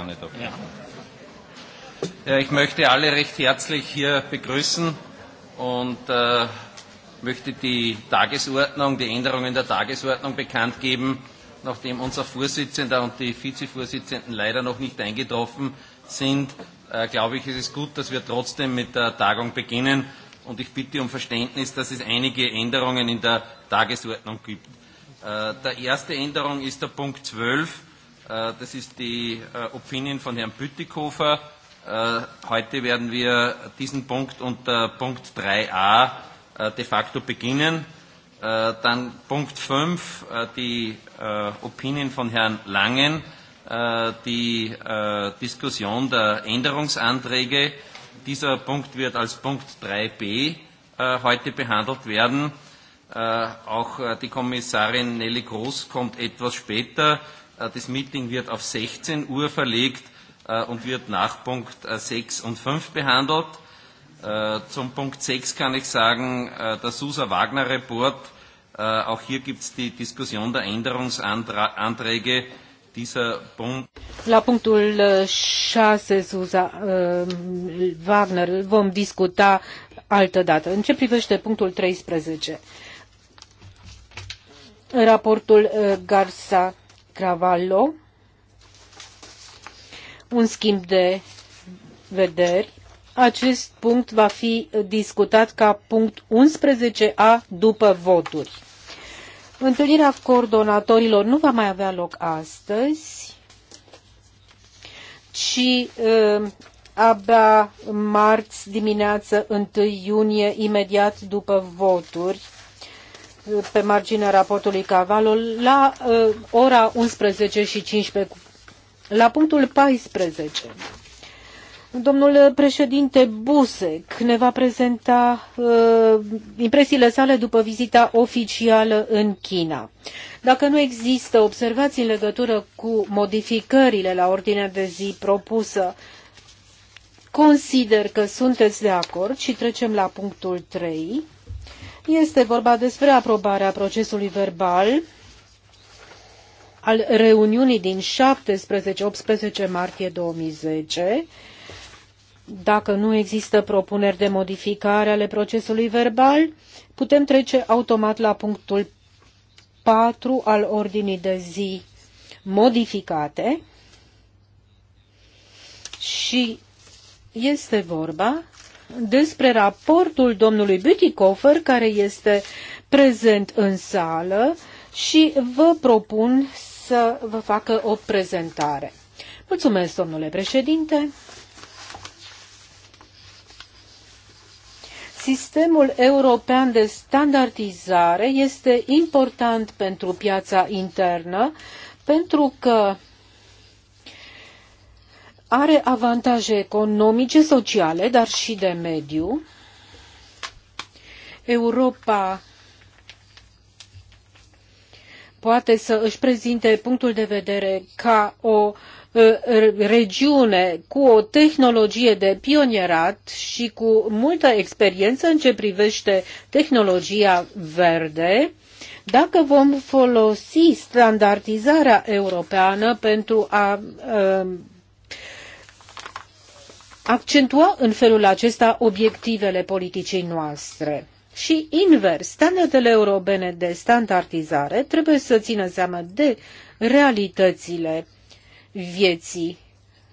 war nicht auf ja. ja, ich möchte alle recht herzlich hier begrüßen und äh, möchte die Tagesordnung, die Änderungen der Tagesordnung bekannt geben. Nachdem unser Vorsitzender und die Vizevorsitzenden leider noch nicht eingetroffen sind, äh, glaube ich, ist es gut, dass wir trotzdem mit der Tagung beginnen. Und ich bitte um Verständnis, dass es einige Änderungen in der Tagesordnung gibt. Äh, der erste Änderung ist der Punkt 12 Äh, das ist die äh, Opinion von Herrn Bütikofer. Äh, heute werden wir diesen Punkt unter Punkt 3a de facto beginnen. Dann Punkt 5, die Opinion von Herrn Langen, die Diskussion der Änderungsanträge. Dieser Punkt wird als Punkt 3b heute behandelt werden. Auch die Kommissarin Nelly Groß kommt etwas später. Äh, das Meeting wird auf 16 Uhr verlegt äh, und wird nach Punkt 6 äh, und 5 behandelt. Zum Punkt 6 kann ich sagen, der Susa-Wagner-Report, auch hier gibt es die Diskussion der Änderungsanträge dieser Punkt. La punctul 6, Susa ähm, Wagner, vom discuta altă dată. În ce privește punctul 13? Raportul Garsa Cravallo un schimb de vederi. Acest punct va fi discutat ca punct 11a după voturi. Întâlnirea coordonatorilor nu va mai avea loc astăzi, ci uh, abia marți dimineață 1 iunie, imediat după voturi, pe marginea raportului Cavallo la uh, ora 11 și 15. La punctul 14, domnul președinte Busec ne va prezenta uh, impresiile sale după vizita oficială în China. Dacă nu există observații în legătură cu modificările la ordinea de zi propusă, consider că sunteți de acord și trecem la punctul 3 este vorba despre aprobarea procesului verbal al reuniunii din 17-18 martie 2010. Dacă nu există propuneri de modificare ale procesului verbal, putem trece automat la punctul 4 al ordinii de zi modificate și este vorba despre raportul domnului Bütikofer, care este prezent în sală și vă propun să vă facă o prezentare. Mulțumesc, domnule președinte. Sistemul european de standardizare este important pentru piața internă pentru că are avantaje economice, sociale, dar și de mediu. Europa poate să își prezinte punctul de vedere ca o regiune cu o tehnologie de pionierat și cu multă experiență în ce privește tehnologia verde, dacă vom folosi standardizarea europeană pentru a accentua în felul acesta obiectivele politicii noastre. Și invers, standardele europene de standardizare trebuie să țină seama de realitățile vieții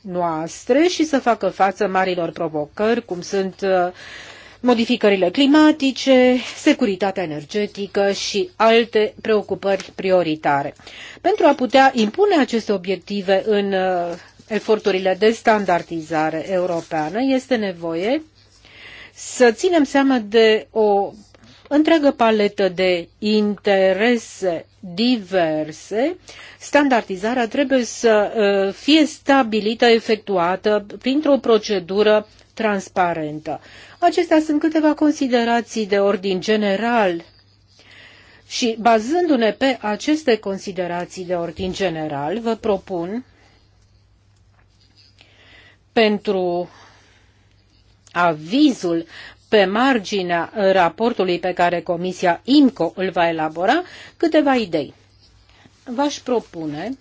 noastre și să facă față marilor provocări, cum sunt uh, modificările climatice, securitatea energetică și alte preocupări prioritare. Pentru a putea impune aceste obiective în uh, eforturile de standardizare europeană, este nevoie să ținem seama de o întreagă paletă de interese diverse, standardizarea trebuie să uh, fie stabilită, efectuată printr-o procedură transparentă. Acestea sunt câteva considerații de ordin general și bazându-ne pe aceste considerații de ordin general, vă propun pentru avizul pe marginea raportului pe care Comisia IMCO îl va elabora câteva idei. V-aș propune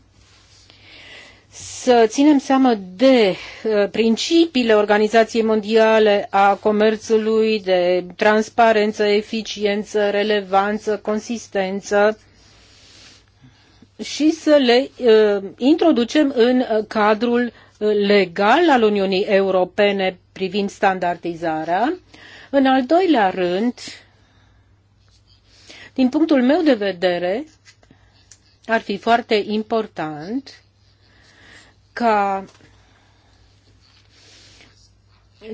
să ținem seama de uh, principiile Organizației Mondiale a Comerțului, de transparență, eficiență, relevanță, consistență și să le uh, introducem în uh, cadrul legal al Uniunii Europene privind standardizarea. În al doilea rând, din punctul meu de vedere, ar fi foarte important ca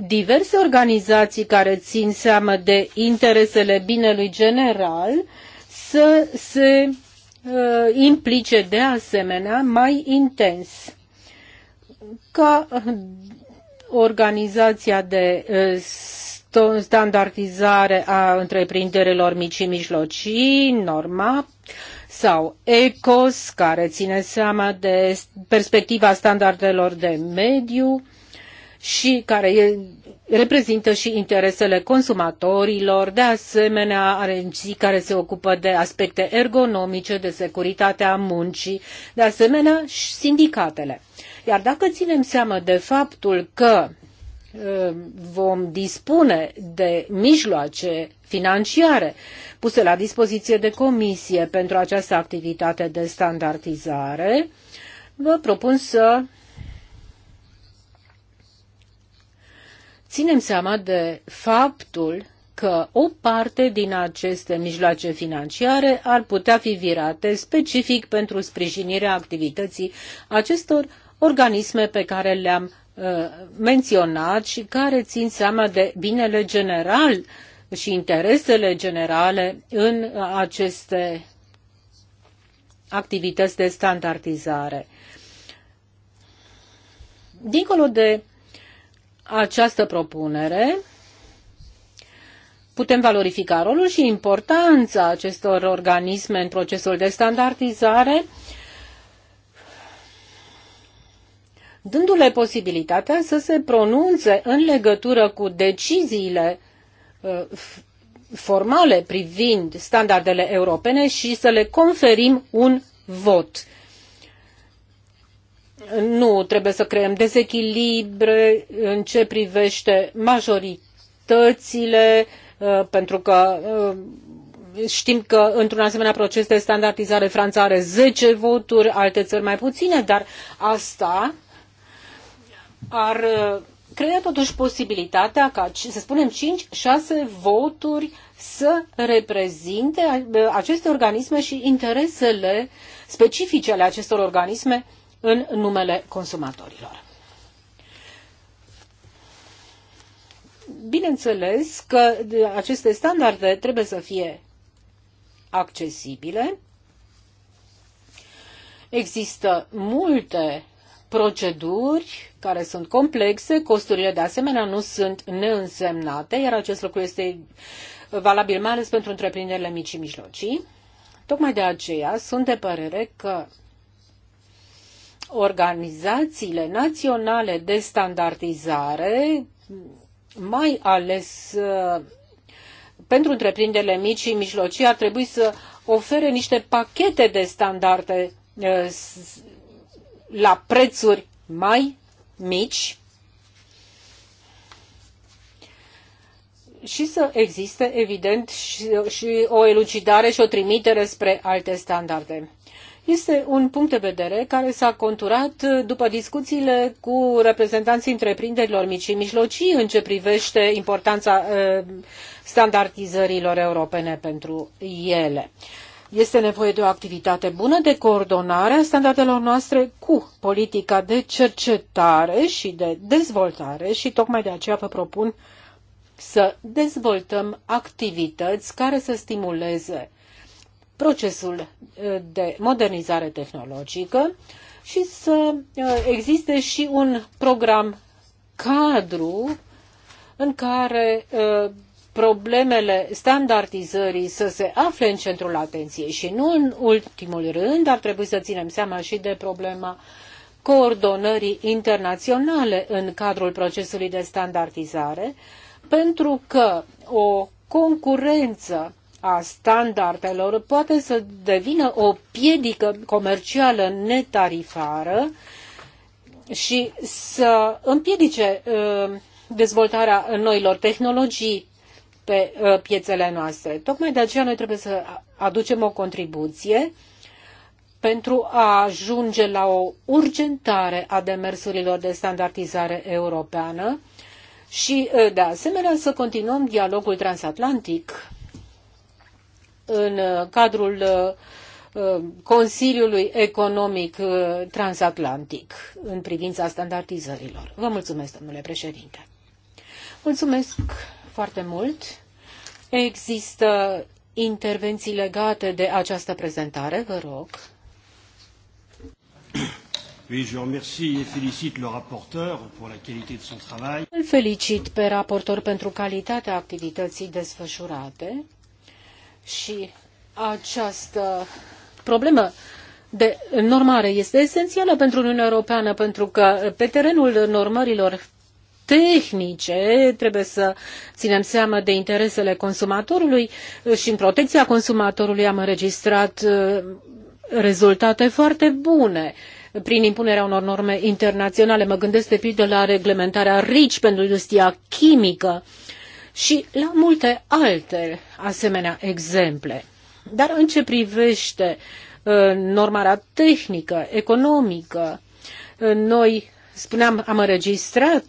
diverse organizații care țin seamă de interesele binelui general să se uh, implice de asemenea mai intens ca eh, organizația de eh, standardizare a întreprinderilor mici și mijlocii, norma, sau ECOS, care ține seama de perspectiva standardelor de mediu și care reprezintă și interesele consumatorilor, de asemenea agenții care se ocupă de aspecte ergonomice, de securitatea muncii, de asemenea și sindicatele. Iar dacă ținem seama de faptul că vom dispune de mijloace financiare puse la dispoziție de comisie pentru această activitate de standardizare, vă propun să ținem seama de faptul că o parte din aceste mijloace financiare ar putea fi virate specific pentru sprijinirea activității acestor organisme pe care le-am uh, menționat și care țin seama de binele general și interesele generale în aceste activități de standardizare. Dincolo de această propunere, putem valorifica rolul și importanța acestor organisme în procesul de standardizare uh, dându-le posibilitatea să se pronunțe în legătură cu deciziile uh, formale privind standardele europene și să le conferim un vot. Nu trebuie să creăm dezechilibre în ce privește majoritățile, uh, pentru că uh, știm că într-un asemenea proces de standardizare Franța are zece voturi, alte țări mai puține, dar asta ar uh, crea totuși posibilitatea ca, să spunem, 5-6 voturi să reprezinte uh, aceste organisme și interesele specifice ale acestor organisme în numele consumatorilor. Bineînțeles că aceste standarde trebuie să fie accesibile. Există multe proceduri care sunt complexe, costurile de asemenea nu sunt neînsemnate, iar acest lucru este valabil mai ales pentru întreprinderile mici și mijlocii. Tocmai de aceea sunt de părere că organizațiile naționale de standardizare, mai ales uh, pentru întreprinderile mici și mijlocii, ar trebui să ofere niște pachete de standarde uh, la prețuri mai mici și să existe, evident, și, și o elucidare și o trimitere spre alte standarde. Este un punct de vedere care s-a conturat după discuțiile cu reprezentanții întreprinderilor mici și mijlocii în ce privește importanța eh, standardizărilor europene pentru ele. Este nevoie de o activitate bună de coordonare a standardelor noastre cu politica de cercetare și de dezvoltare și tocmai de aceea vă propun să dezvoltăm activități care să stimuleze procesul de modernizare tehnologică și să existe și un program cadru în care problemele standardizării să se afle în centrul atenției și nu în ultimul rând ar trebui să ținem seama și de problema coordonării internaționale în cadrul procesului de standardizare, pentru că o concurență a standardelor poate să devină o piedică comercială netarifară și să împiedice uh, dezvoltarea noilor tehnologii pe uh, piețele noastre. Tocmai de aceea noi trebuie să aducem o contribuție pentru a ajunge la o urgentare a demersurilor de standardizare europeană și, uh, de asemenea, să continuăm dialogul transatlantic în uh, cadrul Consiliului Economic Transatlantic în privința standardizărilor. Vă mulțumesc, domnule președinte. Mulțumesc foarte mult. Există intervenții legate de această prezentare, vă rog. le Îl felicit pe raportor pentru calitatea activității desfășurate și această problemă de normare este esențială pentru Uniunea Europeană pentru că pe terenul normărilor tehnice, trebuie să ținem seama de interesele consumatorului și în protecția consumatorului am înregistrat uh, rezultate foarte bune prin impunerea unor norme internaționale. Mă gândesc de pildă la reglementarea RICI pentru industria chimică și la multe alte asemenea exemple. Dar în ce privește uh, normarea tehnică, economică, uh, noi spuneam, am înregistrat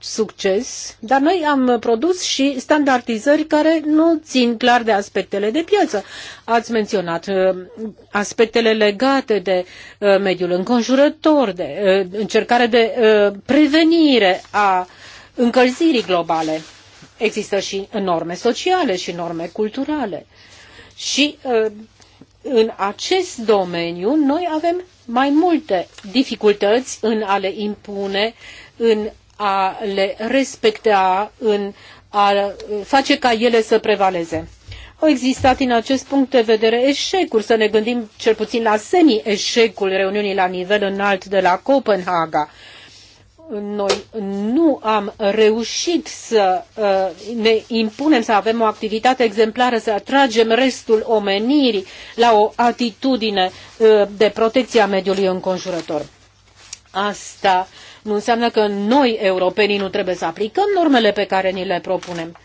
succes, dar noi am produs și standardizări care nu țin clar de aspectele de piață. Ați menționat uh, aspectele legate de uh, mediul înconjurător, de uh, încercare de prevenire a încălzirii globale. Există și norme sociale și norme culturale. Și în acest domeniu noi avem mai multe dificultăți în a le impune, în a le respecta, în a face ca ele să prevaleze. Au existat în acest punct de vedere eșecuri, să ne gândim cel puțin la semi-eșecul reuniunii la nivel înalt de la Copenhaga noi nu am reușit să uh, ne impunem să avem o activitate exemplară, să atragem restul omenirii la o atitudine uh, de protecție a mediului înconjurător. Asta nu înseamnă că noi, europenii, nu trebuie să aplicăm normele pe care ni le propunem.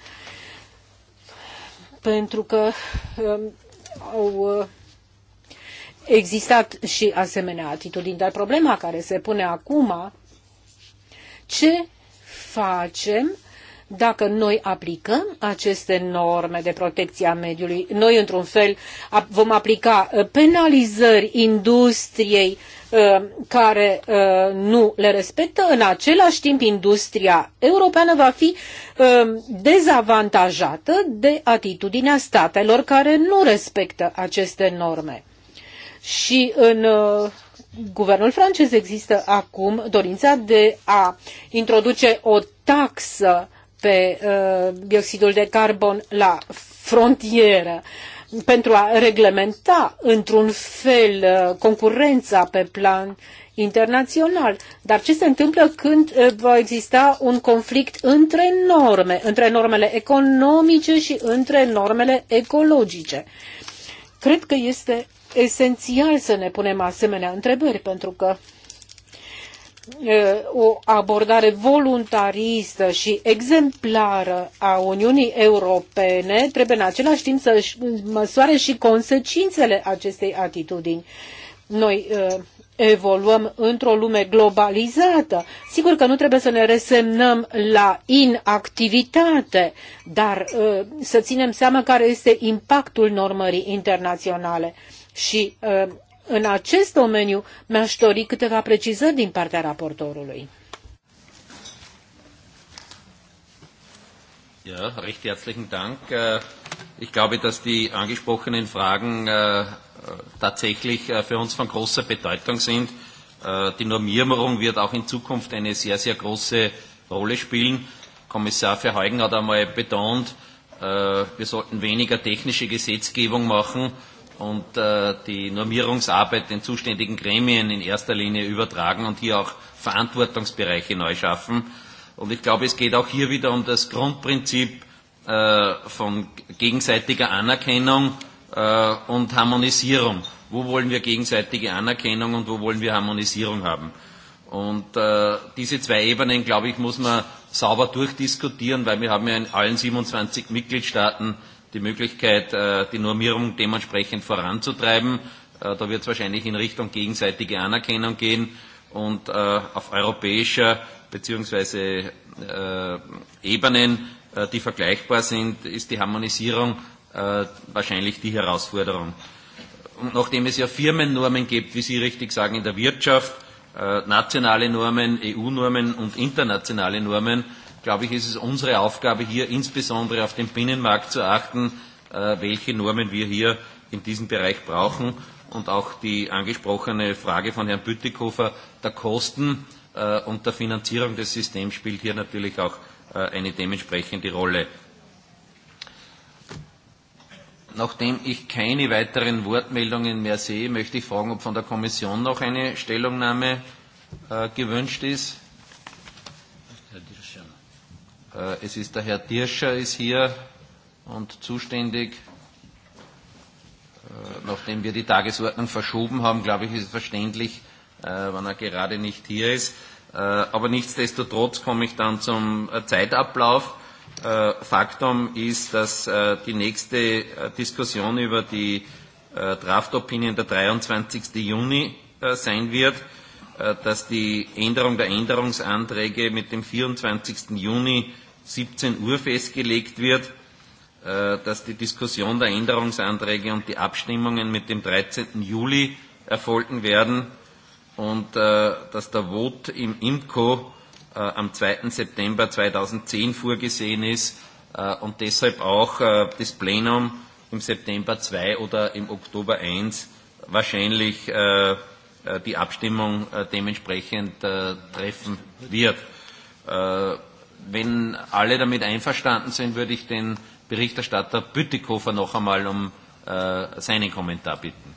Pentru că um, au uh, existat și asemenea atitudini. Dar problema care se pune acum ce facem dacă noi aplicăm aceste norme de protecție a mediului, noi într-un fel vom aplica uh, penalizări industriei uh, care uh, nu le respectă, în același timp industria europeană va fi dezavantajată de atitudinea statelor care nu respectă aceste norme. Și în guvernul francez există acum dorința de a introduce o taxă pe uh, dioxidul de carbon la frontieră pentru a reglementa într-un fel uh, concurența pe plan internațional. Dar ce se întâmplă când uh, va exista un conflict între norme, între normele economice și între normele ecologice? Cred că este esențial să ne punem asemenea întrebări, pentru că o abordare voluntaristă și exemplară a Uniunii Europene trebuie în același timp să măsoare și consecințele acestei atitudini. Noi evoluăm într-o lume globalizată. Sigur că nu trebuie să ne resemnăm la inactivitate, dar uh, să ținem seama care este impactul normării internaționale. Și uh, în acest domeniu mi-aș dori câteva precizări din partea raportorului. Ja, recht herzlichen Dank. Äh, Ich glaube, dass die angesprochenen Fragen äh, äh, tatsächlich äh, für uns von großer Bedeutung sind. Äh, die Normierung wird auch in Zukunft eine sehr, sehr große Rolle spielen. Kommissar Verheugen hat einmal betont, äh, wir sollten weniger technische Gesetzgebung machen und äh, die Normierungsarbeit den zuständigen Gremien in erster Linie übertragen und hier auch Verantwortungsbereiche neu schaffen. Und ich glaube, es geht auch hier wieder um das Grundprinzip, Äh, von gegenseitiger Anerkennung äh, und Harmonisierung. Wo wollen wir gegenseitige Anerkennung und wo wollen wir Harmonisierung haben? Und äh, diese zwei Ebenen, glaube ich, muss man sauber durchdiskutieren, weil wir haben ja in allen 27 Mitgliedstaaten die Möglichkeit, äh, die Normierung dementsprechend voranzutreiben. Äh, da wird es wahrscheinlich in Richtung gegenseitige Anerkennung gehen und äh, auf europäischer bzw. Äh, Ebenen Äh, die vergleichbar sind, ist die Harmonisierung äh, wahrscheinlich die Herausforderung. Und nachdem es ja Firmennormen gibt, wie Sie richtig sagen, in der Wirtschaft, äh, nationale Normen, EU-Normen und internationale Normen, glaube ich, ist es unsere Aufgabe, hier insbesondere auf den Binnenmarkt zu achten, welche Normen wir hier in diesem Bereich brauchen. Und auch die angesprochene Frage von Herrn Bütikofer der Kosten und der Finanzierung des Systems spielt hier natürlich auch Äh, eine dementsprechende Rolle. Nachdem ich keine weiteren Wortmeldungen mehr sehe, möchte ich fragen, ob von der Kommission noch eine Stellungnahme äh, gewünscht ist. Äh, es ist der Herr Dirscher ist hier und zuständig. Äh, nachdem wir die Tagesordnung verschoben haben, glaube ich, ist es verständlich, äh, wenn er gerade nicht hier ist. Äh, aber nichtsdestotrotz komme ich dann zum äh, Zeitablauf. Äh, Faktum ist, dass die nächste Diskussion über die Draft Opinion der 23. Juni sein wird, dass die Änderung der Änderungsanträge mit dem 24. Juni 17 Uhr festgelegt wird, dass die Diskussion der Änderungsanträge und die Abstimmungen mit dem 13. Juli erfolgen werden und äh, dass der Vot im IMCO äh, am 2. September 2010 vorgesehen ist äh, und deshalb auch äh, das Plenum im September 2 oder im Oktober 1 wahrscheinlich äh, äh, die Abstimmung äh, dementsprechend äh, treffen wird. Äh, wenn alle damit einverstanden sind, würde ich den Berichterstatter Bütikofer noch einmal um äh, seinen Kommentar bitten.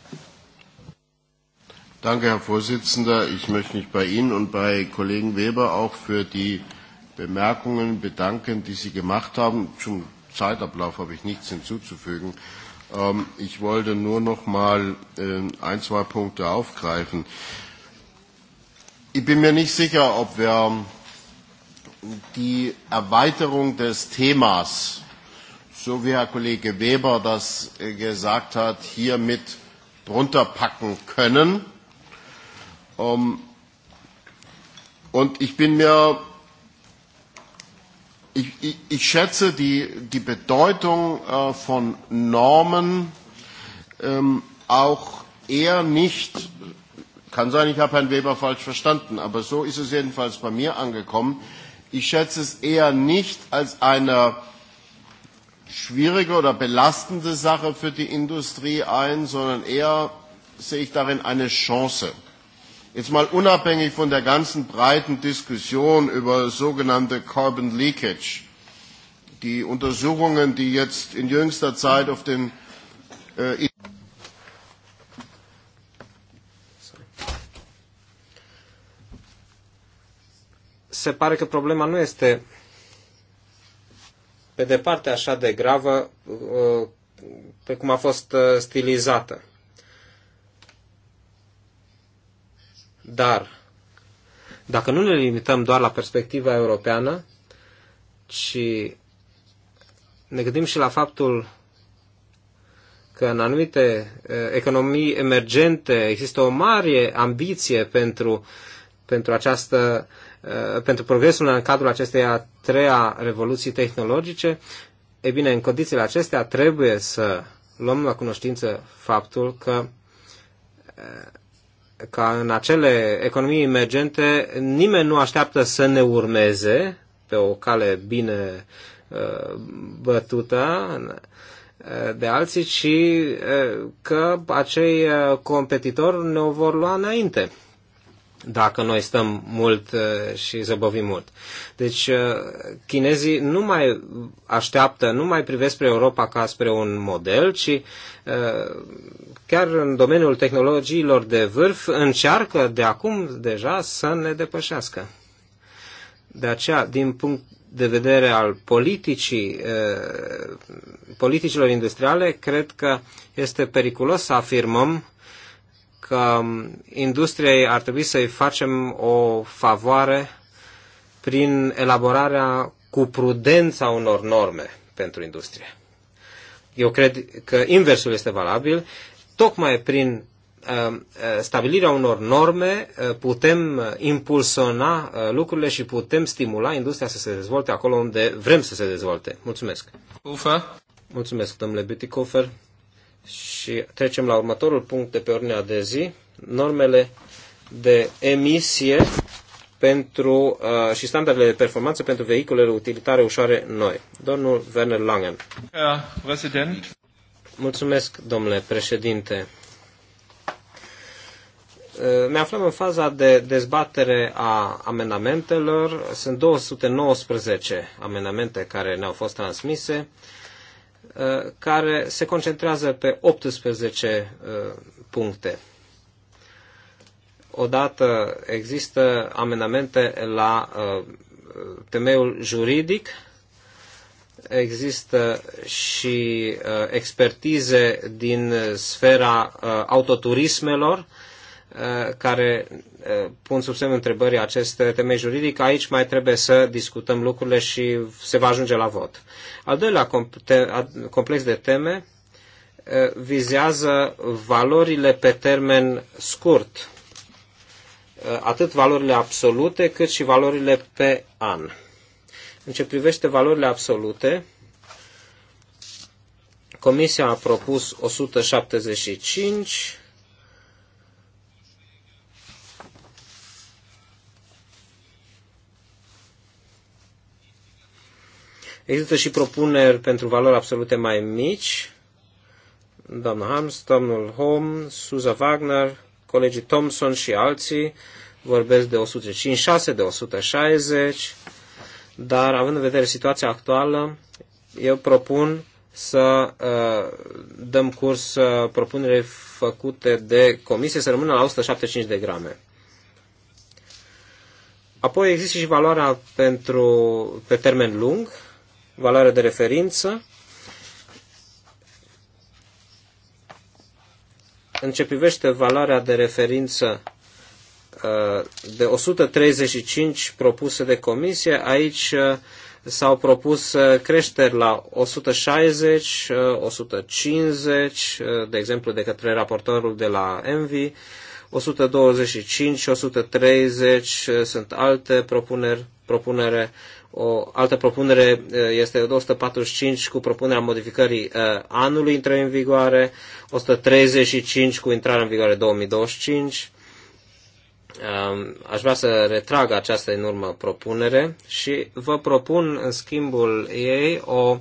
Danke, Herr Vorsitzender. Ich möchte mich bei Ihnen und bei Kollegen Weber auch für die Bemerkungen bedanken, die Sie gemacht haben. Zum Zeitablauf habe ich nichts hinzuzufügen. Ähm, ich wollte nur noch mal äh, ein, zwei Punkte aufgreifen. Ich bin mir nicht sicher, ob wir die Erweiterung des Themas, so wie Herr Kollege Weber das äh, gesagt hat, hiermit drunter packen können Ähm, und ich bin mir, ich, ich, ich schätze die, die Bedeutung äh, von Normen ähm, auch eher nicht, kann sein, ich habe Herrn Weber falsch verstanden, aber so ist es jedenfalls bei mir angekommen. Ich schätze es eher nicht als eine schwierige oder belastende Sache für die Industrie ein, sondern eher sehe ich darin eine Chance. Jetzt mal unabhängig von der ganzen breiten Diskussion über sogenannte Carbon Leakage. Die Untersuchungen, die jetzt in jüngster Zeit auf den äh, se pare că problema nu este pe departe așa de gravă uh, pe cum a fost uh, stilizată. Dar dacă nu ne limităm doar la perspectiva europeană, ci ne gândim și la faptul că în anumite eh, economii emergente există o mare ambiție pentru, pentru, această, eh, pentru progresul în cadrul acestei a treia revoluții tehnologice, e bine, în condițiile acestea trebuie să luăm la cunoștință faptul că eh, ca în acele economii emergente nimeni nu așteaptă să ne urmeze pe o cale bine uh, bătută uh, de alții, ci uh, că acei competitori ne vor lua înainte dacă noi stăm mult uh, și zăbovim mult. Deci uh, chinezii nu mai așteaptă, nu mai privesc spre Europa ca spre un model, ci uh, chiar în domeniul tehnologiilor de vârf încearcă de acum deja să ne depășească. De aceea, din punct de vedere al politicii, politicilor industriale, cred că este periculos să afirmăm că industriei ar trebui să-i facem o favoare prin elaborarea cu prudența unor norme pentru industrie. Eu cred că inversul este valabil. Tocmai prin uh, uh, stabilirea unor norme uh, putem impulsiona lucrurile și putem stimula industria să se dezvolte acolo unde vrem să se dezvolte. Mulțumesc! Ufa! Mulțumesc, domnule Bütikofer. Și trecem la următorul punct de pe ordinea de zi, normele de emisie pentru, uh, și standardele de performanță pentru vehiculele utilitare ușoare noi. Domnul Werner Langen. President. Mulțumesc, domnule președinte. Uh, ne aflăm în faza de dezbatere a amendamentelor. Sunt 219 amendamente care ne-au fost transmise. Uh, care se concentrează pe 18 uh, puncte. Odată există amendamente la uh, temeiul juridic, există și expertize din sfera autoturismelor care pun sub semnul întrebării acest temei juridic, aici mai trebuie să discutăm lucrurile și se va ajunge la vot. Al doilea complex de teme uh, vizează valorile pe termen scurt, uh, atât valorile absolute cât și valorile pe an. În ce privește valorile absolute, Comisia a propus 175, Există și propuneri pentru valori absolute mai mici. Doamna Hams, domnul Holm, Suza Wagner, colegii Thompson și alții vorbesc de 156, de 160, dar având în vedere situația actuală, eu propun să uh, dăm curs uh, propunerii făcute de comisie să rămână la 175 de grame. Apoi există și valoarea pentru, pe termen lung, valoare de referință. În ce privește valoarea de referință uh, de 135 propuse de comisie, aici uh, s-au propus uh, creșteri la 160, 150, de exemplu de către raportorul de la Envi, 125 130 sunt alte propuneri, propunere o altă propunere eh, este 145 cu propunerea modificării eh, anului intrării în vigoare, 135 cu intrarea în vigoare 2025. Aș vrea să retrag această în urmă propunere și vă propun în schimbul ei o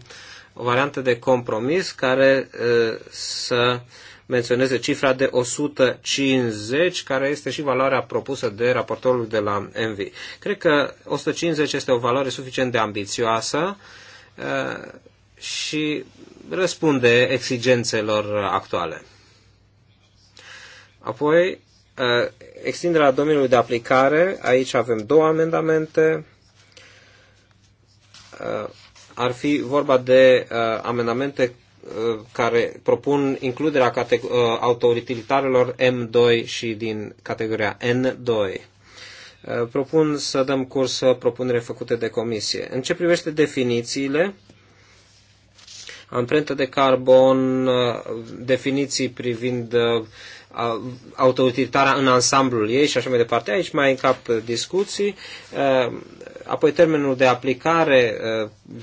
variantă de compromis care eh, să uh, menționeze cifra de 150, care este și valoarea propusă de raportorul de la MV. Cred că 150 este o valoare suficient de ambițioasă uh, și răspunde exigențelor actuale. Apoi, uh, extinderea domeniului de aplicare, aici avem două amendamente. Uh, ar fi vorba de amendamente Uh, care propun includerea uh, autoutilitarelor M2 și din categoria N2. Uh, propun să dăm curs propunere făcute de comisie. În ce privește definițiile, amprentă de carbon, definiții privind autoutilitarea în ansamblul ei și așa mai departe. Aici mai încap discuții. Apoi termenul de aplicare,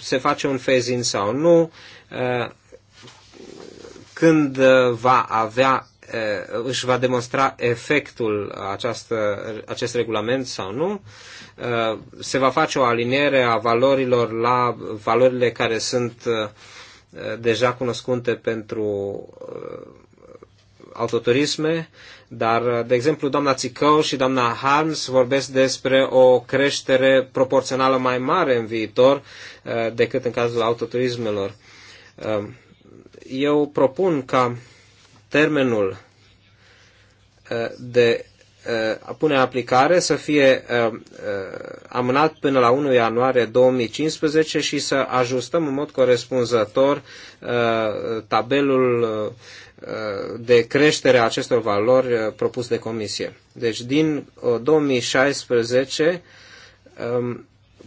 se face un phase-in sau nu, când uh, va avea, uh, își va demonstra efectul această, acest regulament sau nu. Uh, se va face o aliniere a valorilor la valorile care sunt deja cunoscute pentru autoturisme, dar, de exemplu, doamna Țicău și doamna Harms vorbesc despre o creștere proporțională mai mare în viitor decât în cazul autoturismelor eu propun ca termenul uh, de uh, a pune în aplicare să fie uh, amânat până la 1 ianuarie 2015 și să ajustăm în mod corespunzător tabelul de creștere a acestor valori propus de comisie. Deci din 2016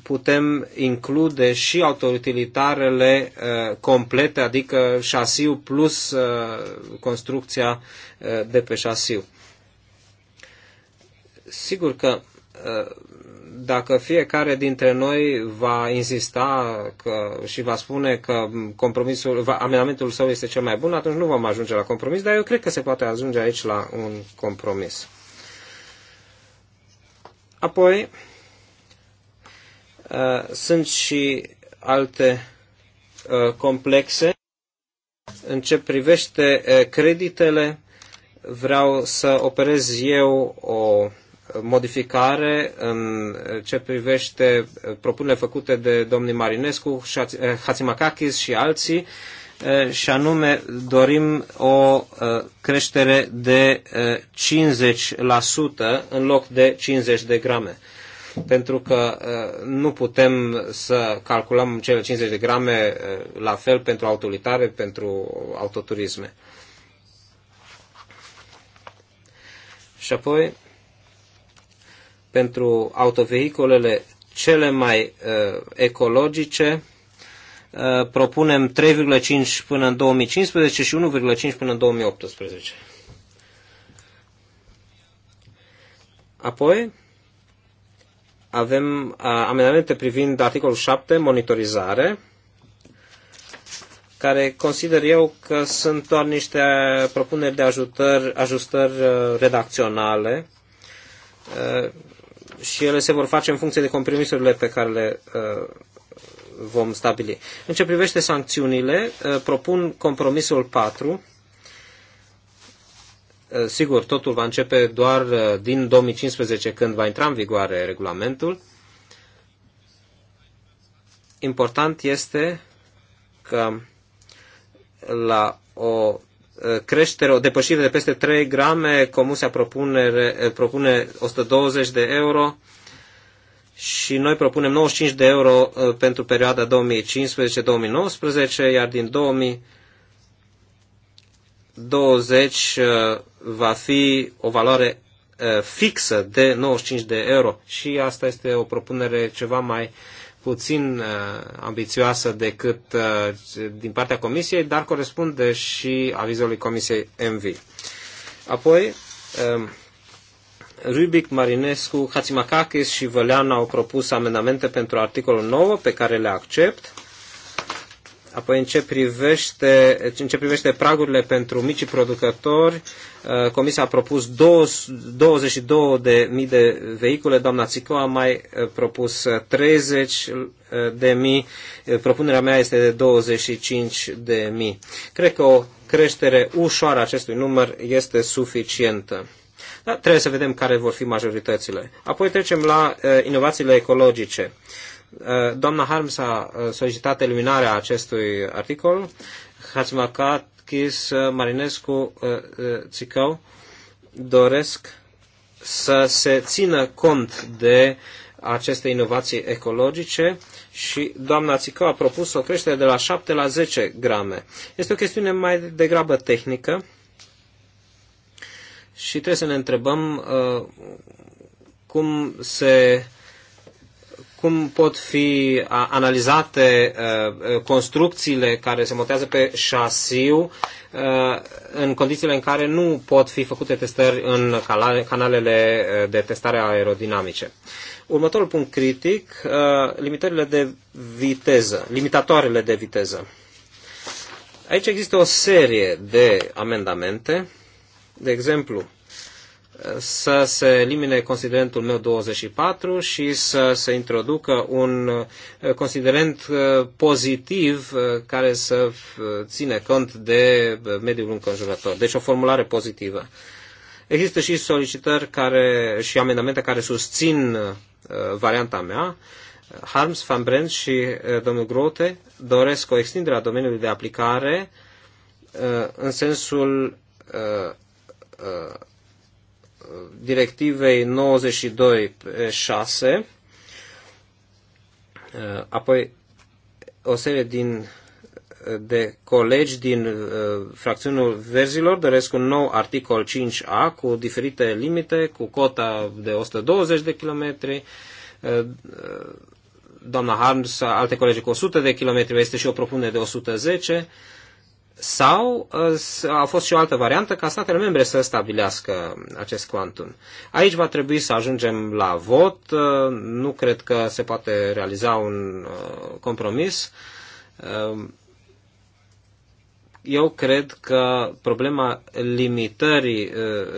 putem include și autoutilitarele uh, complete, adică șasiu plus uh, construcția uh, de pe șasiu. Sigur că uh, dacă fiecare dintre noi va insista că, și va spune că compromisul, va, amendamentul său este cel mai bun, atunci nu vom ajunge la compromis, dar eu cred că se poate ajunge aici la un compromis. Apoi, Uh, sunt și alte uh, complexe. În ce privește uh, creditele, vreau să operez eu o modificare în ce privește propunerile făcute de domnii Marinescu, Hatzimakakis și alții, și anume dorim o creștere de 50% în loc de 50 de grame pentru că uh, nu putem să calculăm cele 50 de grame uh, la fel pentru autolitare, pentru autoturisme. Și apoi, pentru autovehiculele cele mai uh, ecologice, uh, propunem 3,5 până în 2015 și 1,5 până în 2018. Apoi, avem amendamente privind articolul 7, monitorizare, care consider eu că sunt doar niște propuneri de ajutăr, ajustări redacționale și ele se vor face în funcție de compromisurile pe care le vom stabili. În ce privește sancțiunile, propun compromisul 4, Eh, sigur, totul va începe doar eh, din 2015 când va intra în vigoare regulamentul. Important este că la o eh, creștere, o depășire de peste 3 grame, Comisia propune, propune 120 de euro și noi propunem 95 de euro pentru perioada 2015-2019, iar din 2020 va fi o valoare fixă de 95 de euro și asta este o propunere ceva mai puțin ambițioasă decât din partea Comisiei, dar corespunde și avizului Comisiei MV. Apoi, Rubic, Marinescu, Hatzimakakis și Vălean au propus amendamente pentru articolul 9 pe care le accept Apoi, în ce privește, în ce privește pragurile pentru micii producători, uh, Comisia a propus 22.000 de, de vehicule, doamna Țico a mai uh, propus 30 uh, de mii, propunerea mea este de 25 de mii. Cred că o creștere ușoară a acestui număr este suficientă. Dar trebuie să vedem care vor fi majoritățile. Apoi trecem la inovațiile ecologice. Uh, doamna Harms a uh, solicitat eliminarea acestui articol. Hatzimakakis, uh, Marinescu, Țicău doresc să se țină cont de aceste inovații ecologice și doamna Țicău a propus o creștere de la 7 la 10 grame. Este o chestiune mai degrabă tehnică și trebuie să ne întrebăm uh, cum se uh, cum pot fi analizate construcțiile care se montează pe șasiu în condițiile în care nu pot fi făcute testări în canalele de testare aerodinamice. Următorul punct critic, limitările de viteză, limitatoarele de viteză. Aici există o serie de amendamente, de exemplu, să se elimine considerentul meu 24 și să se introducă un uh, considerent uh, pozitiv uh, care să ține cont de mediul înconjurător. Deci o formulare pozitivă. Există și solicitări care, și amendamente care susțin varianta mea. Harms, Van Brent și domnul Grote doresc o extindere a domeniului de aplicare în sensul directivei 92/6, uh, apoi o serie din, uh, de colegi din uh, fracțiunul verzilor doresc un nou articol 5A cu diferite limite, cu cota de 120 de kilometri, doamna Harms, alte colegi cu 100 de kilometri, este și o propunere de 110 sau uh, a fost și o altă variantă ca statele membre să stabilească acest quantum. Aici va trebui să ajungem la vot. Uh, nu cred că se poate realiza un uh, compromis. Eu cred că problema limitării,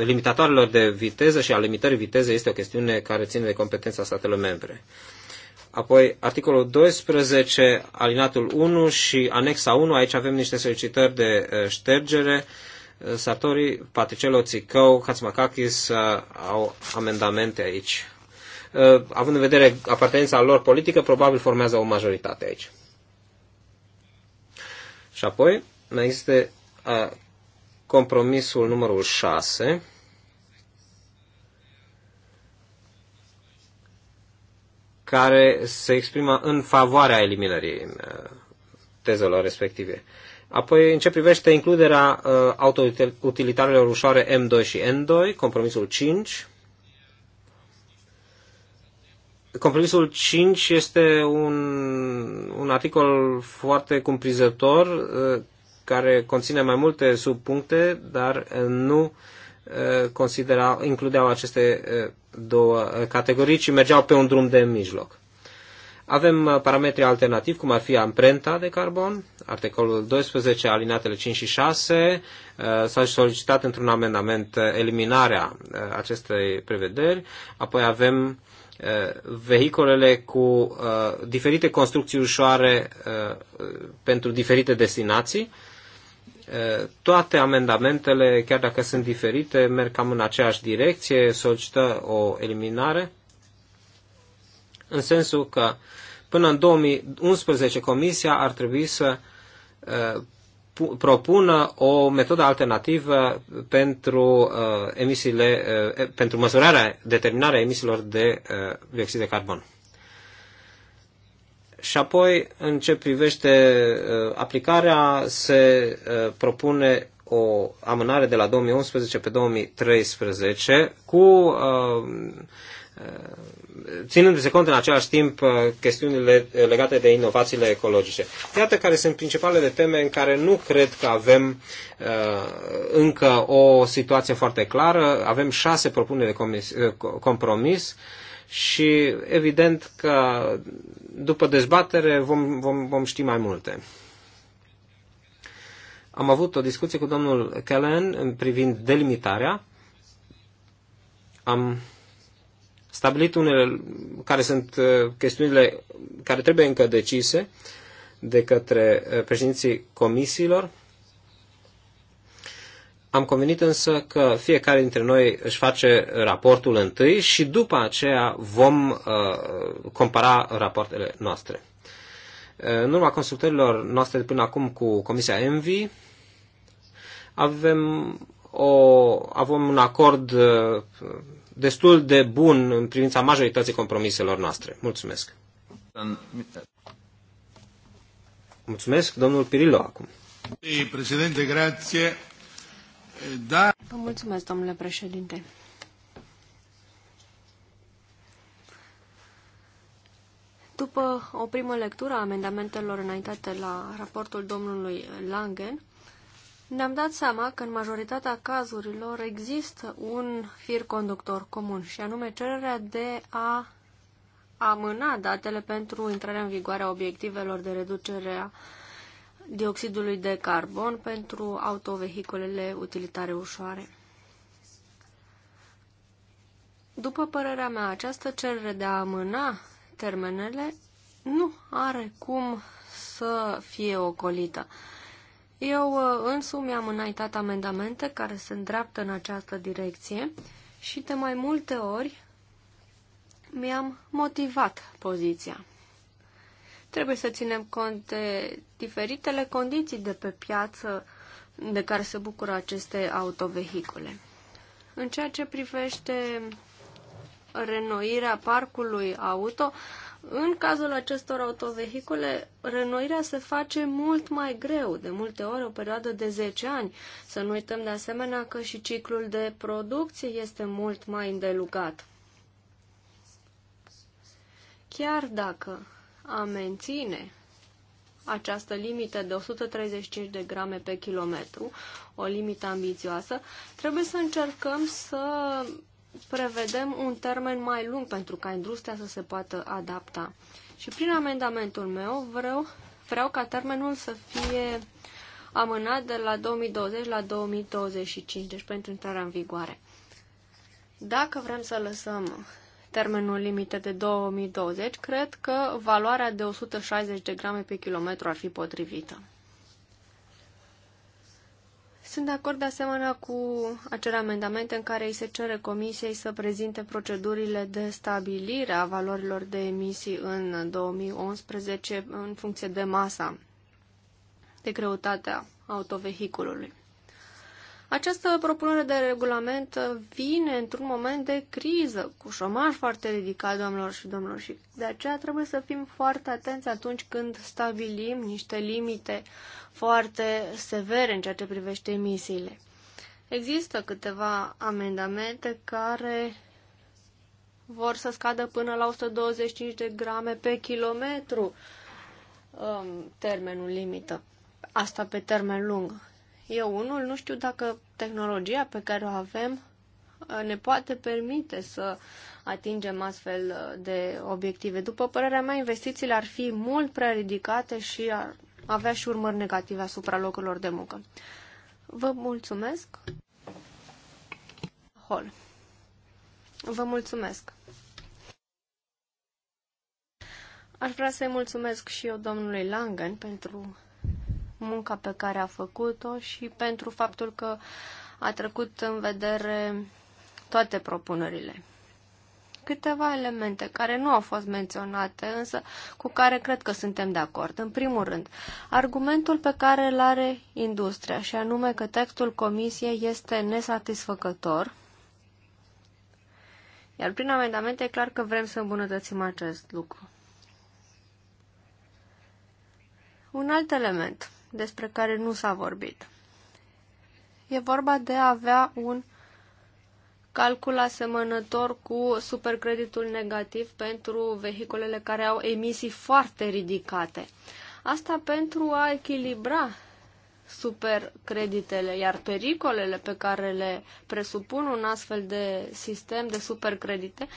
limitatoarelor de viteză și a limitării vitezei este o chestiune care ține de competența statelor membre. Apoi, articolul 12, alinatul 1 și anexa 1, aici avem niște solicitări de eh, ștergere. Eh, Satori, Patricello, Țicău, Hatzmakakis eh, au amendamente aici. Având în vedere apartenența lor politică, probabil formează o majoritate aici. Și apoi, mai există compromisul numărul 6, care se exprimă în favoarea eliminării uh, tezelor respective. Apoi, în ce privește includerea uh, autoutilitarelor ușoare M2 și N2, compromisul 5. Compromisul 5 este un, un articol foarte cumprizător uh, care conține mai multe subpuncte, dar uh, nu uh, considera, includeau aceste uh, două uh, categorii, ci mergeau pe un drum de mijloc. Avem uh, parametri alternativi, cum ar fi amprenta de carbon, articolul 12, alinatele 5 și 6, uh, s-a solicitat într-un amendament eliminarea acestei prevederi, apoi avem vehicolele cu diferite construcții ușoare pentru diferite destinații, toate amendamentele, chiar dacă sunt diferite, merg cam în aceeași direcție, solicită o eliminare, în sensul că până în 2011 Comisia ar trebui să uh, propună o metodă alternativă pentru uh, emisiile, uh, pentru măsurarea, determinarea emisiilor de dioxid de carbon. Și apoi, în ce privește uh, aplicarea, se uh, propune o amânare de la 2011 pe 2013 cu uh, ținându-se cont în același timp chestiunile legate de inovațiile ecologice. Iată care sunt principalele teme în care nu cred că avem încă o situație foarte clară. Avem șase propuneri de compromis și evident că după dezbatere vom, vom, vom ști mai multe. Am avut o discuție cu domnul Kellen în privind delimitarea. Am stabilit unele care sunt uh, chestiunile care trebuie încă decise de către uh, președinții comisiilor am convenit însă că fiecare dintre noi își face raportul întâi și după aceea vom uh, compara rapoartele noastre. Uh, în urma consultărilor noastre de până acum cu Comisia ENVI, avem, o, avem un acord uh, destul de bun în privința majorității compromiselor noastre. Mulțumesc. Mulțumesc, domnul Pirilo, acum. Președinte, grație. Da. Vă mulțumesc, domnule președinte. După o primă lectură a amendamentelor înaintate la raportul domnului Langen, ne-am dat seama că în majoritatea cazurilor există un fir conductor comun, și anume cererea de a amâna datele pentru intrarea în vigoare a obiectivelor de reducere a dioxidului de carbon pentru autovehiculele utilitare ușoare. După părerea mea, această cerere de a amâna termenele nu are cum să fie ocolită. Eu uh, însumi am înaintat amendamente care se îndreaptă în această direcție și de mai multe ori mi-am motivat poziția. Trebuie să ținem cont de diferitele condiții de pe piață de care se bucură aceste autovehicule. În ceea ce privește renoirea parcului auto, în cazul acestor autovehicule, renoirea se face mult mai greu, de multe ori o perioadă de 10 ani. Să nu uităm de asemenea că și ciclul de producție este mult mai îndelugat. Chiar dacă a menține această limită de 135 de grame pe kilometru, o limită ambițioasă, trebuie să încercăm să prevedem un termen mai lung pentru ca industria să se poată adapta. Și prin amendamentul meu vreau, vreau ca termenul să fie amânat de la 2020 la 2025, deci pentru intrarea în vigoare. Dacă vrem să lăsăm termenul limită de 2020, cred că valoarea de 160 de grame pe kilometru ar fi potrivită. Sunt de acord de asemenea cu acele amendamente în care îi se cere Comisiei să prezinte procedurile de stabilire a valorilor de emisii în 2011 în funcție de masa, de greutatea autovehiculului. Această propunere de regulament vine într-un moment de criză, cu șomaj foarte ridicat, doamnelor și domnilor, și de aceea trebuie să fim foarte atenți atunci când stabilim niște limite foarte severe în ceea ce privește emisiile. Există câteva amendamente care vor să scadă până la 125 de grame pe kilometru um, termenul limită. Asta pe termen lung. Eu unul nu știu dacă tehnologia pe care o avem uh, ne poate permite să atingem astfel uh, de obiective. După părerea mea, investițiile ar fi mult prea ridicate și ar avea și urmări negative asupra locurilor de muncă. Vă mulțumesc. Hol. Vă mulțumesc. Aș vrea să-i mulțumesc și eu domnului Langen pentru munca pe care a făcut-o și pentru faptul că a trecut în vedere toate propunerile. Câteva elemente care nu au fost menționate, însă cu care cred că suntem de acord. În primul rând, argumentul pe care îl are industria, și anume că textul comisiei este nesatisfăcător, iar prin amendamente e clar că vrem să îmbunătățim acest lucru. Un alt element despre care nu s-a vorbit. E vorba de a avea un calcul asemănător cu supercreditul negativ pentru vehiculele care au emisii foarte ridicate. Asta pentru a echilibra supercreditele, iar pericolele pe care le presupun un astfel de sistem de supercredite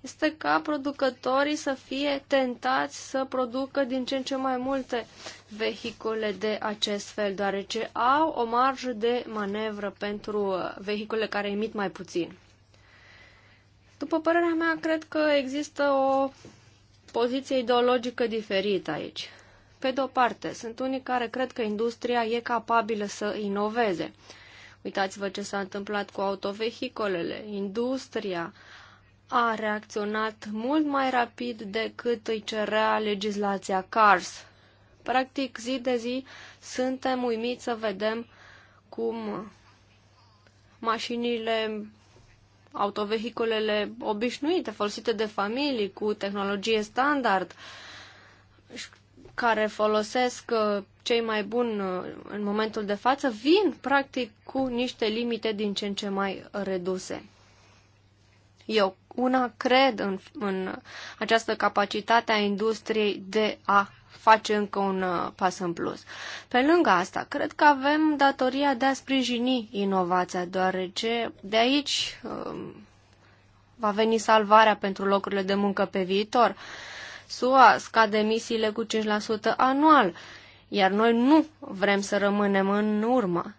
este ca producătorii să fie tentați să producă din ce în ce mai multe vehicule de acest fel, deoarece au o marjă de manevră pentru uh, vehicule care emit mai puțin. După părerea mea, cred că există o poziție ideologică diferită aici. Pe de o parte, sunt unii care cred că industria e capabilă să inoveze. Uitați-vă ce s-a întâmplat cu autovehicolele. Industria a reacționat mult mai rapid decât îi cerea legislația CARS. Practic, zi de zi, suntem uimiți să vedem cum mașinile, autovehicolele obișnuite, folosite de familii, cu tehnologie standard, care folosesc uh, cei mai buni uh, în momentul de față vin practic cu niște limite din ce în ce mai reduse. Eu una cred în, în această capacitate a industriei de a face încă un uh, pas în plus. Pe lângă asta, cred că avem datoria de a sprijini inovația, deoarece de aici um, va veni salvarea pentru locurile de muncă pe viitor. Uh, SUA scade emisiile cu 5% anual, iar noi nu vrem să rămânem în urmă.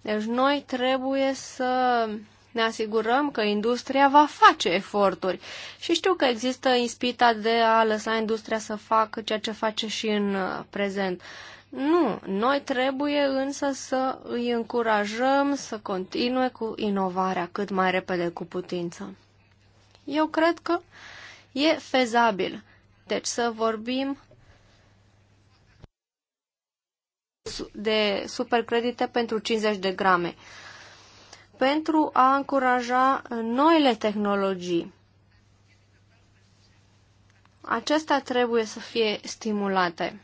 Deci noi trebuie să ne asigurăm că industria va face eforturi. Și știu că există inspita de a lăsa industria să facă ceea ce face și în uh, prezent. Nu, noi trebuie însă să îi încurajăm să continue cu inovarea cât mai repede cu putință. Eu cred că E fezabil. Deci să vorbim de supercredite pentru 50 de grame. Pentru a încuraja noile tehnologii, acestea trebuie să fie stimulate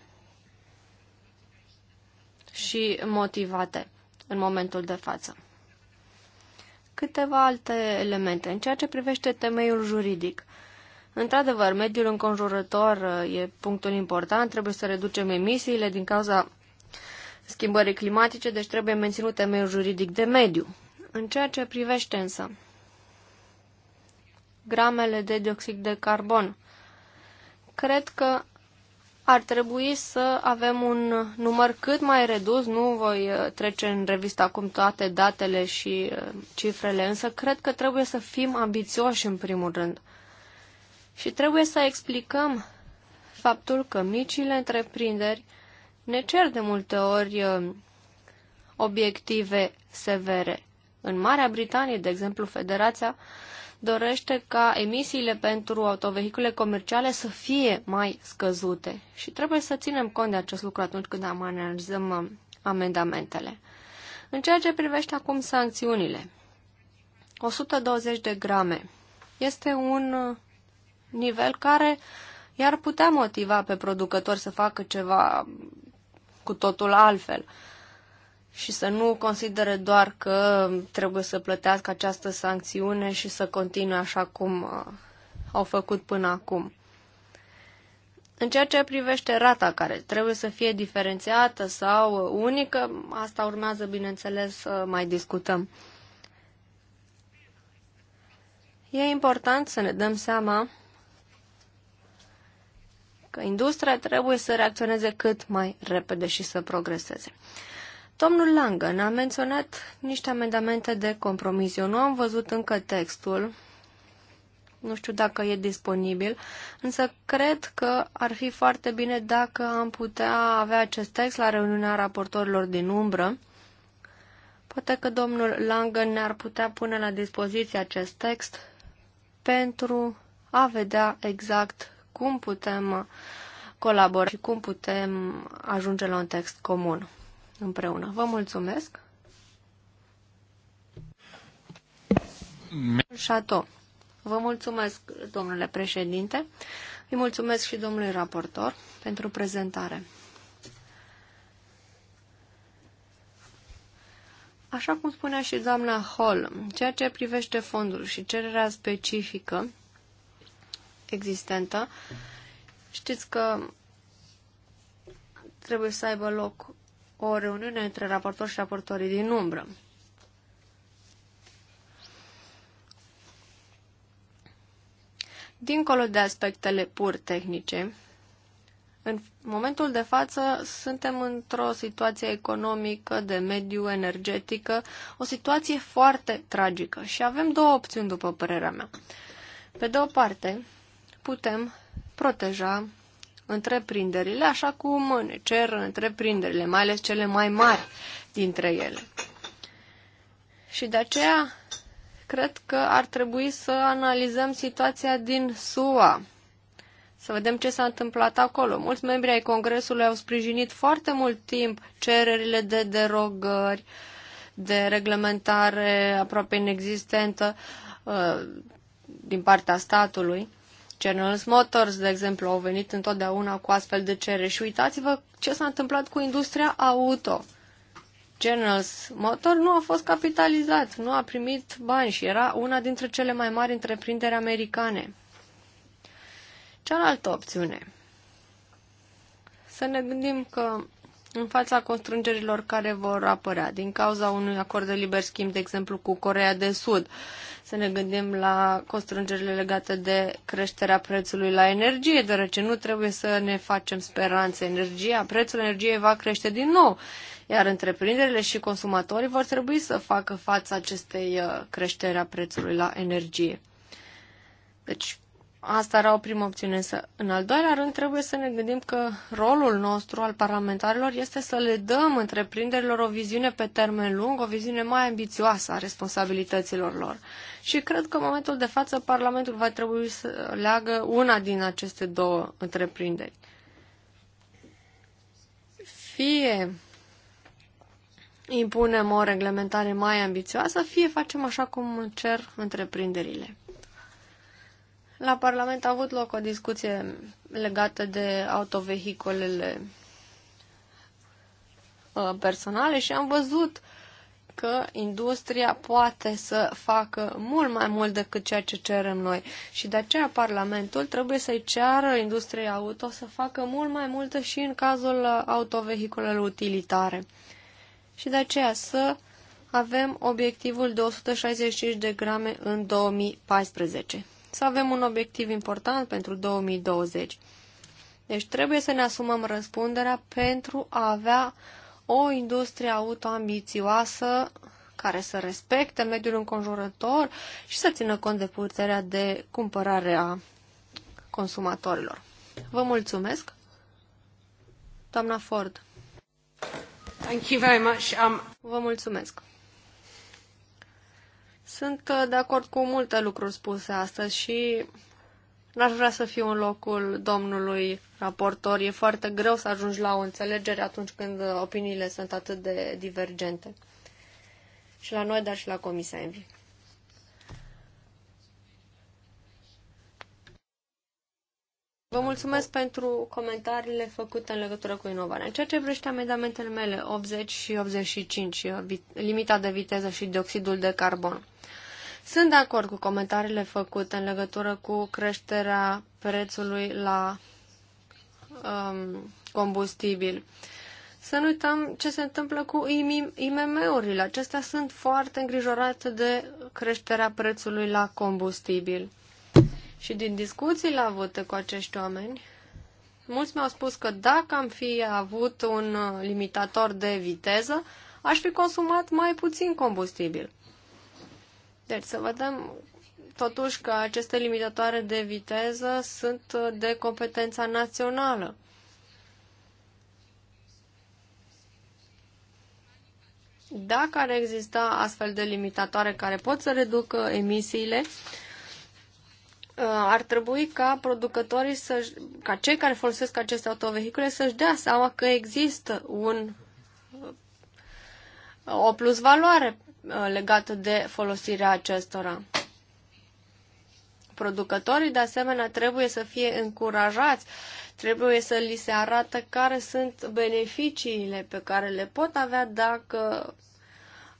și motivate în momentul de față. Câteva alte elemente. În ceea ce privește temeiul juridic, Într-adevăr, mediul înconjurător uh, e punctul important, trebuie să reducem emisiile din cauza schimbării climatice, deci trebuie menținut temeiul juridic de mediu. În ceea ce privește însă gramele de dioxid de carbon, cred că ar trebui să avem un număr cât mai redus, nu voi uh, trece în revistă acum toate datele și uh, cifrele, însă cred că trebuie să fim ambițioși în primul rând. Și trebuie să explicăm faptul că micile întreprinderi ne cer de multe ori uh, obiective severe. În Marea Britanie, de exemplu, Federația dorește ca emisiile pentru autovehicule comerciale să fie mai scăzute și trebuie să ținem cont de acest lucru atunci când analizăm uh, amendamentele. În ceea ce privește acum sancțiunile, 120 de grame este un uh, nivel care i-ar putea motiva pe producători să facă ceva cu totul altfel și să nu considere doar că trebuie să plătească această sancțiune și să continue așa cum uh, au făcut până acum. În ceea ce privește rata care trebuie să fie diferențiată sau unică, asta urmează, bineînțeles, să mai discutăm. E important să ne dăm seama că industria trebuie să reacționeze cât mai repede și să progreseze. Domnul Langen a menționat niște amendamente de compromis. Eu nu am văzut încă textul, nu știu dacă e disponibil, însă cred că ar fi foarte bine dacă am putea avea acest text la reuniunea raportorilor din umbră. Poate că domnul Langen ne-ar putea pune la dispoziție acest text pentru a vedea exact cum putem colabora și cum putem ajunge la un text comun împreună. Vă mulțumesc! Chateau. vă mulțumesc, domnule președinte. Îi mulțumesc și domnului raportor pentru prezentare. Așa cum spunea și doamna Hall, ceea ce privește fondul și cererea specifică existentă. Știți că trebuie să aibă loc o reuniune între raportor și raportorii din umbră. Dincolo de aspectele pur tehnice, în momentul de față suntem într-o situație economică, de mediu, energetică, o situație foarte tragică și avem două opțiuni, după părerea mea. Pe de o parte, putem proteja întreprinderile, așa cum ne cer întreprinderile, mai ales cele mai mari dintre ele. Și de aceea cred că ar trebui să analizăm situația din SUA, să vedem ce s-a întâmplat acolo. Mulți membri ai Congresului au sprijinit foarte mult timp cererile de derogări, de reglementare aproape inexistentă uh, din partea statului. General Motors, de exemplu, au venit întotdeauna cu astfel de cere și uitați-vă ce s-a întâmplat cu industria auto. General Motors nu a fost capitalizat, nu a primit bani și era una dintre cele mai mari întreprinderi americane. Cealaltă opțiune. Să ne gândim că în fața constrângerilor care vor apărea din cauza unui acord de liber schimb, de exemplu, cu Corea de Sud. Să ne gândim la constrângerile legate de creșterea prețului la energie, deoarece nu trebuie să ne facem speranțe. Energia, prețul energiei va crește din nou, iar întreprinderile și consumatorii vor trebui să facă față acestei uh, creșteri a prețului la energie. Deci, Asta era o primă opțiune. Însă, în al doilea rând, trebuie să ne gândim că rolul nostru al parlamentarilor este să le dăm întreprinderilor o viziune pe termen lung, o viziune mai ambițioasă a responsabilităților lor. Și cred că în momentul de față Parlamentul va trebui să leagă una din aceste două întreprinderi. Fie impunem o reglementare mai ambițioasă, fie facem așa cum cer întreprinderile. La Parlament a avut loc o discuție legată de autovehicolele uh, personale și am văzut că industria poate să facă mult mai mult decât ceea ce cerem noi. Și de aceea Parlamentul trebuie să-i ceară industriei auto să facă mult mai multă și în cazul uh, autovehiculelor utilitare. Și de aceea să avem obiectivul de 165 de grame în 2014 să avem un obiectiv important pentru 2020. Deci trebuie să ne asumăm răspunderea pentru a avea o industrie auto care să respecte mediul înconjurător și să țină cont de puterea de cumpărare a consumatorilor. Vă mulțumesc. Doamna Ford. Thank you very much. Um... Vă mulțumesc. Sunt uh, de acord cu multe lucruri spuse astăzi și n-aș vrea să fiu în locul domnului raportor. E foarte greu să ajungi la o înțelegere atunci când uh, opiniile sunt atât de divergente. Și la noi, dar și la Comisia Envi. Vă mulțumesc pentru comentariile făcute în legătură cu inovarea. În ceea ce privește amendamentele mele 80 și 85, uh, limita de viteză și dioxidul de carbon. Sunt de acord cu comentariile făcute în legătură cu creșterea prețului la um, combustibil. Să nu uităm ce se întâmplă cu IMM-urile. Acestea sunt foarte îngrijorate de creșterea prețului la combustibil. Și din discuțiile avute cu acești oameni, mulți mi-au spus că dacă am fi avut un limitator de viteză, aș fi consumat mai puțin combustibil. Deci să vedem totuși că aceste limitatoare de viteză sunt de competența națională. Dacă ar exista astfel de limitatoare care pot să reducă emisiile, Uh, ar trebui ca producătorii să ca cei care folosesc aceste autovehicule să-și dea seama că există un uh, o plus valoare uh, legată de folosirea acestora. Producătorii, de asemenea, trebuie să fie încurajați, trebuie să li se arată care sunt beneficiile pe care le pot avea dacă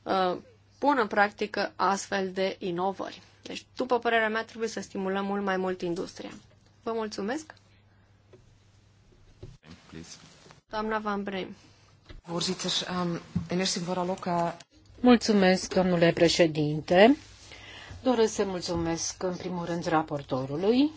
uh, pun în practică astfel de inovări. Deci, după părerea mea, trebuie să stimulăm mult mai mult industria. Vă mulțumesc! Doamna Van Brem. Ehm, eh, mulțumesc, domnule președinte. Doresc să mulțumesc în primul rând raportorului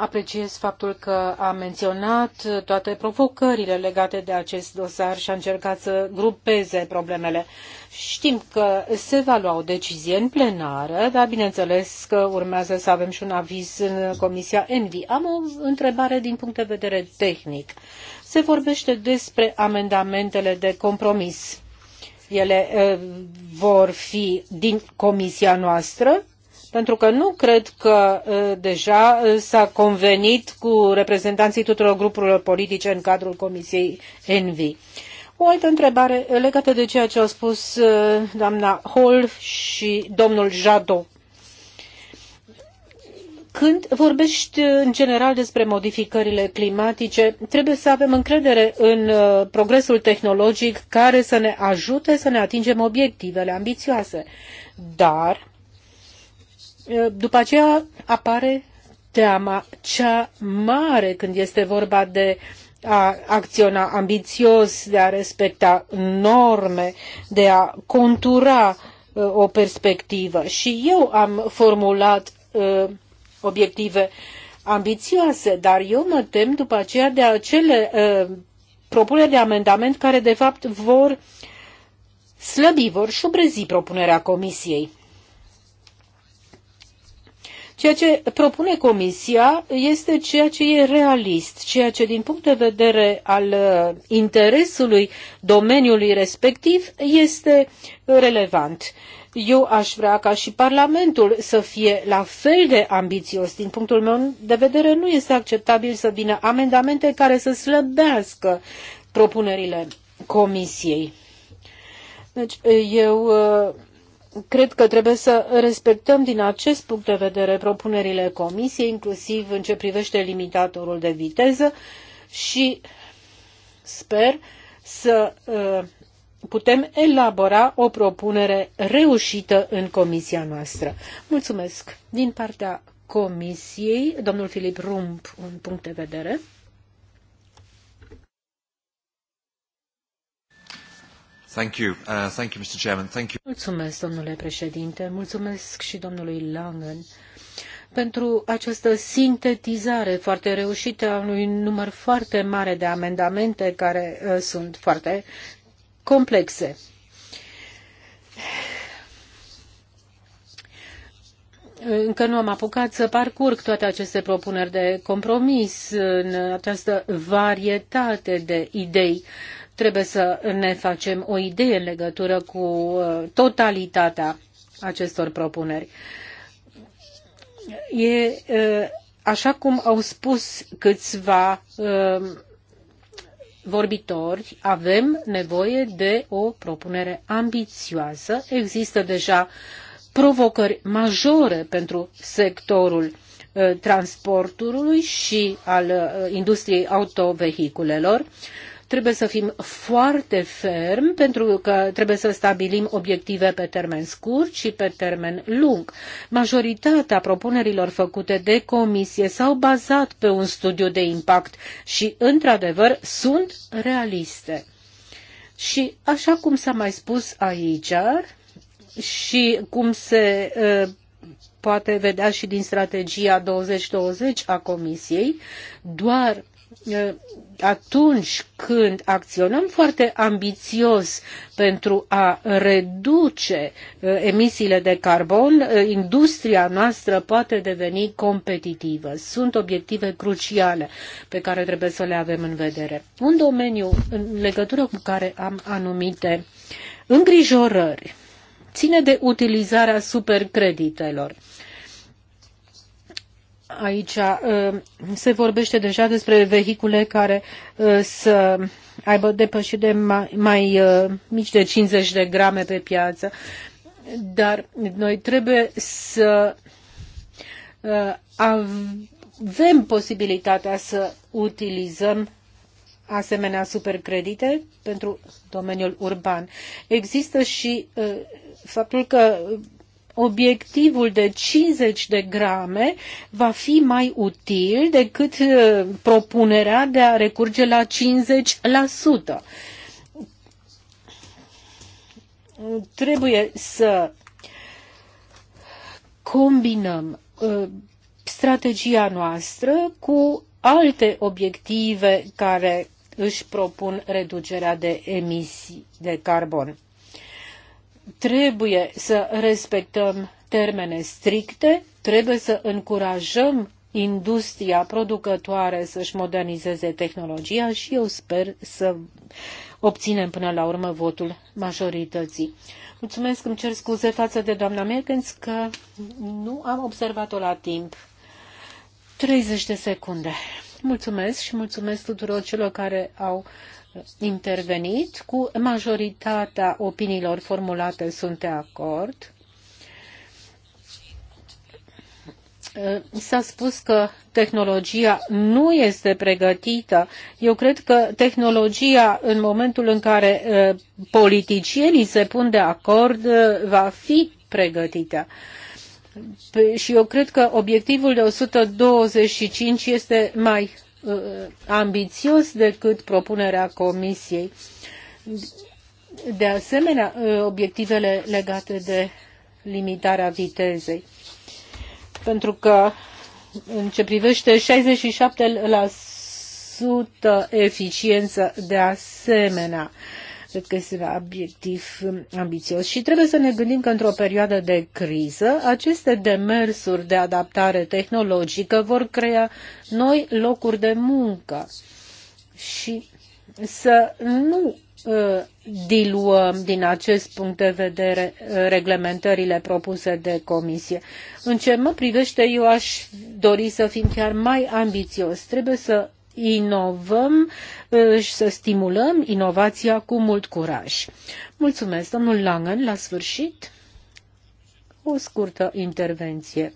Apreciez faptul că a menționat toate provocările legate de acest dosar și a încercat să grupeze problemele. Știm că se va lua o decizie în plenară, dar bineînțeles că urmează să avem și un aviz în Comisia ENVI. Am o întrebare din punct de vedere tehnic. Se vorbește despre amendamentele de compromis. Ele eh, vor fi din comisia noastră pentru că nu cred că deja s-a convenit cu reprezentanții tuturor grupurilor politice în cadrul Comisiei Envi. O altă întrebare legată de ceea ce au spus doamna Hall și domnul Jadot. Când vorbești în general despre modificările climatice, trebuie să avem încredere în progresul tehnologic care să ne ajute să ne atingem obiectivele ambițioase. Dar Eh, după aceea apare teama cea mare când este vorba de a acționa ambițios, de a respecta norme, de a contura eh, o perspectivă. Și eu am formulat eh, obiective ambițioase, dar eu mă tem după aceea de acele propuneri de amendament care de fapt vor slăbi, vor șubrezi propunerea Comisiei. Ceea ce propune Comisia este ceea ce e realist, ceea ce din punct de vedere al uh, interesului domeniului respectiv este relevant. Eu aș vrea ca și Parlamentul să fie la fel de ambițios. Din punctul meu de vedere, nu este acceptabil să vină amendamente care să slăbească propunerile Comisiei. Deci, eu uh, cred că trebuie să respectăm din acest punct de vedere propunerile Comisiei, inclusiv în ce privește limitatorul de viteză și sper să uh, putem elabora o propunere reușită în comisia noastră. Mulțumesc. Din partea comisiei, domnul Filip Rump, un punct de vedere. Thank you. Uh, thank you, Mr. Chairman. Thank you. Mulțumesc, domnule președinte. Mulțumesc și domnului Langen pentru această sintetizare foarte reușită a unui număr foarte mare de amendamente care uh, sunt foarte complexe. Încă nu am apucat să parcurg toate aceste propuneri de compromis în această varietate de idei. Uh, Trebuie să ne facem o idee în legătură cu uh, totalitatea acestor propuneri. E uh, așa cum au spus câțiva uh, vorbitori, avem nevoie de o propunere ambițioasă. Există deja provocări majore pentru sectorul transportului și al industriei autovehiculelor trebuie să fim foarte fermi pentru că trebuie să stabilim obiective pe termen scurt și pe termen lung. Majoritatea propunerilor făcute de comisie s-au bazat pe un studiu de impact și, într-adevăr, sunt realiste. Și așa cum s-a mai spus aici și cum se poate vedea și din strategia 2020 a Comisiei, doar atunci când acționăm foarte ambițios pentru a reduce uh, emisiile de carbon, uh, industria noastră poate deveni competitivă. Sunt obiective cruciale pe care trebuie să le avem în vedere. Un domeniu în legătură cu care am anumite îngrijorări ține de utilizarea supercreditelor. Aici uh, se vorbește deja despre vehicule care uh, să aibă depășiri de mai, mai uh, mici de 50 de grame pe piață, dar noi trebuie să avem posibilitatea să utilizăm asemenea supercredite pentru domeniul urban. Există și faptul că obiectivul de 50 de grame va fi mai util decât uh, propunerea de a recurge la 50%. Trebuie să combinăm uh, strategia noastră cu alte obiective care își propun reducerea de emisii de carbon trebuie să respectăm termene stricte, trebuie să încurajăm industria producătoare să-și modernizeze tehnologia și eu sper să obținem până la urmă votul majorității. Mulțumesc, îmi cer scuze față de doamna Merkens că nu am observat-o la timp. 30 de secunde. Mulțumesc și mulțumesc tuturor celor care au intervenit. Cu majoritatea opiniilor formulate sunt de acord. S-a spus că tehnologia nu este pregătită. Eu cred că tehnologia, în momentul în care uh, politicienii se pun de acord, uh, va fi pregătită. Păi, și eu cred că obiectivul de 125 este mai Uh, ambițios decât propunerea Comisiei. De asemenea, uh, obiectivele legate de limitarea vitezei. Pentru că în ce privește 67% eficiență de asemenea, Cred că este un obiectiv ambițios și trebuie să ne gândim că într-o perioadă de criză aceste demersuri de adaptare tehnologică vor crea noi locuri de muncă și să nu ă, diluăm din acest punct de vedere ă, reglementările propuse de comisie. În ce mă privește, eu aș dori să fim chiar mai ambițios. Trebuie să inovăm și să stimulăm inovația cu mult curaj. Mulțumesc, domnul Langen, la sfârșit. O scurtă intervenție.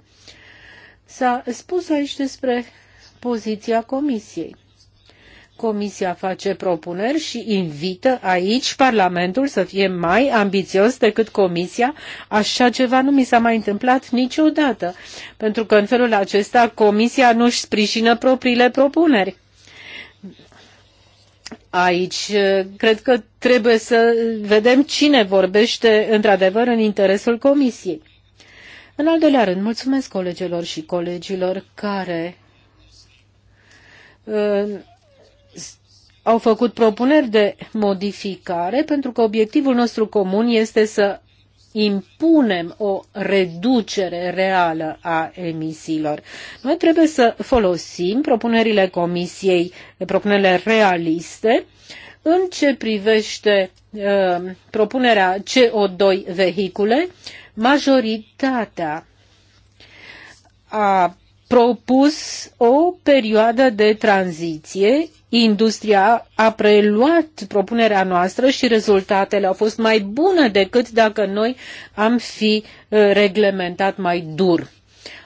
S-a spus aici despre poziția Comisiei. Comisia face propuneri și invită aici Parlamentul să fie mai ambițios decât Comisia. Așa ceva nu mi s-a mai întâmplat niciodată, pentru că în felul acesta Comisia nu-și sprijină propriile propuneri aici. Cred că trebuie să vedem cine vorbește într-adevăr în interesul Comisiei. În al doilea rând, mulțumesc colegilor și colegilor care uh, au făcut propuneri de modificare pentru că obiectivul nostru comun este să impunem o reducere reală a emisiilor. Noi trebuie să folosim propunerile Comisiei, propunerile realiste, în ce privește uh, propunerea CO2 vehicule, majoritatea a propus o perioadă de tranziție industria a preluat propunerea noastră și rezultatele au fost mai bune decât dacă noi am fi uh, reglementat mai dur.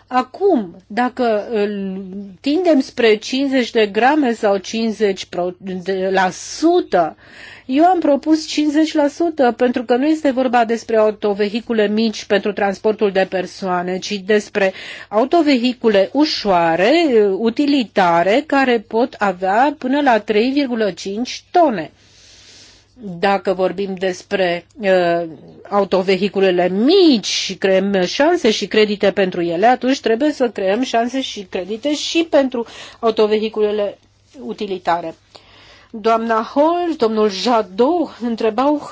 Acum, dacă uh, tindem spre 50 de grame sau 50 la sută, eu am propus 50% pentru că nu este vorba despre autovehicule mici pentru transportul de persoane, ci despre autovehicule ușoare, uh, utilitare, care pot avea până la 3,5 tone dacă vorbim despre uh, autovehiculele mici și creăm șanse și credite pentru ele, atunci trebuie să creăm șanse și credite și pentru autovehiculele utilitare. Doamna Hall, domnul Jadot întrebau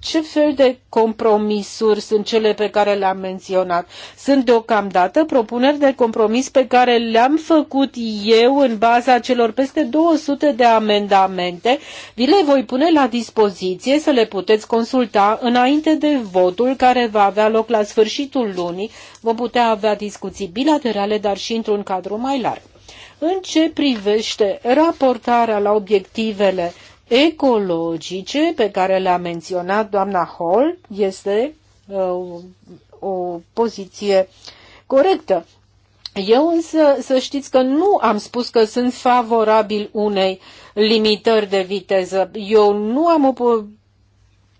ce fel de compromisuri sunt cele pe care le-am menționat. Sunt deocamdată propuneri de compromis pe care le-am făcut eu în baza celor peste 200 de amendamente. Vi le voi pune la dispoziție să le puteți consulta înainte de votul care va avea loc la sfârșitul lunii. Vom putea avea discuții bilaterale, dar și într-un cadru mai larg. În ce privește raportarea la obiectivele ecologice pe care le-a menționat doamna Hall, este uh, o poziție corectă. Eu însă să știți că nu am spus că sunt favorabil unei limitări de viteză. Eu nu am o po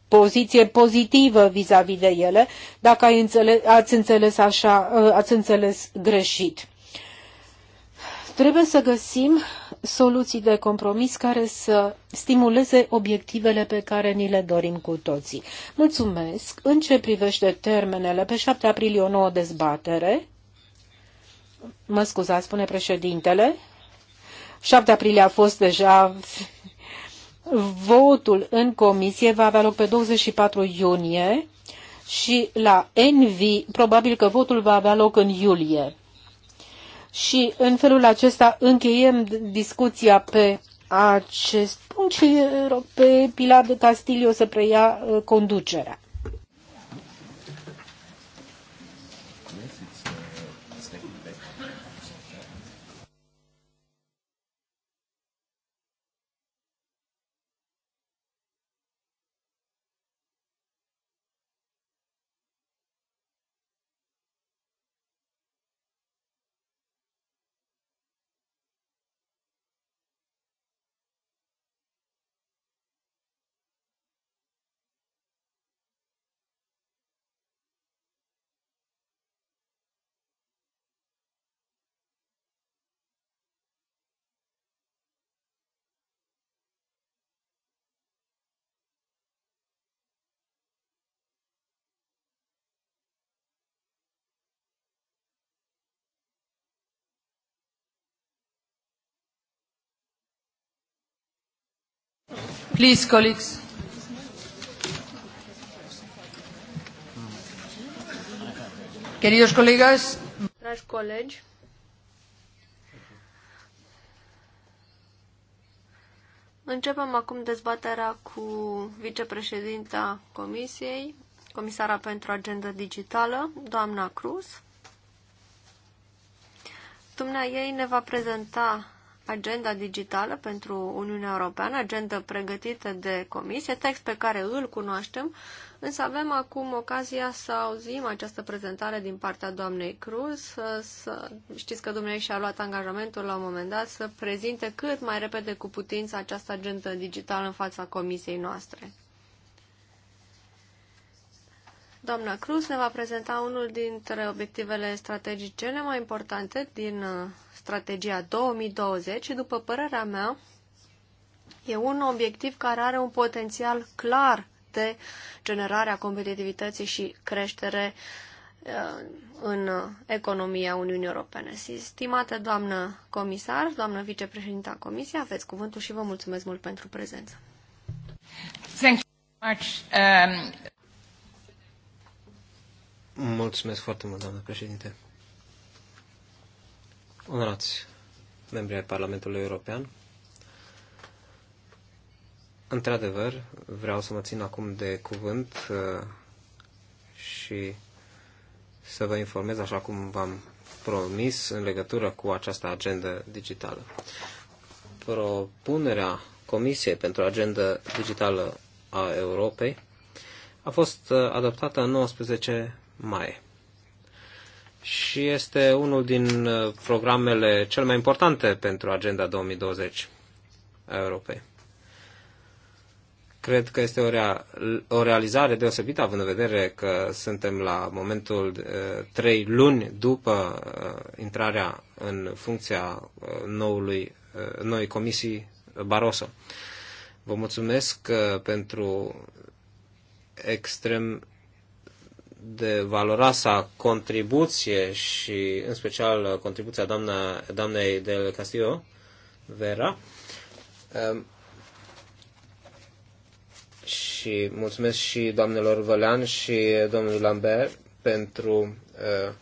poziție pozitivă vis-a-vis -vis de ele. Dacă ai înțeles, ați înțeles așa, uh, ați înțeles greșit. Trebuie să găsim soluții de compromis care să stimuleze obiectivele pe care ni le dorim cu toții. Mulțumesc. În ce privește termenele, pe 7 aprilie o nouă dezbatere. Mă scuzați, spune președintele. 7 aprilie a fost deja votul în comisie va avea loc pe 24 iunie și la Envi probabil că votul va avea loc în iulie. Și în felul acesta încheiem discuția pe acest punct și rog pe Pilar de Castilio să preia uh, conducerea. Please, colleagues. Queridos colegas. Dragi colegi. Începem acum dezbaterea cu vicepreședinta Comisiei, comisara pentru agenda digitală, doamna Cruz. Dumnea ei ne va prezenta agenda digitală pentru Uniunea Europeană, agenda pregătită de comisie, text pe care îl cunoaștem, însă avem acum ocazia să auzim această prezentare din partea doamnei Cruz. Să, să, știți că dumneavoastră și-a luat angajamentul la un moment dat să prezinte cât mai repede cu putință această agenda digitală în fața comisiei noastre. Doamna Cruz ne va prezenta unul dintre obiectivele strategice cele mai importante din strategia 2020 și, după părerea mea, e un obiectiv care are un potențial clar de generare a competitivității și creștere uh, în economia Uniunii Europene. Stimată doamnă comisar, doamnă vicepreședinte a Comisiei, aveți cuvântul și vă mulțumesc mult pentru prezență. Thank you much. Um... Mulțumesc foarte mult, doamnă președinte onorați membri ai Parlamentului European, într-adevăr, vreau să mă țin acum de cuvânt uh, și să vă informez, așa cum v-am promis, în legătură cu această agendă digitală. Propunerea Comisiei pentru Agenda Digitală a Europei a fost uh, adoptată în 19 mai și este unul din uh, programele cel mai importante pentru Agenda 2020 a Europei. Cred că este o, rea, o realizare deosebită, având în vedere că suntem la momentul uh, trei luni după uh, intrarea în funcția noului, noi comisii Barroso. Vă mulțumesc pentru extrem de valoroasa contribuție și în special contribuția doamna, doamnei del Castillo, Vera. Ehm, și mulțumesc și doamnelor Vălean și domnului Lambert pentru ehm,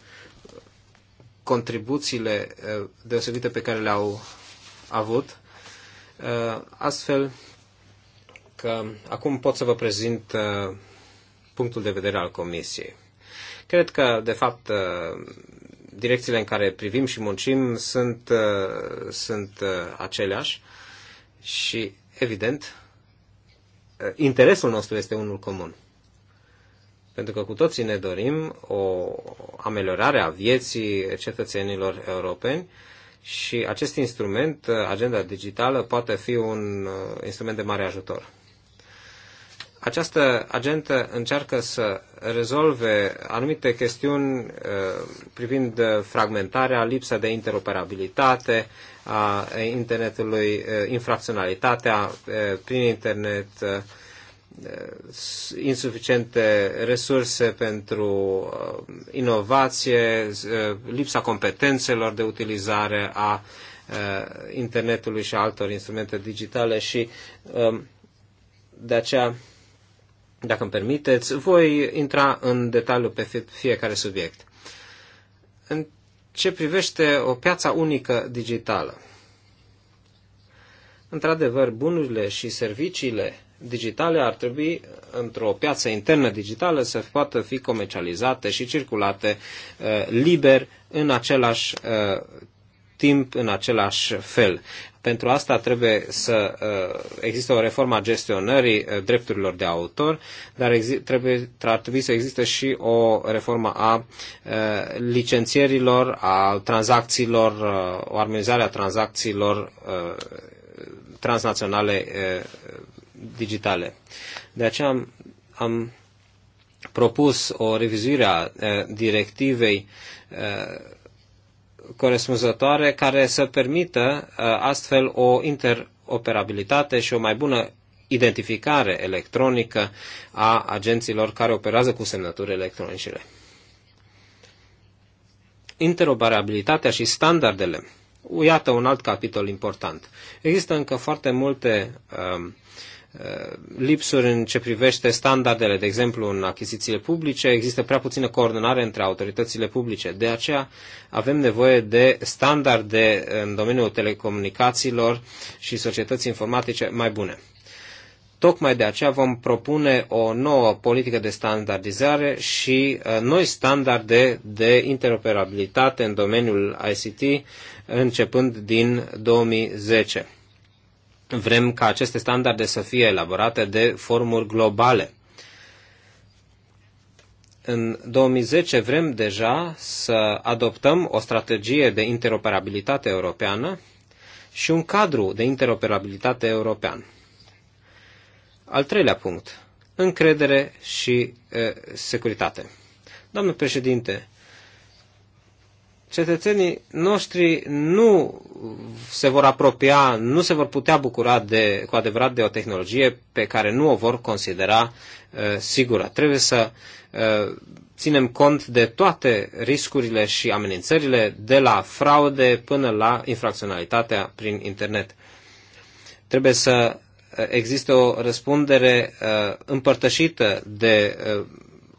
contribuțiile ehm, deosebite pe care le-au avut. Astfel că acum pot să vă prezint punctul de vedere al Comisiei. Cred că, de fapt, uh, direcțiile în care privim și muncim sunt, uh, sunt uh, aceleași și, evident, interesul nostru este unul comun. Pentru că cu toții ne dorim o ameliorare a vieții cetățenilor europeni și acest instrument, agenda digitală, poate fi un instrument de mare ajutor. Această agentă încearcă să rezolve anumite chestiuni uh, privind uh, fragmentarea, lipsa de interoperabilitate a eh, internetului, eh, infracționalitatea eh, prin internet, insuficiente resurse pentru inovație, lipsa competențelor de utilizare a internetului și a altor instrumente digitale și de aceea dacă îmi permiteți, voi intra în detaliu pe fiecare subiect. În ce privește o piața unică digitală. Într-adevăr, bunurile și serviciile digitale ar trebui, într-o piață internă digitală, să poată fi comercializate și circulate uh, liber în același uh, timp în același fel. Pentru asta trebuie să uh, există o reformă a gestionării uh, drepturilor de autor, dar trebuie, ar trebui să existe și o reformă a uh, licențierilor, a tranzacțiilor, o armonizare a tranzacțiilor transnaționale digitale. De aceea am, am propus o revizuire a directivei corespunzătoare care să permită uh, astfel o interoperabilitate și o mai bună identificare electronică a agenților care operează cu semnături electronice. Interoperabilitatea și standardele. Iată un alt capitol important. Există încă foarte multe uh, Eh, lipsuri în ce privește standardele, de exemplu în achizițiile publice, există prea puțină coordonare între autoritățile publice. De aceea avem nevoie de standarde în domeniul telecomunicațiilor și societății informatice mai bune. Tocmai de aceea vom propune o nouă politică de standardizare și eh, noi standarde de interoperabilitate în domeniul ICT începând din 2010 Vrem ca aceste standarde să fie elaborate de formuri globale. În 2010 vrem deja să adoptăm o strategie de interoperabilitate europeană și un cadru de interoperabilitate european. Al treilea punct. Încredere și e, eh, securitate. Doamne președinte, cetățenii noștri nu se vor apropia, nu se vor putea bucura de, cu adevărat de o tehnologie pe care nu o vor considera uh, sigură. Trebuie să uh, ținem cont de toate riscurile și amenințările, de la fraude până la infracționalitatea prin internet. Trebuie să uh, existe o răspundere uh, împărtășită de uh,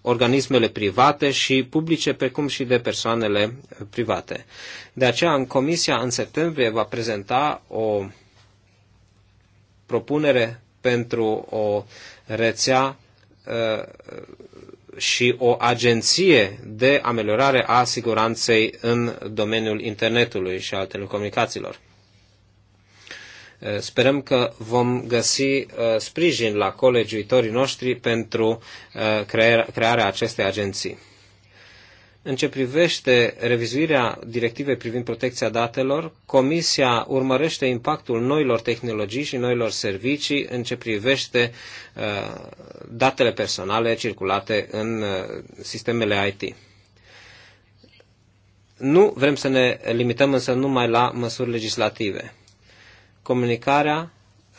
organismele private și publice, precum și de persoanele uh, private. De aceea, în Comisia, în septembrie, va prezenta o propunere pentru o rețea uh, și o agenție de ameliorare a siguranței în domeniul internetului și al telecomunicațiilor. Eh, sperăm că vom găsi eh, sprijin la colegiuitorii noștri pentru eh, crearea acestei agenții. În ce privește revizuirea directivei privind protecția datelor, Comisia urmărește impactul noilor tehnologii și noilor servicii în ce privește datele personale circulate în sistemele IT. Nu vrem să ne limităm însă numai la măsuri legislative comunicarea,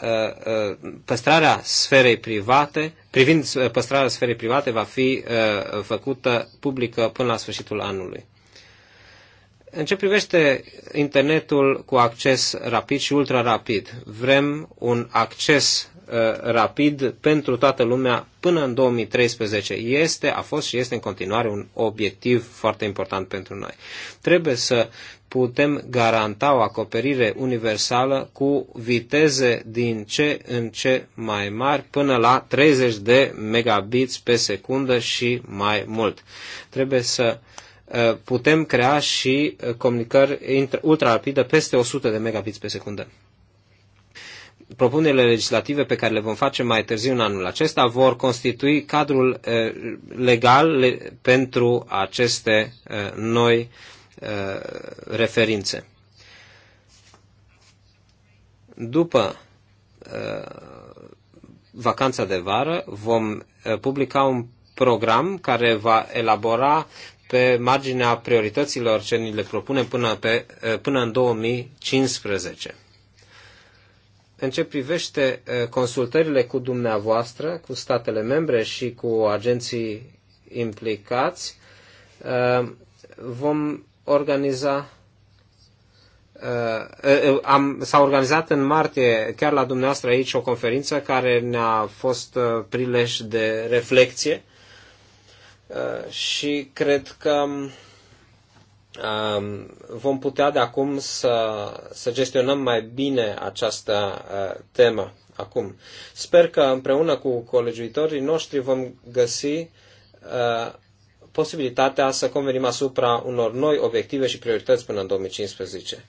uh, uh, păstrarea sferei private, privind uh, păstrarea sferei private, va fi făcută publică până la sfârșitul anului. În ce privește internetul cu acces rapid și ultra-rapid, vrem un acces uh, rapid pentru toată lumea până în 2013. Este, a fost și este în continuare un obiectiv foarte important pentru noi. Trebuie să putem garanta o acoperire universală cu viteze din ce în ce mai mari până la 30 de megabits pe secundă și mai mult. Trebuie să uh, Uh, putem crea și uh, comunicări ultra-rapidă peste 100 de megabits pe secundă. Propunerile legislative pe care le vom face mai târziu în anul acesta vor constitui cadrul uh, legal pentru aceste noi referințe. După vacanța de vară vom publica un program care va elabora pe marginea priorităților ce ni le propunem până, pe, eh, până în 2015. În ce privește eh, consultările cu dumneavoastră, cu statele membre și cu agenții implicați, eh, vom organiza am, s-a organizat în martie, chiar la dumneavoastră aici, o conferință care ne-a fost prilej de reflexie Uh, și cred că um, vom putea de acum să, să gestionăm mai bine această uh, temă acum. Sper că împreună cu colegiuitorii noștri vom găsi uh, posibilitatea să convenim asupra unor noi obiective și priorități până în 2015.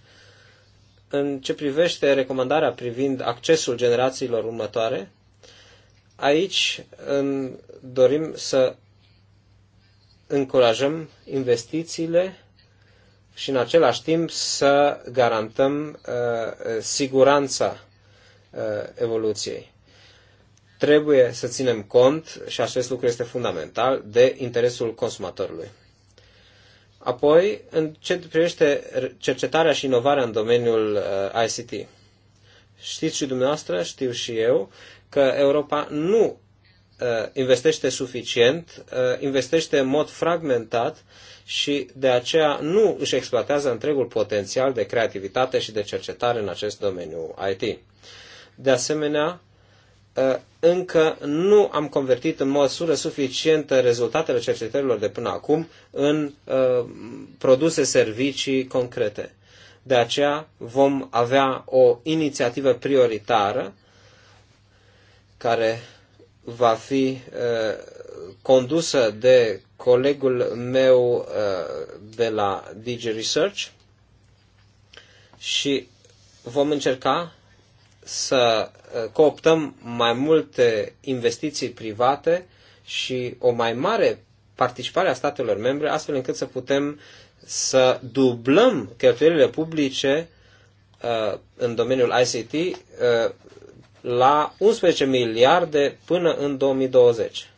În ce privește recomandarea privind accesul generațiilor următoare, aici um, dorim să încurajăm investițiile și în același timp să garantăm uh, siguranța uh, evoluției. Trebuie să ținem cont, și acest lucru este fundamental, de interesul consumatorului. Apoi, în ce privește cercetarea și inovarea în domeniul uh, ICT. Știți și dumneavoastră, știu și eu, că Europa nu Uh, investește suficient, uh, investește în mod fragmentat și de aceea nu își exploatează întregul potențial de creativitate și de cercetare în acest domeniu IT. De asemenea, uh, încă nu am convertit în măsură suficientă rezultatele cercetărilor de până acum în produse servicii concrete. De aceea vom avea o inițiativă prioritară care va fi uh, condusă de colegul meu uh, de la DG Research și vom încerca să uh, cooptăm mai multe investiții private și o mai mare participare a statelor membre, astfel încât să putem să dublăm cheltuielile publice în domeniul ICT la 11 miliarde până în 2020.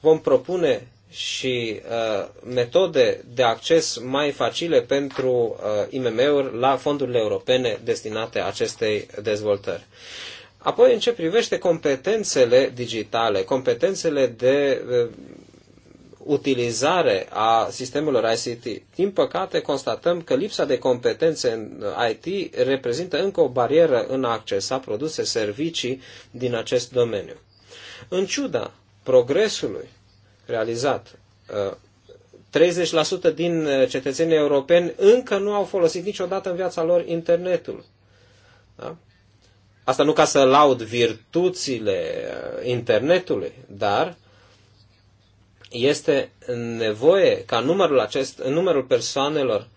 Vom propune și uh, metode de acces mai facile pentru uh, IMM-uri la fondurile europene destinate acestei dezvoltări. Apoi, în ce privește competențele digitale, competențele de uh, utilizare a sistemelor ICT. Din păcate, constatăm că lipsa de competențe în IT reprezintă încă o barieră în a accesa produse, servicii din acest domeniu. În ciuda progresului realizat, 30% din cetățenii europeni încă nu au folosit niciodată în viața lor internetul. Da? Asta nu ca să laud virtuțile uh, internetului, dar este nevoie ca numărul, acest, numărul persoanelor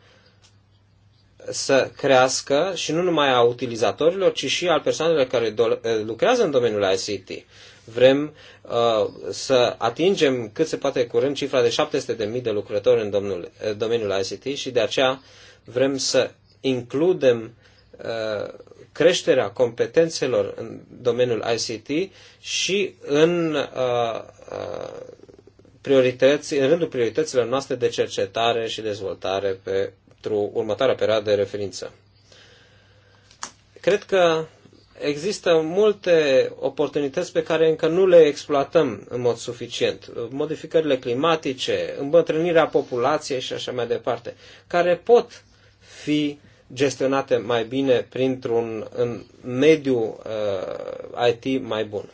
să crească și nu numai a utilizatorilor, ci și al persoanelor care eh, lucrează în domeniul ICT. Vrem uh, să atingem cât se poate curând cifra de 700.000 de lucrători în domnul, uh, domeniul ICT și de aceea vrem să includem uh, creșterea competențelor în domeniul ICT și în uh, uh, priorități, în rândul priorităților noastre de cercetare și dezvoltare pentru următoarea perioadă de referință. Cred că există multe oportunități pe care încă nu le exploatăm în mod suficient. Modificările climatice, îmbătrânirea populației și așa mai departe, care pot fi gestionate mai bine printr-un mediu uh, IT mai bun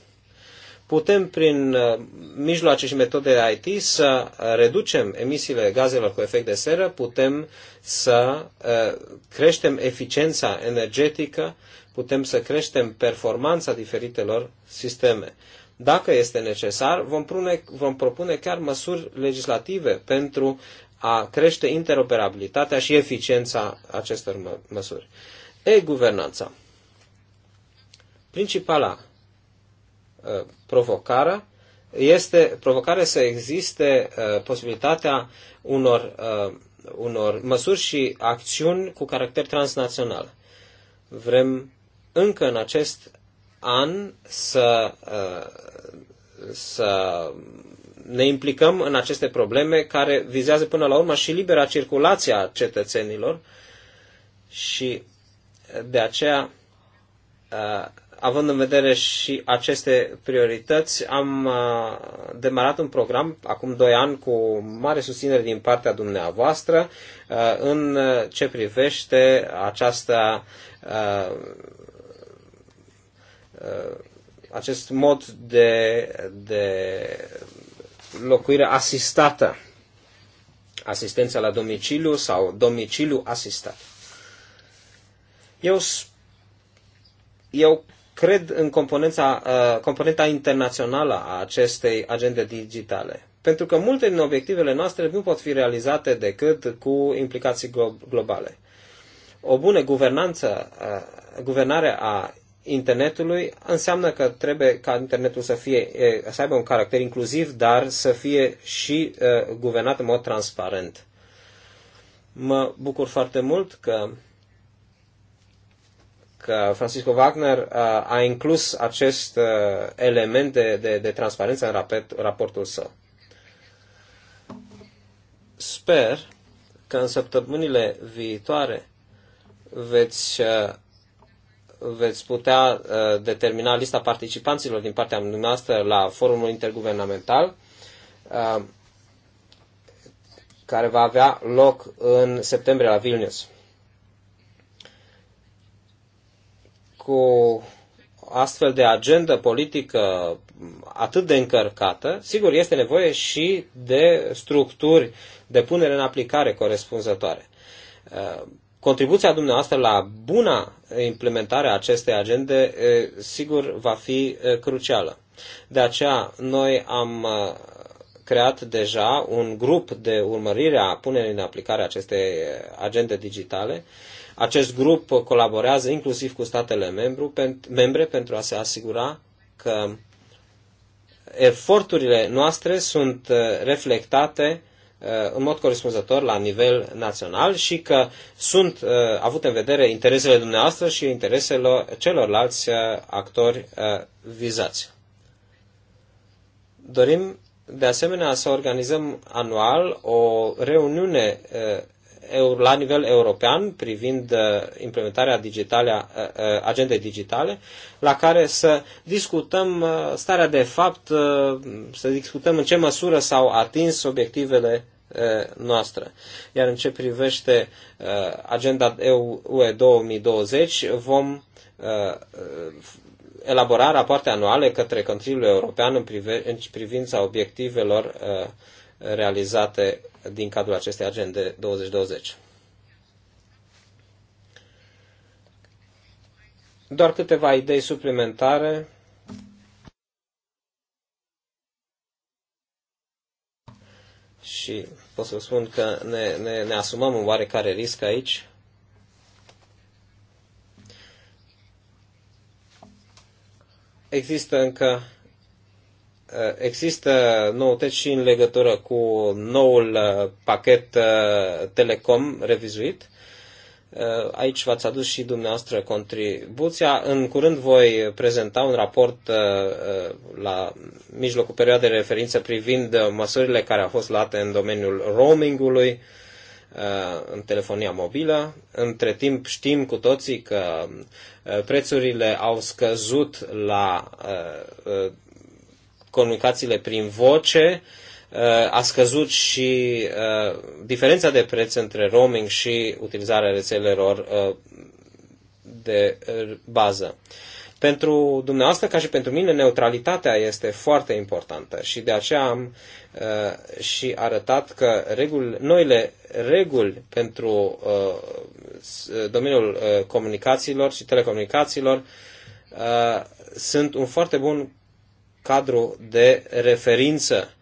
putem prin uh, mijloace și metode IT să uh, reducem emisiile gazelor cu efect de seră, putem să uh, creștem eficiența energetică, putem să creștem performanța diferitelor sisteme. Dacă este necesar, vom, prune, vom propune chiar măsuri legislative pentru a crește interoperabilitatea și eficiența acestor mă, măsuri. E-guvernanța. Principala Uh, provocarea este provocarea să existe uh, posibilitatea unor, uh, unor măsuri și acțiuni cu caracter transnațional. Vrem încă în acest an să, să ne implicăm în aceste probleme care vizează până la urmă și libera circulație a cetățenilor și de aceea Având în vedere și aceste priorități, am uh, demarat un program acum 2 ani cu mare susținere din partea dumneavoastră uh, în ce privește această uh, acest mod de, de locuire asistată, asistența la domiciliu sau domiciliu asistat. Eu, eu cred în componența, uh, componenta internațională a acestei agende digitale. Pentru că multe din obiectivele noastre nu pot fi realizate decât cu implicații globale. O bună guvernanță, uh, guvernare a internetului înseamnă că trebuie ca internetul să, fie, să aibă un caracter inclusiv, dar să fie și uh, guvernat în mod transparent. Mă bucur foarte mult că că Francisco Wagner uh, a inclus acest uh, element de, de, de transparență în rapet, raportul său. Sper că în săptămânile viitoare veți, uh, veți putea determina lista participanților din partea dumneavoastră la forumul interguvernamental care va avea loc în septembrie la Vilnius. cu astfel de agendă politică atât de încărcată, sigur, este nevoie și de structuri de punere în aplicare corespunzătoare. Uh, contribuția dumneavoastră la buna implementare a acestei agende, uh, sigur, va fi uh, crucială. De aceea, noi am creat deja un grup de urmărire a punerii în aplicare a acestei agende digitale, acest grup colaborează inclusiv cu statele membru, membre pentru a se asigura că eforturile noastre sunt uh, reflectate uh, în mod corespunzător la nivel național și că sunt uh, avute în vedere interesele dumneavoastră și interesele celorlalți actori vizați. Dorim de asemenea să organizăm anual o reuniune la nivel european privind uh, implementarea digitale, uh, uh, agendei digitale, la care să discutăm starea de fapt, să discutăm în ce măsură s-au atins obiectivele noastră. Iar în ce privește agenda UE 2020, vom elabora rapoarte anuale către Consiliul European în, în privința obiectivelor realizate din cadrul acestei agende 2020. Doar câteva idei suplimentare. Și pot să spun că ne, ne, ne asumăm un oarecare risc aici. Există încă Eh, există noutăți și în legătură cu noul eh, pachet eh, Telecom revizuit. Aici v-ați adus și dumneavoastră contribuția. În curând voi prezenta un raport la mijlocul perioadei de referință privind măsurile care au fost luate în domeniul roamingului în telefonia mobilă. Între timp știm cu toții că prețurile au scăzut la comunicațiile prin voce, uh, a scăzut și uh, diferența de preț între roaming și utilizarea rețelelor uh, de bază. Pentru dumneavoastră, ca și pentru mine, neutralitatea este foarte importantă și de aceea am uh, și arătat că reguli, noile reguli pentru uh, domeniul uh, comunicațiilor și telecomunicațiilor uh, sunt un foarte bun cadru de referință.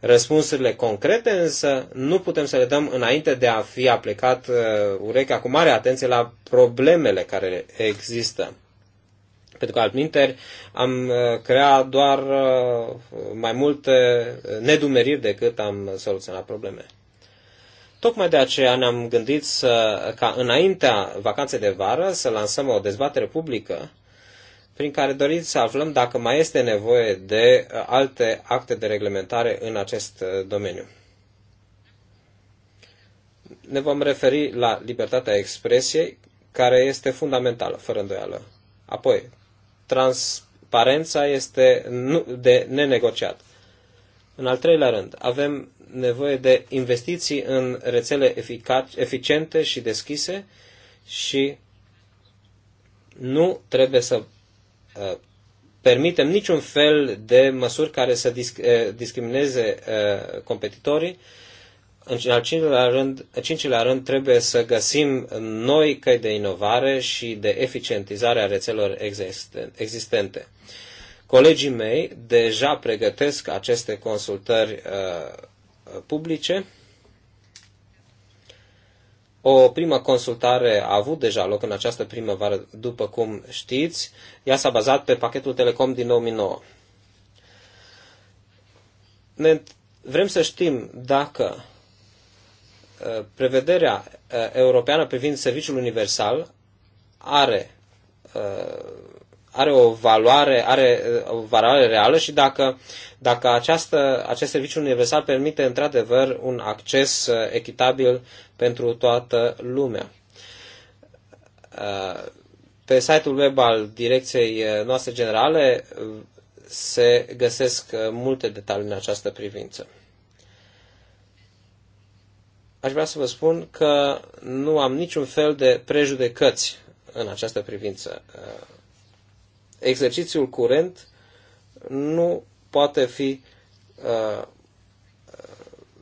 Răspunsurile concrete însă nu putem să le dăm înainte de a fi aplicat uh, urechea cu mare atenție la problemele care există. Pentru că altminteri am uh, creat doar uh, mai multe nedumeriri decât am soluționat probleme. Tocmai de aceea ne-am gândit să, ca înaintea vacanței de vară să lansăm o dezbatere publică prin care dorim să aflăm dacă mai este nevoie de uh, alte acte de reglementare în acest uh, domeniu. Ne vom referi la libertatea expresiei, care este fundamentală, fără îndoială. Apoi, transparența este de nenegociat. În al treilea rând, avem nevoie de investiții în rețele eficiente și deschise și nu trebuie să Uh, permitem niciun fel de măsuri care să uh, discrimineze uh, competitorii. În al cincilea rând, cincilea rând, trebuie să găsim noi căi de inovare și de eficientizare a rețelor existente. Colegii mei deja pregătesc aceste consultări publice o primă consultare a avut deja loc în această primăvară, după cum știți. Ea s-a bazat pe pachetul Telecom din 2009. Ne vrem să știm dacă uh, prevederea uh, europeană privind serviciul universal are uh, are o valoare, are uh, o valoare reală și dacă, dacă această, acest serviciu universal permite într-adevăr un acces uh, echitabil pentru toată lumea. Uh, pe site-ul web al direcției noastre generale se găsesc multe detalii în această privință. Aș vrea să vă spun că nu am niciun fel de prejudecăți în această privință exercițiul curent nu poate fi uh,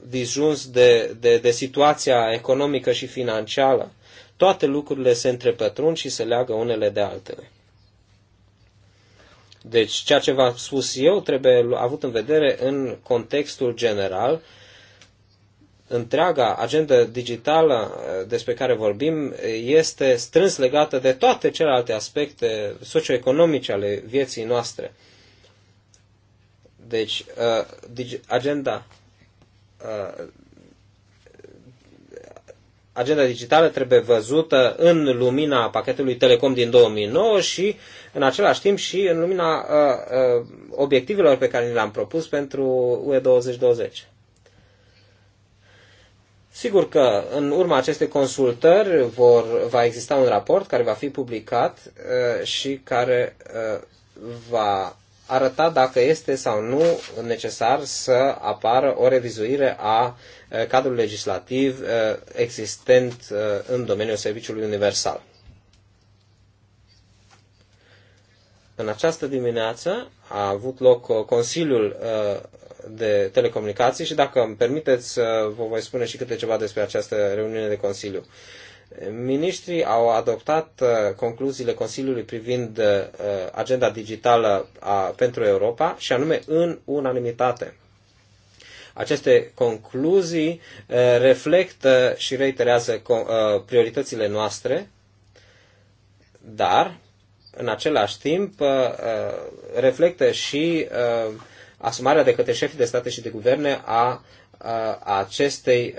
disjuns de, de, de situația economică și financiară. Toate lucrurile se întrepătrund și se leagă unele de altele. Deci, ceea ce v-am spus eu trebuie avut în vedere în contextul general uh, întreaga agenda digitală eh, despre care vorbim eh, este strâns legată de toate celelalte aspecte socioeconomice ale vieții noastre. Deci, eh, agenda agenda digitală trebuie văzută în lumina pachetului Telecom din 2009 și în același timp și în lumina obiectivelor pe care le-am propus pentru UE 2020. Sigur că în urma acestei consultări vor, va exista un raport care va fi publicat uh, și care uh, va arăta dacă este sau nu necesar să apară o revizuire a uh, cadrului legislativ uh, existent uh, în domeniul serviciului universal. În această dimineață a avut loc uh, Consiliul uh, de telecomunicații și dacă îmi permiteți, uh, vă voi spune și câte ceva despre această reuniune de Consiliu. Ministrii au adoptat uh, concluziile Consiliului privind uh, agenda digitală a, pentru Europa și anume în unanimitate. Aceste concluzii reflectă și reiterează prioritățile noastre, dar în același timp reflectă și uh, asumarea de către șefii de state și de guverne a, a acestei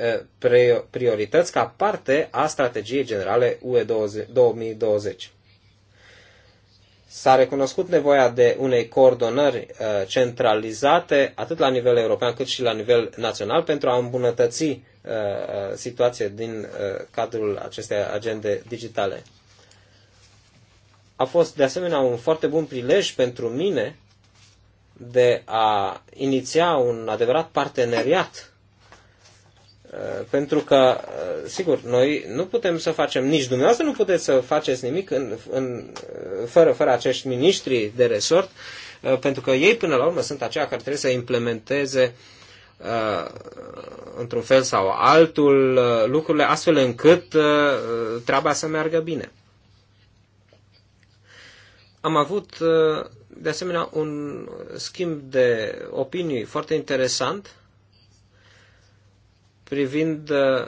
priorități ca parte a strategiei generale UE 2020. S-a recunoscut nevoia de unei coordonări centralizate atât la nivel european cât și la nivel național pentru a îmbunătăți situația din cadrul acestei agende digitale. A fost de asemenea un foarte bun prilej pentru mine de a iniția un adevărat parteneriat. Uh, pentru că, uh, sigur, noi nu putem să facem, nici dumneavoastră nu puteți să faceți nimic în, în, uh, fără, fără acești miniștri de resort, pentru că ei, până la urmă, sunt aceia care trebuie să implementeze într-un fel sau altul lucrurile astfel încât treaba să meargă bine. Am avut de asemenea un schimb de opinii foarte interesant privind uh,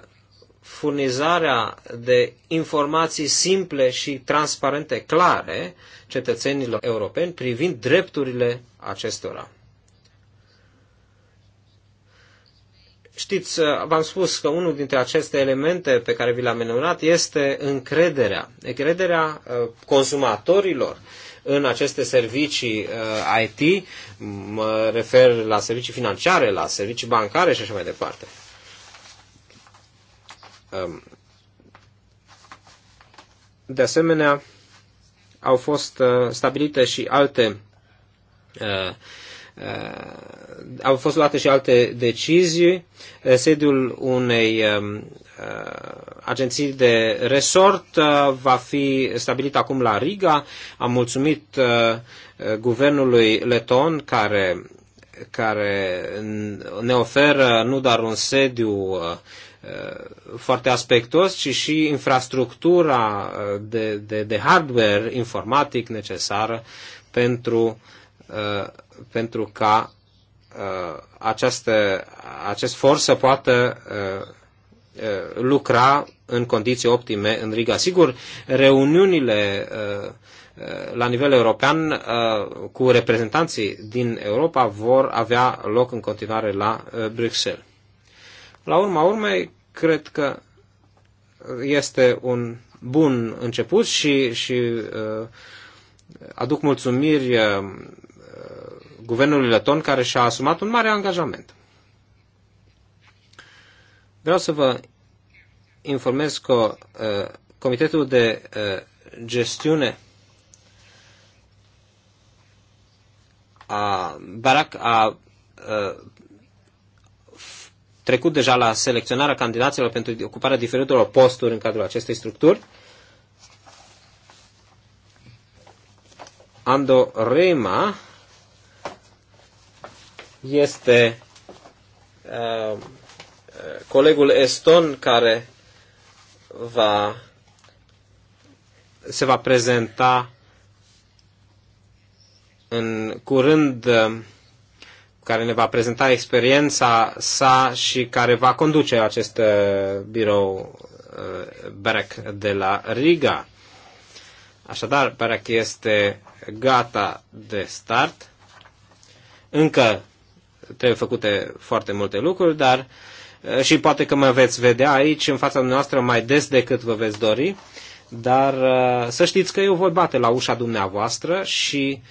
furnizarea de informații simple și transparente, clare, cetățenilor europeni privind drepturile acestora. Știți, uh, v-am spus că unul dintre aceste elemente pe care vi l-am menționat este încrederea. Încrederea uh, consumatorilor în aceste servicii uh, IT, mă refer la servicii financiare, la servicii bancare și așa mai departe. Um, de asemenea, au fost uh, stabilite și alte uh, uh, au fost luate și alte decizii. Sediul unei um, Uh, agenții de resort uh, va fi stabilit acum la Riga. Am mulțumit uh, guvernului leton care, care ne oferă nu doar un sediu foarte aspectos, ci și infrastructura de, de, de hardware informatic necesară pentru, pentru ca această, acest for să poată Uh, lucra în condiții optime în Riga. Sigur, reuniunile uh, uh, la nivel european cu reprezentanții din Europa vor avea loc în continuare la Bruxelles. La urma urmei, cred că este un bun început și, și aduc mulțumiri guvernului leton care și-a asumat un mare angajament. Vreau să vă informez că uh, Comitetul de uh, Gestiune a Barack a uh, trecut deja la selecționarea candidaților pentru ocuparea diferitelor posturi în cadrul acestei structuri. Ando Rema este uh, colegul Eston care va, se va prezenta în curând, care ne va prezenta experiența sa și care va conduce acest uh, birou uh, BEREC de la Riga. Așadar, BEREC este gata de start. Încă trebuie făcute foarte multe lucruri, dar uh, Eh, și poate că mă veți vedea aici în fața noastră mai des decât vă veți dori, dar eh, să știți că eu voi bate la ușa dumneavoastră și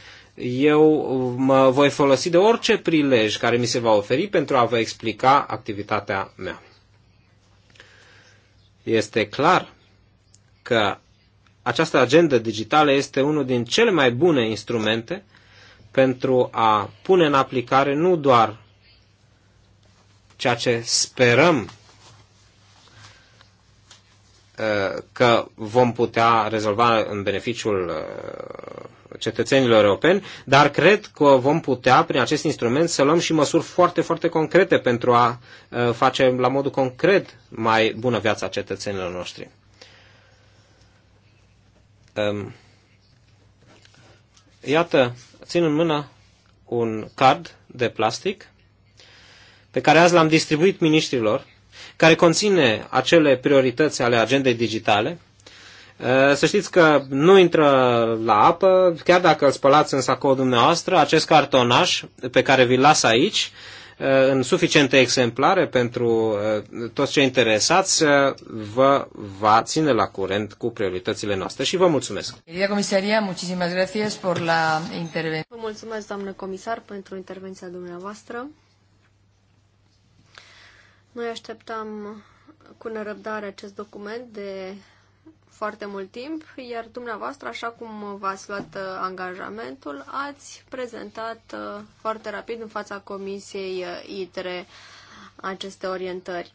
eu mă voi folosi de orice prilej care mi se va oferi pentru a vă explica activitatea mea. Este clar că această agendă digitală este unul din cele mai bune instrumente pentru a pune în aplicare nu doar ceea ce sperăm uh, că vom putea rezolva în beneficiul uh, cetățenilor europeni, dar cred că vom putea, prin acest instrument, să luăm și măsuri foarte, foarte concrete pentru a uh, face la modul concret mai bună viața cetățenilor noștri. Um, iată, țin în mână un card de plastic pe care azi l-am distribuit miniștrilor, care conține acele priorități ale agendei digitale. Uh, să știți că nu intră la apă, chiar dacă îl spălați în sacoul dumneavoastră, acest cartonaș pe care vi-l las aici, uh, în suficiente exemplare pentru uh, toți cei interesați, vă va ține la curent cu prioritățile noastre și vă mulțumesc. comisaria, por la intervenție. Vă mulțumesc, doamnă comisar, pentru intervenția dumneavoastră. Noi așteptam cu nerăbdare acest document de foarte mult timp, iar dumneavoastră, așa cum v-ați luat uh, angajamentul, ați prezentat uh, foarte rapid în fața Comisiei uh, ITRE aceste orientări.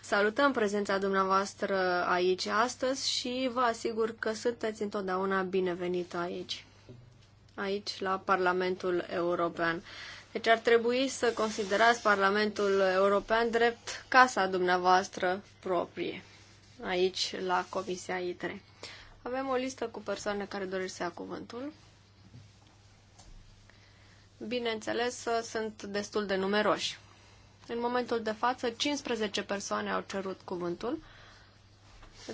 Salutăm prezența dumneavoastră aici astăzi și vă asigur că sunteți întotdeauna binevenită aici, aici la Parlamentul European. Deci ar trebui să considerați Parlamentul European drept casa dumneavoastră proprie, aici la Comisia ITRE. Avem o listă cu persoane care doresc să ia cuvântul. Bineînțeles, sunt destul de numeroși. În momentul de față, 15 persoane au cerut cuvântul.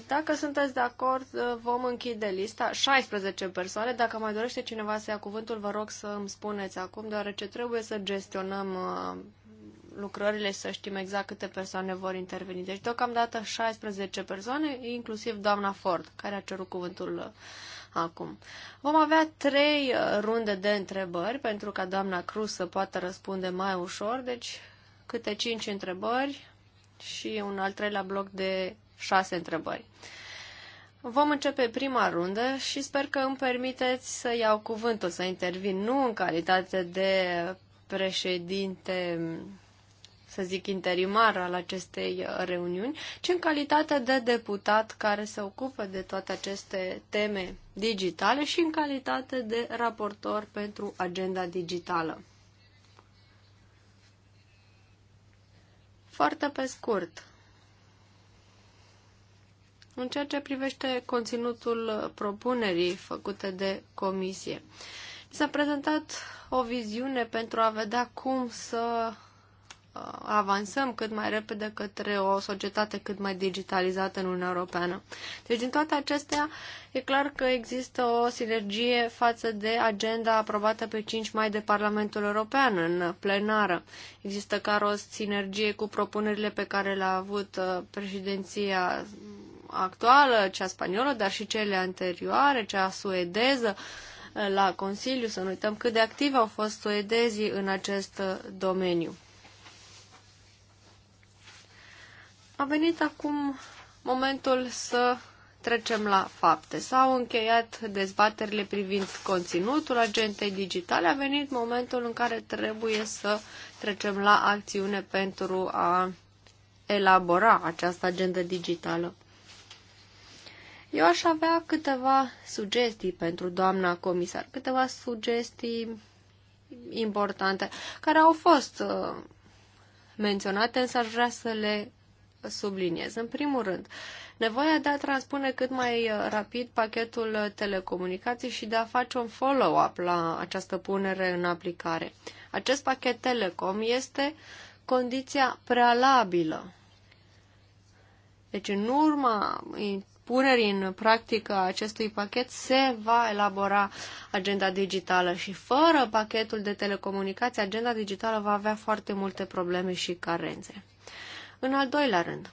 Dacă sunteți de acord, vom închide lista. 16 persoane. Dacă mai dorește cineva să ia cuvântul, vă rog să îmi spuneți acum, deoarece trebuie să gestionăm uh, lucrările și să știm exact câte persoane vor interveni. Deci, deocamdată 16 persoane, inclusiv doamna Ford, care a cerut cuvântul uh, acum. Vom avea trei uh, runde de întrebări pentru ca doamna Cruz să poată răspunde mai ușor, deci câte cinci întrebări și un al treilea bloc de șase întrebări. Vom începe prima rundă și sper că îmi permiteți să iau cuvântul, să intervin, nu în calitate de președinte, să zic, interimar al acestei uh, reuniuni, ci în calitate de deputat care se ocupă de toate aceste teme digitale și în calitate de raportor pentru agenda digitală. Foarte pe scurt, în ceea ce privește conținutul propunerii făcute de comisie, s-a prezentat o viziune pentru a vedea cum să uh, avansăm cât mai repede către o societate cât mai digitalizată în Uniunea Europeană. Deci, din toate acestea, e clar că există o sinergie față de agenda aprobată pe 5 mai de Parlamentul European în plenară. Există chiar o sinergie cu propunerile pe care le-a avut uh, președinția actuală, cea spaniolă, dar și cele anterioare, cea suedeză, la Consiliu, să nu uităm cât de activi au fost suedezii în acest domeniu. A venit acum momentul să trecem la fapte. S-au încheiat dezbaterile privind conținutul agentei digitale, a venit momentul în care trebuie să trecem la acțiune pentru a elabora această agendă digitală. Eu aș avea câteva sugestii pentru doamna comisar, câteva sugestii importante, care au fost uh, menționate, însă aș vrea să le subliniez. În primul rând, nevoia de a transpune cât mai uh, rapid pachetul telecomunicații și de a face un follow-up la această punere în aplicare. Acest pachet telecom este condiția prealabilă. Deci, în urma punerii în practică a acestui pachet se va elabora agenda digitală și fără pachetul de telecomunicații, agenda digitală va avea foarte multe probleme și carențe. În al doilea rând,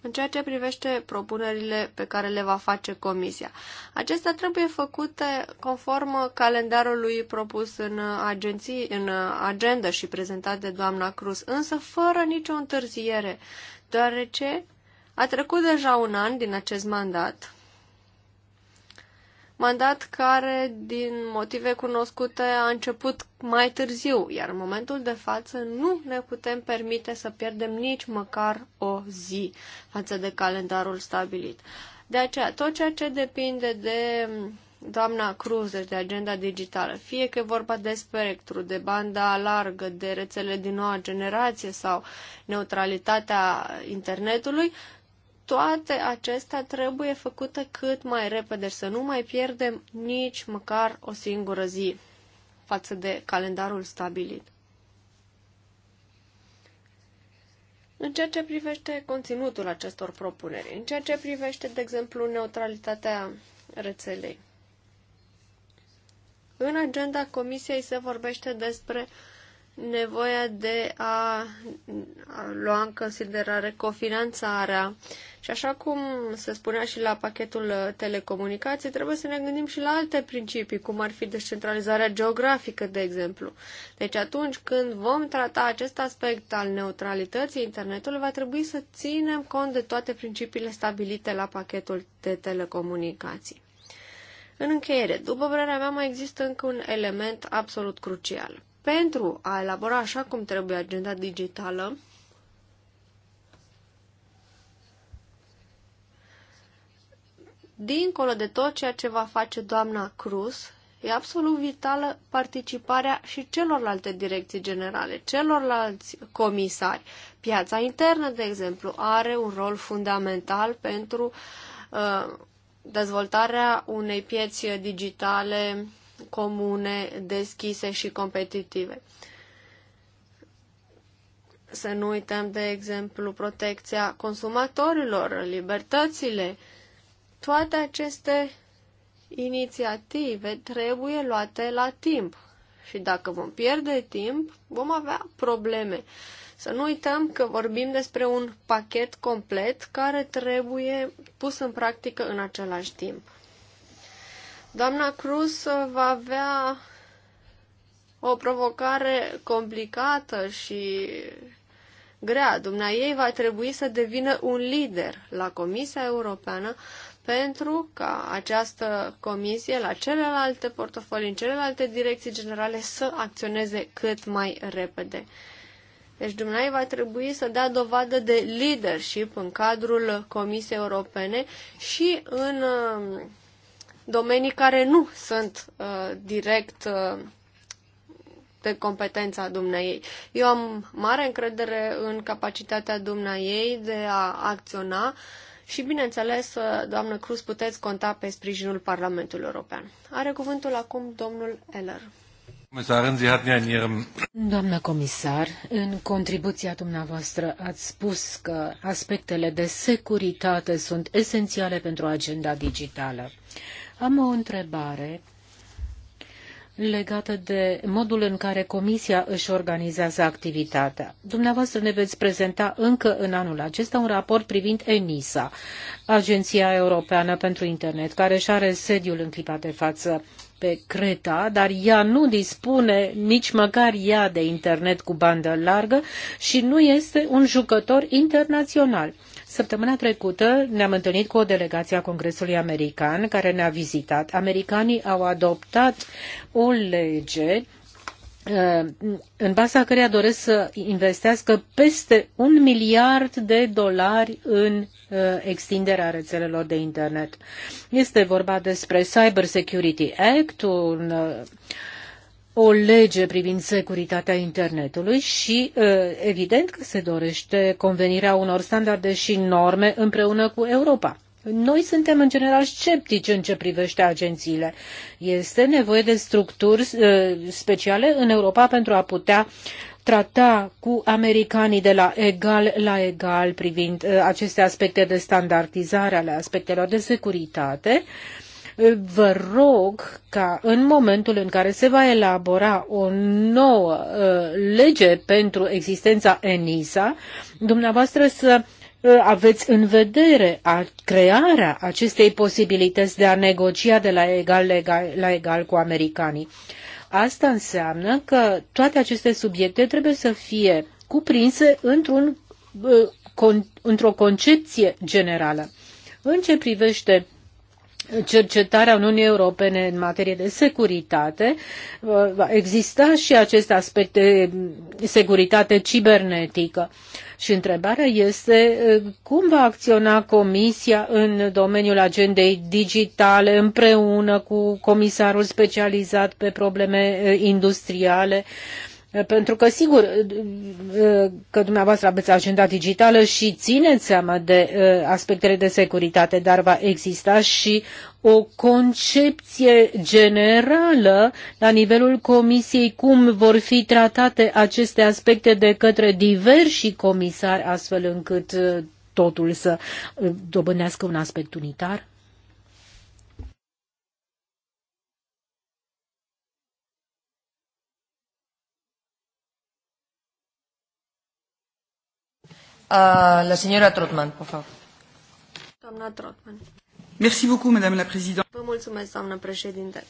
în ceea ce privește propunerile pe care le va face Comisia. Acestea trebuie făcute conform calendarului propus în, agenții, în agenda și prezentat de doamna Cruz, însă fără nicio întârziere deoarece a trecut deja un an din acest mandat, mandat care, din motive cunoscute, a început mai târziu, iar în momentul de față nu ne putem permite să pierdem nici măcar o zi față de calendarul stabilit. De aceea, tot ceea ce depinde de doamna Cruz, deci de agenda digitală, fie că e vorba de spectru, de banda largă, de rețele din noua generație sau neutralitatea internetului, toate acestea trebuie făcute cât mai repede, să nu mai pierdem nici măcar o singură zi față de calendarul stabilit. În ceea ce privește conținutul acestor propuneri, în ceea ce privește, de exemplu, neutralitatea rețelei, în agenda comisiei se vorbește despre nevoia de a, lua în considerare cofinanțarea. Și așa cum se spunea și la pachetul telecomunicații, trebuie să ne gândim și la alte principii, cum ar fi descentralizarea geografică, de exemplu. Deci atunci când vom trata acest aspect al neutralității internetului, va trebui să ținem cont de toate principiile stabilite la pachetul de telecomunicații. În încheiere, după vrerea mea, mai există încă un element absolut crucial. Pentru a elabora așa cum trebuie agenda digitală, dincolo de tot ceea ce va face doamna Cruz, e absolut vitală participarea și celorlalte direcții generale, celorlalți comisari. Piața internă, de exemplu, are un rol fundamental pentru uh, dezvoltarea unei pieți digitale comune, deschise și competitive. Să nu uităm, de exemplu, protecția consumatorilor, libertățile. Toate aceste inițiative trebuie luate la timp. Și dacă vom pierde timp, vom avea probleme. Să nu uităm că vorbim despre un pachet complet care trebuie pus în practică în același timp. Doamna Cruz va avea o provocare complicată și grea. Dumnea ei va trebui să devină un lider la Comisia Europeană pentru ca această comisie la celelalte portofolii, în celelalte direcții generale să acționeze cât mai repede. Deci dumneavoastră va trebui să dea dovadă de leadership în cadrul Comisiei Europene și în um, domenii care nu sunt uh, direct uh, de competența dumneai. Eu am mare încredere în capacitatea dumneai de a acționa și, bineînțeles, uh, doamnă Cruz, puteți conta pe sprijinul Parlamentului European. Are cuvântul acum domnul Eller. Doamnă comisar, în contribuția dumneavoastră ați spus că aspectele de securitate sunt esențiale pentru agenda digitală. Am o întrebare legată de modul în care Comisia își organizează activitatea. Dumneavoastră ne veți prezenta încă în anul acesta un raport privind ENISA, Agenția Europeană pentru Internet, care își are sediul în clipa de față pe Creta, dar ea nu dispune nici măcar ea de internet cu bandă largă și nu este un jucător internațional. Săptămâna trecută ne-am întâlnit cu o delegație a Congresului American care ne-a vizitat. Americanii au adoptat o lege în baza căreia doresc să investească peste un miliard de dolari în uh, extinderea rețelelor de internet. Este vorba despre Cyber Security Act, un, uh, o lege privind securitatea internetului și uh, evident că se dorește convenirea unor standarde și norme împreună cu Europa. Noi suntem în general sceptici în ce privește agențiile. Este nevoie de structuri uh, speciale în Europa pentru a putea trata cu americanii de la egal la egal privind uh, aceste aspecte de standardizare ale aspectelor de securitate. Uh, vă rog ca în momentul în care se va elabora o nouă lege pentru existența ENISA, dumneavoastră să uh, Ă, aveți în vedere a crearea acestei posibilități de a negocia de la egal, la egal cu americanii. Asta înseamnă că toate aceste subiecte trebuie să fie cuprinse într-un, ă, într-o concepție generală. În ce privește cercetarea Uniunii Europene în materie de securitate. Va exista și acest aspect de securitate cibernetică. Și întrebarea este cum va acționa Comisia în domeniul agendei digitale împreună cu comisarul specializat pe probleme eh, industriale Eh, pentru că, sigur, eh, eh, că dumneavoastră aveți agenda digitală și țineți seama de aspectele de securitate, dar va exista și o concepție generală la nivelul Comisiei cum vor fi tratate aceste aspecte de către diversi comisari, astfel încât totul să dobândească un aspect unitar? la señora Trotman, por favor. Doamna Trotman. Merci beaucoup, madame la présidente. Vă mulțumesc, doamnă președinte.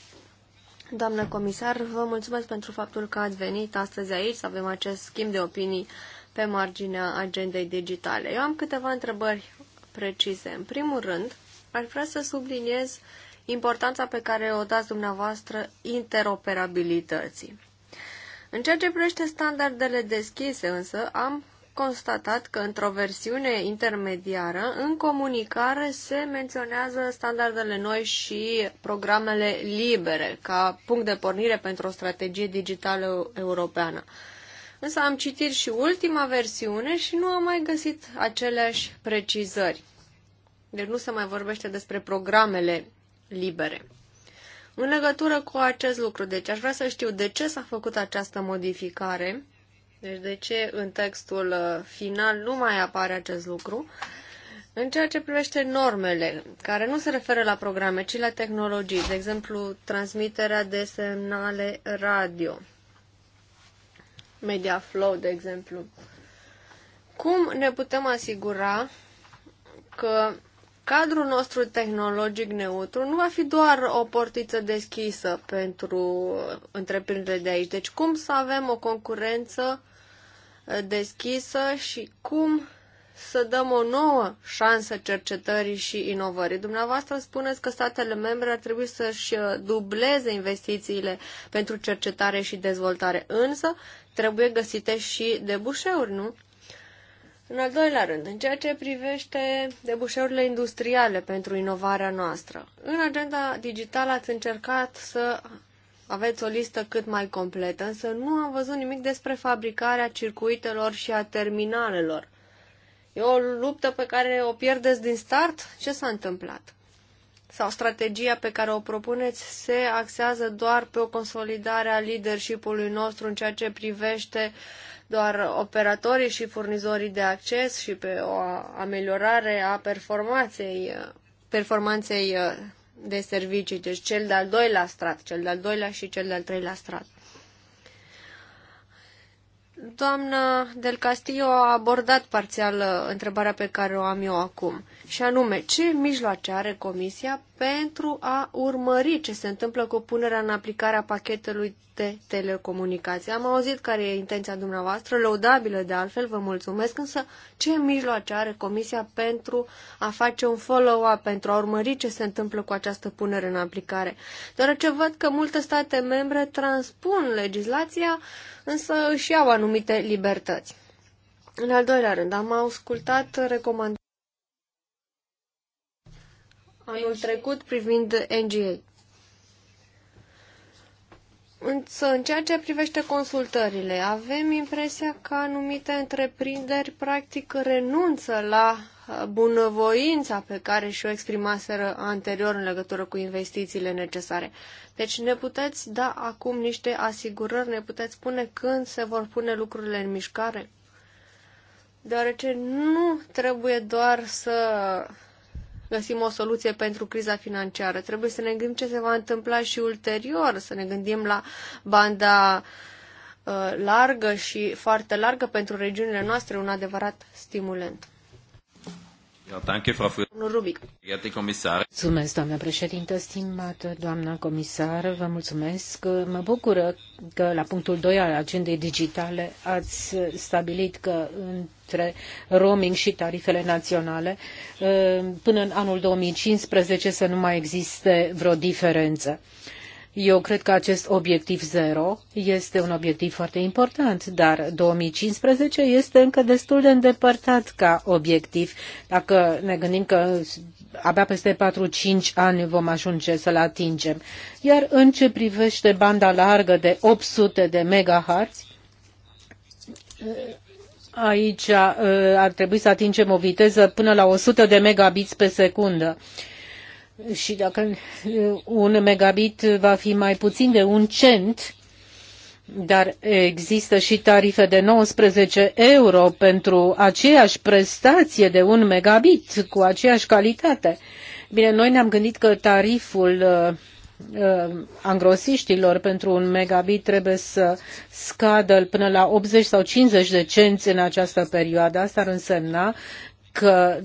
Doamnă comisar, vă mulțumesc pentru faptul că ați venit astăzi aici să avem acest schimb de opinii pe marginea agendei digitale. Eu am câteva întrebări precise. În primul rând, aș vrea să subliniez importanța pe care o dați dumneavoastră interoperabilității. În ceea ce privește standardele deschise, însă, am constatat că într-o versiune intermediară, în comunicare se menționează standardele noi și programele libere ca punct de pornire pentru o strategie digitală europeană. Însă am citit și ultima versiune și nu am mai găsit aceleași precizări. Deci nu se mai vorbește despre programele libere. În legătură cu acest lucru, deci aș vrea să știu de ce s-a făcut această modificare deci de ce în textul uh, final nu mai apare acest lucru? În ceea ce privește normele, care nu se referă la programe, ci la tehnologii, de exemplu, transmiterea de semnale radio, media flow, de exemplu, cum ne putem asigura că cadrul nostru tehnologic neutru nu va fi doar o portiță deschisă pentru întreprinderile de aici. Deci cum să avem o concurență uh, deschisă și cum să dăm o nouă șansă cercetării și inovării. Dumneavoastră spuneți că statele membre ar trebui să-și uh, dubleze investițiile pentru cercetare și dezvoltare, însă trebuie găsite și debușeuri, nu? În al doilea rând, în ceea ce privește debușeurile industriale pentru inovarea noastră, în agenda digitală ați încercat să aveți o listă cât mai completă, însă nu am văzut nimic despre fabricarea circuitelor și a terminalelor. E o luptă pe care o pierdeți din start? Ce s-a întâmplat? Sau strategia pe care o propuneți se axează doar pe o consolidare a leadership-ului nostru în ceea ce privește doar operatorii și furnizorii de acces și pe o ameliorare a performanței, performanței uh, de servicii, deci cel de-al doilea strat, cel de-al doilea și cel de-al treilea strat. Doamna Del Castillo a abordat parțial uh, întrebarea pe care o am eu acum și anume ce mijloace are Comisia pentru a urmări ce se întâmplă cu punerea în aplicare a pachetului de telecomunicații. Am auzit care e intenția dumneavoastră, lăudabilă de altfel, vă mulțumesc, însă ce mijloace are Comisia pentru a face un follow-up, pentru a urmări ce se întâmplă cu această punere în aplicare? Deoarece văd că multe state membre transpun legislația, însă își iau anumite libertăți. În al doilea rând, am ascultat recomandările anul trecut privind NGA. Însă, în ceea ce privește consultările, avem impresia că anumite întreprinderi practic renunță la uh, bunăvoința pe care și-o exprimaseră anterior în legătură cu investițiile necesare. Deci ne puteți da acum niște asigurări, ne puteți spune când se vor pune lucrurile în mișcare? Deoarece nu trebuie doar să găsim o soluție pentru criza financiară. Trebuie să ne gândim ce se va întâmpla și ulterior, să ne gândim la banda uh, largă și foarte largă pentru regiunile noastre, un adevărat stimulent. Domnul Rubic. Mulțumesc, doamnă președintă, stimată doamnă comisar, vă mulțumesc. Mă bucură că la punctul 2 al agendei digitale ați stabilit că între roaming și tarifele naționale până în anul 2015 să nu mai existe vreo diferență. Eu cred că acest obiectiv zero este un obiectiv foarte important, dar 2015 este încă destul de îndepărtat ca obiectiv. Dacă ne gândim că abia peste 4-5 ani vom ajunge să-l atingem. Iar în ce privește banda largă de 800 de megahertz, aici uh, ar trebui să atingem o viteză până la 100 de megabits pe secundă și dacă uh, un megabit va fi mai puțin de un cent, dar există și tarife de 19 euro pentru aceeași prestație de un megabit cu aceeași calitate. Bine, noi ne-am gândit că tariful uh, uh, angrosiștilor pentru un megabit trebuie să scadă până la 80 sau 50 de cenți în această perioadă. Asta ar însemna că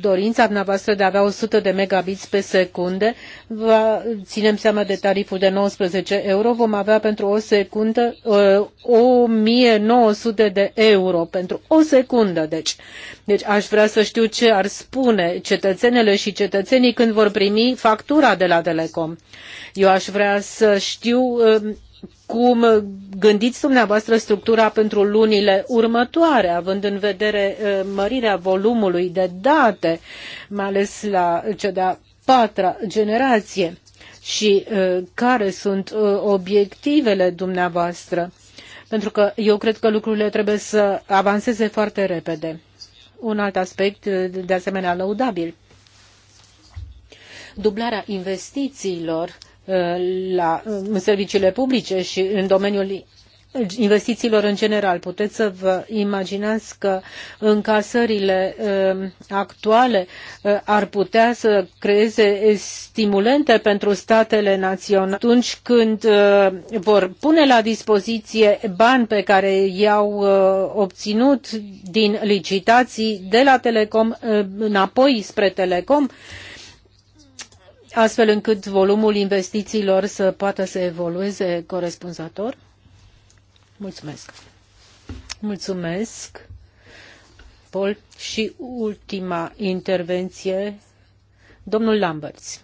dorința dumneavoastră de a avea 100 de megabits pe secunde, va, ținem seama de tariful de 19 euro, vom avea pentru o secundă uh, 1900 de euro pentru o secundă. Deci, deci aș vrea să știu ce ar spune cetățenele și cetățenii când vor primi factura de la Telecom. Eu aș vrea să știu uh, cum gândiți dumneavoastră structura pentru lunile următoare, având în vedere eh, mărirea volumului de date, mai ales la cea de-a patra generație și eh, care sunt eh, obiectivele dumneavoastră? Pentru că eu cred că lucrurile trebuie să avanseze foarte repede. Un alt aspect, de asemenea, lăudabil. Dublarea investițiilor la, în serviciile publice și în domeniul investițiilor în general. Puteți să vă imaginați că încasările um, actuale uh, ar putea să creeze stimulente pentru statele naționale atunci când uh, vor pune la dispoziție bani pe care i-au uh, obținut din licitații de la Telecom înapoi spre Telecom astfel încât volumul investițiilor să poată să evolueze corespunzător? Mulțumesc. Mulțumesc. Paul. Și ultima intervenție, domnul Lamberts.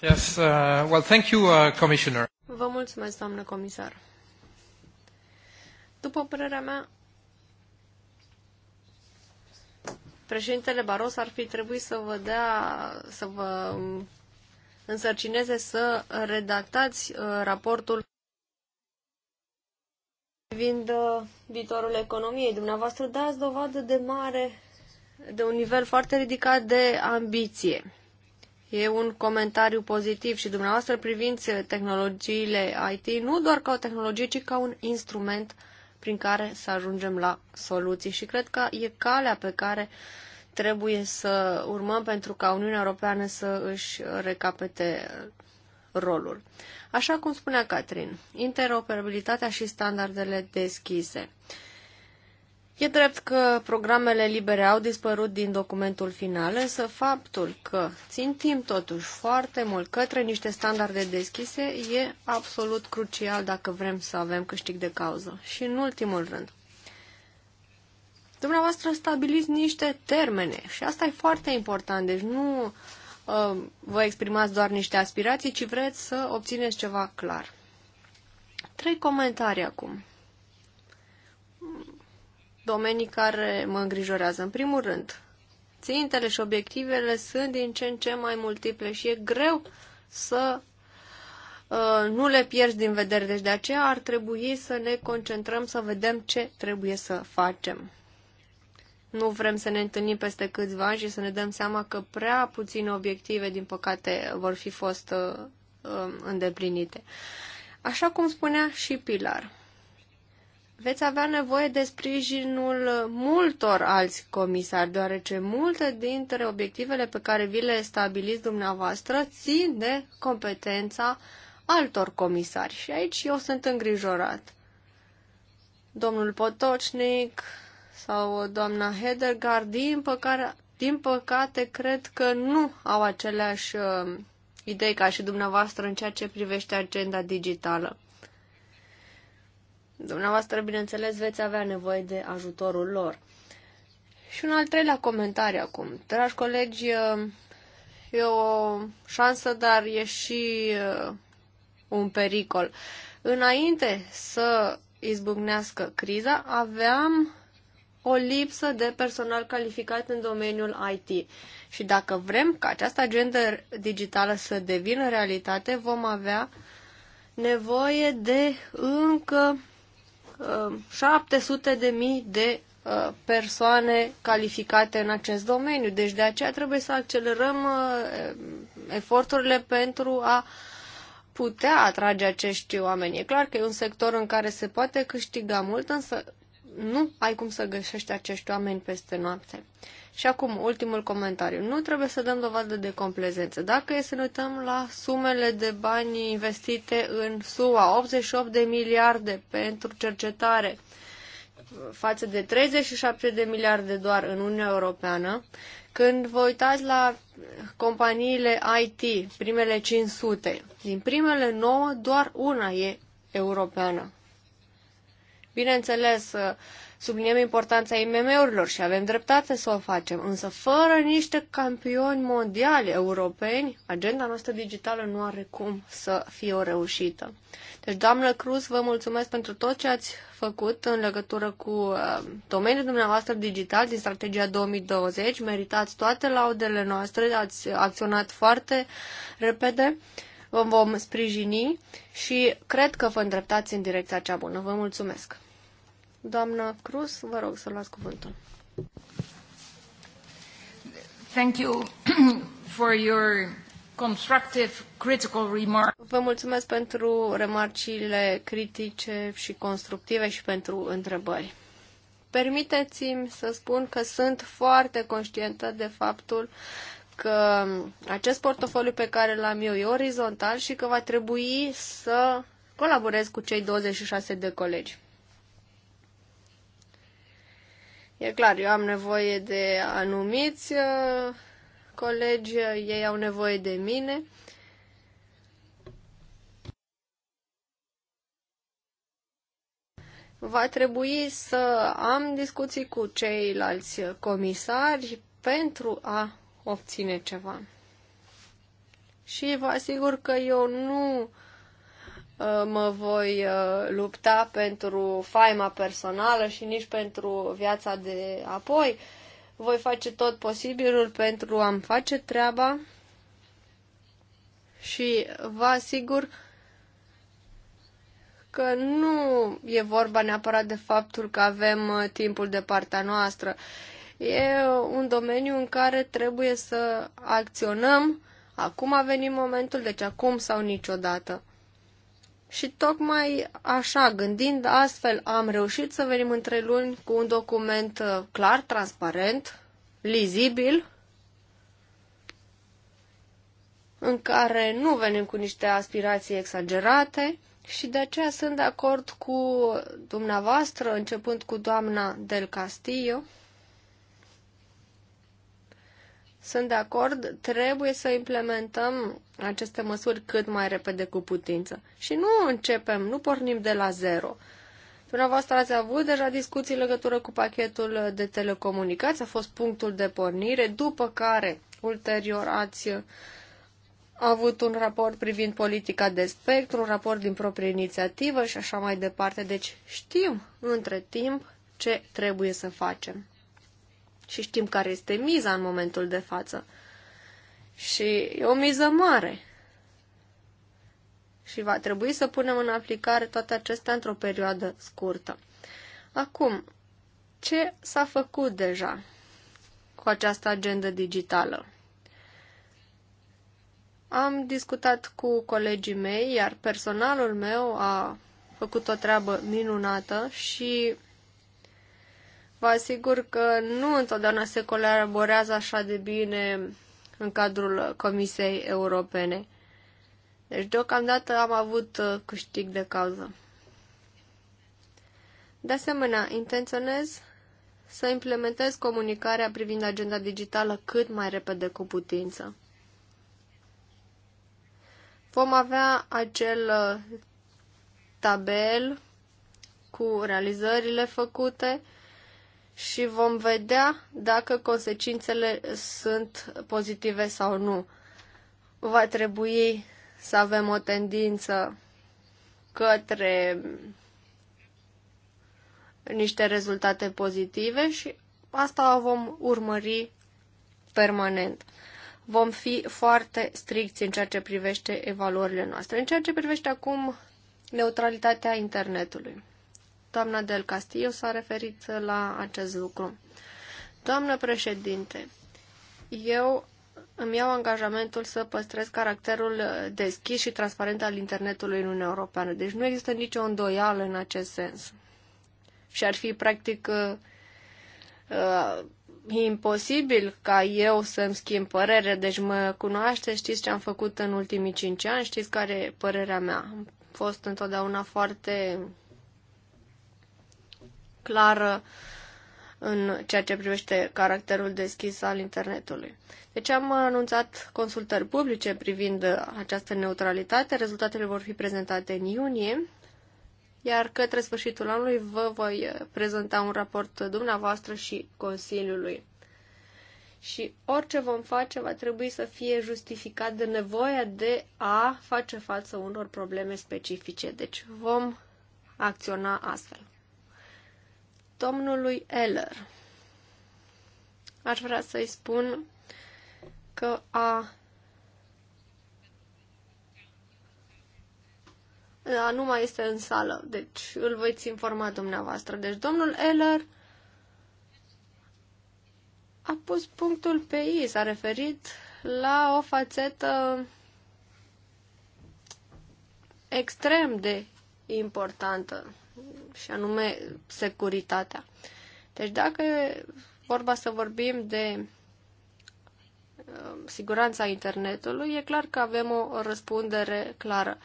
Yes, uh, well, thank you, uh, Commissioner. Vă mulțumesc, doamnă comisar. După părerea mea, președintele Baros ar fi trebuit să vă dea, să vă însărcineze să redactați uh, raportul privind uh, viitorul economiei. Dumneavoastră dați dovadă de mare, de un nivel foarte ridicat de ambiție. E un comentariu pozitiv și dumneavoastră privind tehnologiile IT nu doar ca o tehnologie, ci ca un instrument prin care să ajungem la soluții. Și cred că e calea pe care uh, trebuie să urmăm pentru ca Uniunea Europeană să își recapete rolul. Așa cum spunea Catrin, interoperabilitatea și standardele deschise. E drept că programele libere au dispărut din documentul final, însă faptul că țintim totuși foarte mult către niște standarde deschise e absolut crucial dacă vrem să avem câștig de cauză. Și în ultimul rând, Dumneavoastră stabiliți niște termene și asta e foarte important. Deci nu uh, vă exprimați doar niște aspirații, ci vreți să obțineți ceva clar. Trei comentarii acum. Domenii care mă îngrijorează. În primul rând, țintele și obiectivele sunt din ce în ce mai multiple și e greu să uh, nu le pierzi din vedere. Deci de aceea ar trebui să ne concentrăm să vedem ce trebuie să facem. Nu vrem să ne întâlnim peste câțiva ani și să ne dăm seama că prea puține obiective, din păcate, vor fi fost uh, um, îndeplinite. Așa cum spunea și Pilar, veți avea nevoie de sprijinul multor alți comisari, deoarece multe dintre obiectivele pe care vi le stabiliți dumneavoastră țin de competența altor comisari. Și aici eu sunt îngrijorat. Domnul Potocnic, sau doamna Hedergar, din, din păcate cred că nu au aceleași uh, idei ca și dumneavoastră în ceea ce privește agenda digitală. Dumneavoastră, bineînțeles, veți avea nevoie de ajutorul lor. Și un al treilea comentariu acum. Dragi colegi, uh, e o șansă, dar e și uh, un pericol. Înainte să izbucnească criza, aveam o lipsă de personal calificat în domeniul IT. Și dacă vrem ca această agendă digitală să devină realitate, vom avea nevoie de încă uh, 700 de mii de uh, persoane calificate în acest domeniu. Deci de aceea trebuie să accelerăm uh, eforturile pentru a putea atrage acești oameni. E clar că e un sector în care se poate câștiga mult, însă nu ai cum să găsești acești oameni peste noapte. Și acum, ultimul comentariu. Nu trebuie să dăm dovadă de complezență. Dacă e să ne uităm la sumele de bani investite în SUA, 88 de miliarde pentru cercetare, față de 37 de miliarde doar în Uniunea Europeană, când vă uitați la companiile IT, primele 500, din primele 9, doar una e europeană. Bineînțeles, uh, subliniem importanța IMM-urilor și avem dreptate să o facem, însă fără niște campioni mondiali europeni, agenda noastră digitală nu are cum să fie o reușită. Deci, doamnă Cruz, vă mulțumesc pentru tot ce ați făcut în legătură cu uh, domeniul dumneavoastră digital din strategia 2020. Meritați toate laudele noastre, ați acționat foarte repede vă vom sprijini și cred că vă îndreptați în direcția cea bună. Vă mulțumesc! Doamna Cruz, vă rog să luați cuvântul. Thank you for your constructive critical remark. Vă mulțumesc pentru remarcile critice și constructive și pentru întrebări. Permiteți-mi să spun că sunt foarte conștientă de faptul că acest portofoliu pe care l-am eu e orizontal și că va trebui să colaborez cu cei 26 de colegi. E clar, eu am nevoie de anumiți uh, colegi, ei au nevoie de mine. Va trebui să am discuții cu ceilalți comisari pentru a obține ceva. Și vă asigur că eu nu uh, Uh, mă voi uh, lupta pentru faima personală și nici pentru viața de apoi. Voi face tot posibilul pentru a-mi face treaba și vă asigur că nu e vorba neapărat de faptul că avem uh, timpul de partea noastră. E un domeniu în care trebuie să acționăm. Acum a venit momentul, deci acum sau niciodată. Și tocmai așa, gândind astfel, am reușit să venim între luni cu un document uh, clar, transparent, lizibil, în care nu venim cu niște aspirații exagerate și de aceea sunt de acord cu dumneavoastră, începând cu doamna Del Castillo, sunt de acord, trebuie să implementăm aceste măsuri cât mai repede cu putință. Și nu începem, nu pornim de la zero. Dumneavoastră ați avut deja discuții în legătură cu pachetul de telecomunicații, a fost punctul de pornire, după care ulterior ați avut un raport privind politica de spectru, un raport din proprie inițiativă și așa mai departe. Deci știm între timp ce trebuie să facem și știm care este miza în momentul de față. Și e o miză mare. Și va trebui să punem în aplicare toate acestea într-o perioadă scurtă. Acum, ce s-a făcut deja cu această agendă digitală? Am discutat cu colegii mei, iar personalul meu a făcut o treabă minunată și Vă asigur că nu întotdeauna se colaborează așa de bine în cadrul Comisiei Europene. Deci, deocamdată am avut uh, câștig de cauză. De asemenea, intenționez să implementez comunicarea privind agenda digitală cât mai repede cu putință. Vom avea acel uh, tabel cu realizările făcute, și vom vedea dacă consecințele sunt pozitive sau nu. Va trebui să avem o tendință către niște rezultate pozitive și asta o vom urmări permanent. Vom fi foarte stricți în ceea ce privește evaluările noastre. În ceea ce privește acum neutralitatea internetului. Doamna Del Castillo s-a referit la acest lucru. Doamnă președinte, eu îmi iau angajamentul să păstrez caracterul deschis și transparent al internetului în Uniunea Europeană. Deci nu există nicio îndoială în acest sens. Și ar fi practic uh, uh imposibil ca eu să-mi schimb părere. Deci mă cunoaște, știți ce am făcut în ultimii cinci ani, știți care e părerea mea. Am fost întotdeauna foarte clară în ceea ce privește caracterul deschis al internetului. Deci am anunțat consultări publice privind această neutralitate. Rezultatele vor fi prezentate în iunie, iar către sfârșitul anului vă voi prezenta un raport dumneavoastră și Consiliului. Și orice vom face va trebui să fie justificat de nevoia de a face față unor probleme specifice. Deci vom acționa astfel. Domnului Eller, aș vrea să-i spun că a Da, nu mai este în sală, deci îl veți informa dumneavoastră. Deci domnul Eller a pus punctul pe I, s-a referit la o fațetă extrem de importantă și anume securitatea. Deci dacă vorba să vorbim de uh, siguranța internetului, e clar că avem o răspundere clară.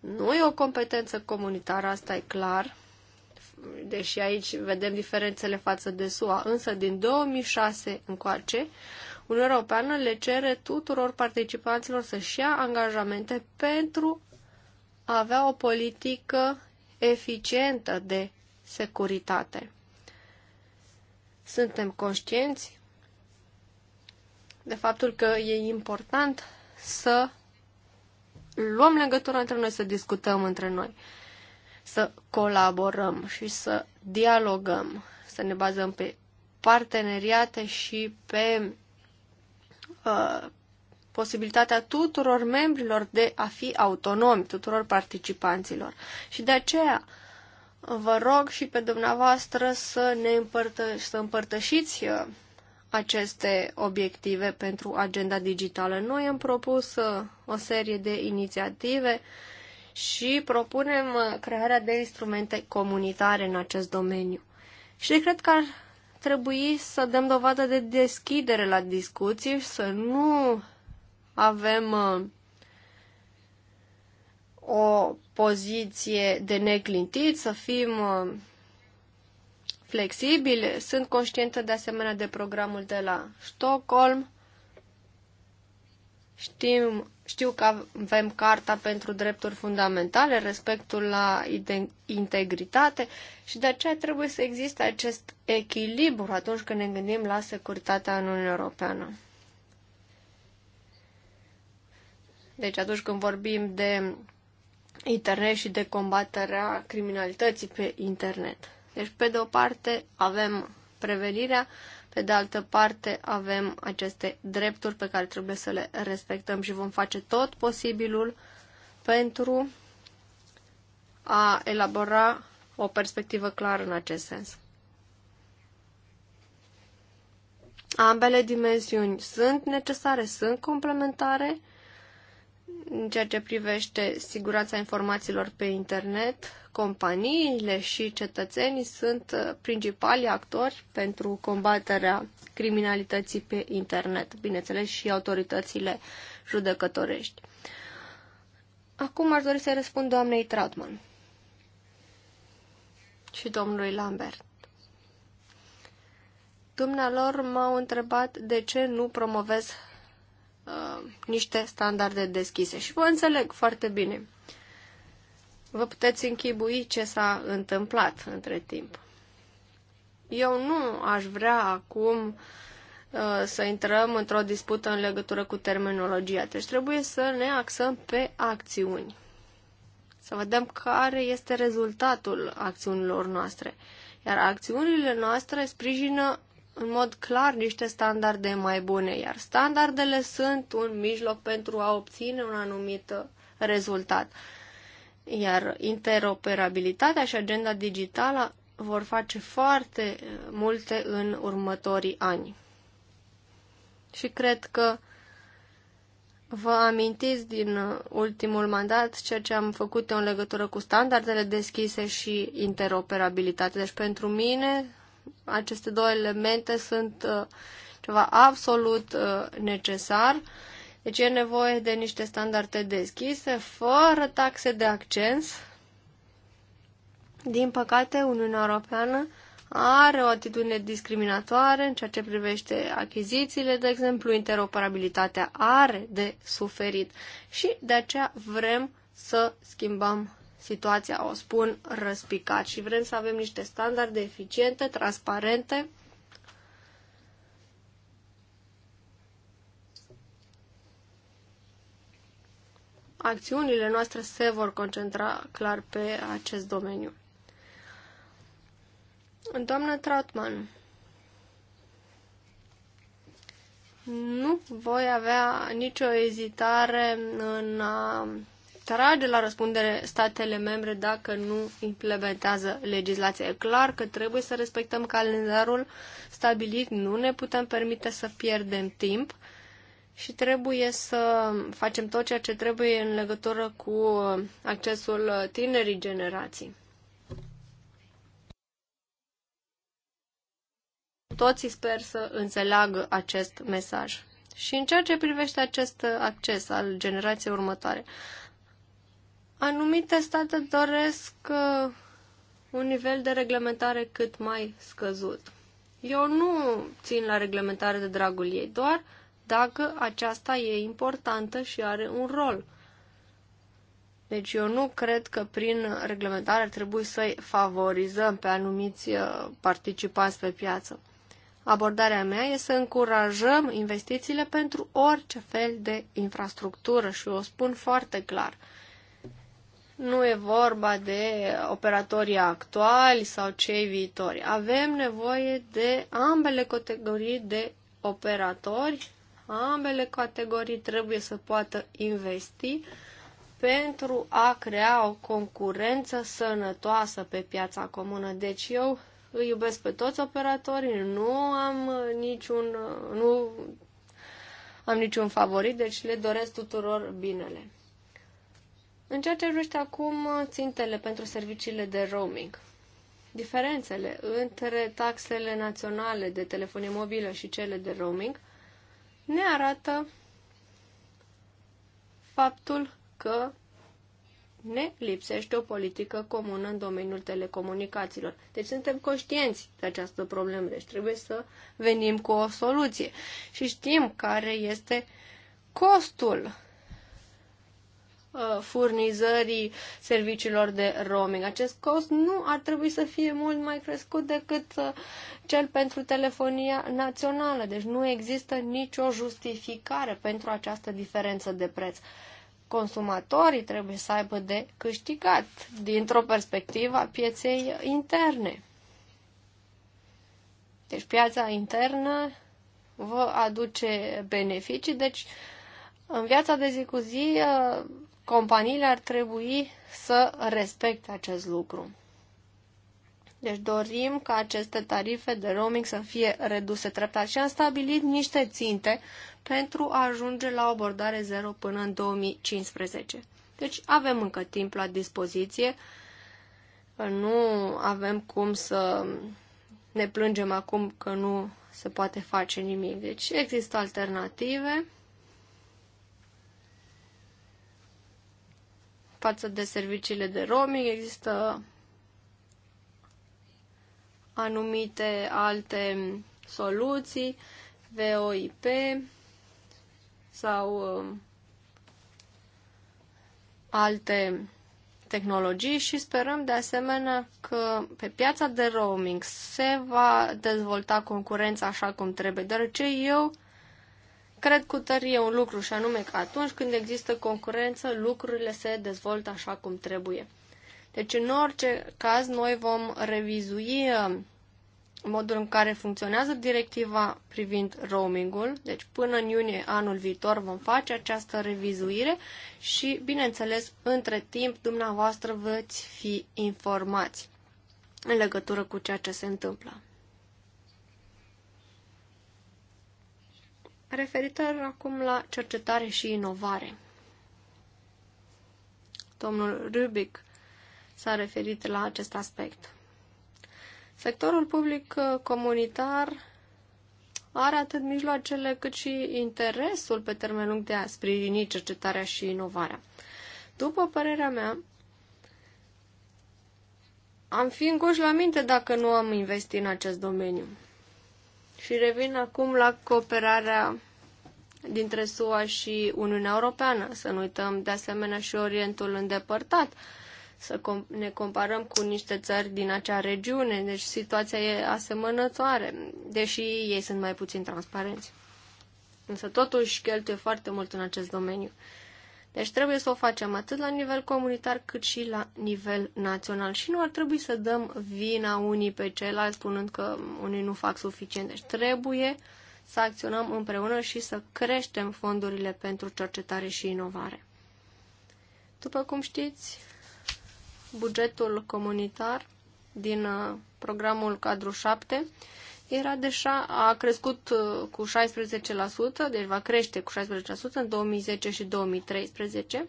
Nu e o competență comunitară, asta e clar, deși aici vedem diferențele față de SUA, însă din 2006 încoace, Uniunea Europeană le cere tuturor participanților să-și ia angajamente pentru a avea o politică eficientă de securitate. Suntem conștienți de faptul că e important să luăm legătura între noi, să discutăm între noi, să colaborăm și să dialogăm, să ne bazăm pe parteneriate și pe uh, posibilitatea tuturor membrilor de a fi autonomi, tuturor participanților. Și de aceea vă rog și pe dumneavoastră să ne împărtă- să împărtășiți uh, aceste obiective pentru agenda digitală. Noi am propus uh, o serie de inițiative și propunem uh, crearea de instrumente comunitare în acest domeniu. Și cred că ar trebui să dăm dovadă de deschidere la discuții și să nu avem uh, o poziție de neclintit, să fim uh, flexibili. Sunt conștientă de asemenea de programul de la Stockholm. Știm, știu că avem Carta pentru Drepturi Fundamentale, respectul la integritate și de aceea trebuie să existe acest echilibru atunci când ne gândim la securitatea în Uniunea Europeană. Deci atunci când vorbim de internet și de combaterea criminalității pe internet. Deci, pe de o parte, avem prevenirea, pe de altă parte, avem aceste drepturi pe care trebuie să le respectăm și vom face tot posibilul pentru a elabora o perspectivă clară în acest sens. Ambele dimensiuni sunt necesare, sunt complementare în ceea ce privește siguranța informațiilor pe internet, companiile și cetățenii sunt uh, principalii actori pentru combaterea criminalității pe internet, bineînțeles și autoritățile judecătorești. Acum aș dori să răspund doamnei Trautmann și domnului Lambert. Dumnealor m-au întrebat de ce nu promovez uh, niște standarde deschise. Și vă înțeleg foarte bine. Vă puteți închibui ce s-a întâmplat între timp. Eu nu aș vrea acum uh, să intrăm într-o dispută în legătură cu terminologia. Deci trebuie să ne axăm pe acțiuni. Să vedem care este rezultatul acțiunilor noastre. Iar acțiunile noastre sprijină în mod clar niște standarde mai bune, iar standardele sunt un mijloc pentru a obține un anumit rezultat. Iar interoperabilitatea și agenda digitală vor face foarte multe în următorii ani. Și cred că Vă amintiți din ultimul mandat ceea ce am făcut eu în legătură cu standardele deschise și interoperabilitate. Deci pentru mine aceste două elemente sunt uh, ceva absolut uh, necesar. Deci e nevoie de niște standarde deschise, fără taxe de accens. Din păcate, Uniunea Europeană are o atitudine discriminatoare în ceea ce privește achizițiile, de exemplu, interoperabilitatea are de suferit și de aceea vrem să schimbăm situația, o spun, răspicat și vrem să avem niște standarde eficiente, transparente, acțiunile noastre se vor concentra clar pe acest domeniu. Doamna Trautmann, nu voi avea nicio ezitare în a trage la răspundere statele membre dacă nu implementează legislația. E clar că trebuie să respectăm calendarul stabilit, nu ne putem permite să pierdem timp și trebuie să facem tot ceea ce trebuie în legătură cu accesul tinerii generații. Toții sper să înțeleagă acest mesaj. Și în ceea ce privește acest acces al generației următoare, Anumite state doresc uh, un nivel de reglementare cât mai scăzut. Eu nu țin la reglementare de dragul ei, doar dacă aceasta e importantă și are un rol. Deci eu nu cred că prin reglementare ar trebui să-i favorizăm pe anumiți uh, participanți pe piață. Abordarea mea e să încurajăm investițiile pentru orice fel de infrastructură și o spun foarte clar – nu e vorba de operatorii actuali sau cei viitori. Avem nevoie de ambele categorii de operatori. Ambele categorii trebuie să poată investi pentru a crea o concurență sănătoasă pe piața comună. Deci eu îi iubesc pe toți operatorii, nu am niciun, nu am niciun favorit, deci le doresc tuturor binele. În ceea ce privește acum țintele pentru serviciile de roaming, diferențele între taxele naționale de telefonie mobilă și cele de roaming ne arată faptul că ne lipsește o politică comună în domeniul telecomunicațiilor. Deci suntem conștienți de această problemă, deci trebuie să venim cu o soluție. Și știm care este costul Uh, furnizării serviciilor de roaming. Acest cost nu ar trebui să fie mult mai crescut decât uh, cel pentru telefonia națională, deci nu există nicio justificare pentru această diferență de preț. Consumatorii trebuie să aibă de câștigat dintr-o perspectivă a pieței interne. Deci piața internă vă aduce beneficii, deci în viața de zi cu zi uh, companiile ar trebui să respecte acest lucru. Deci dorim ca aceste tarife de roaming să fie reduse treptat și am stabilit niște ținte pentru a ajunge la o abordare zero până în 2015. Deci avem încă timp la dispoziție, nu avem cum să ne plângem acum că nu se poate face nimic. Deci există alternative față de serviciile de roaming, există anumite alte soluții, VOIP sau um, alte tehnologii și sperăm de asemenea că pe piața de roaming se va dezvolta concurența așa cum trebuie, deoarece eu cred cu tărie un lucru și anume că atunci când există concurență, lucrurile se dezvoltă așa cum trebuie. Deci, în orice caz, noi vom revizui uh, modul în care funcționează directiva privind roamingul. Deci, până în iunie anul viitor vom face această revizuire și, bineînțeles, între timp, dumneavoastră veți fi informați în legătură cu ceea ce se întâmplă. Referitor acum la cercetare și inovare. Domnul Rubic s-a referit la acest aspect. Sectorul public uh, comunitar are atât mijloacele cât și interesul pe termen lung de a sprijini cercetarea și inovarea. După părerea mea, am fi încoși la minte dacă nu am investit în acest domeniu. Și revin acum la cooperarea dintre SUA și Uniunea Europeană. Să nu uităm de asemenea și Orientul îndepărtat, să com- ne comparăm cu niște țări din acea regiune. Deci situația e asemănătoare, deși ei sunt mai puțin transparenți. Însă totuși cheltuie foarte mult în acest domeniu. Uh, deci trebuie să o facem atât la nivel comunitar cât și la nivel național și nu ar trebui să dăm vina unii pe ceilalți spunând că unii nu fac suficient. Deci trebuie să acționăm împreună și să creștem fondurile pentru cercetare și inovare. După cum știți, bugetul comunitar din uh, programul cadru 7 era deja, a crescut uh, cu 16%, deci va crește cu 16% în 2010 și 2013.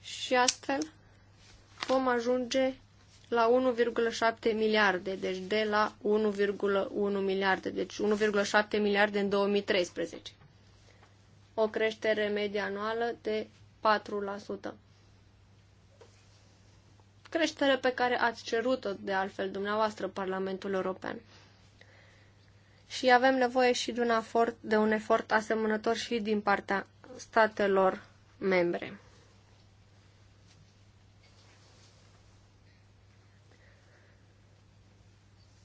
Și astfel vom ajunge la 1,7 miliarde, deci de la 1,1 miliarde, deci 1,7 miliarde în 2013. O creștere medie anuală de 4% creștere pe care ați cerut-o de altfel dumneavoastră Parlamentul European. Și avem nevoie și de un, efort, de un efort asemănător și din partea statelor membre.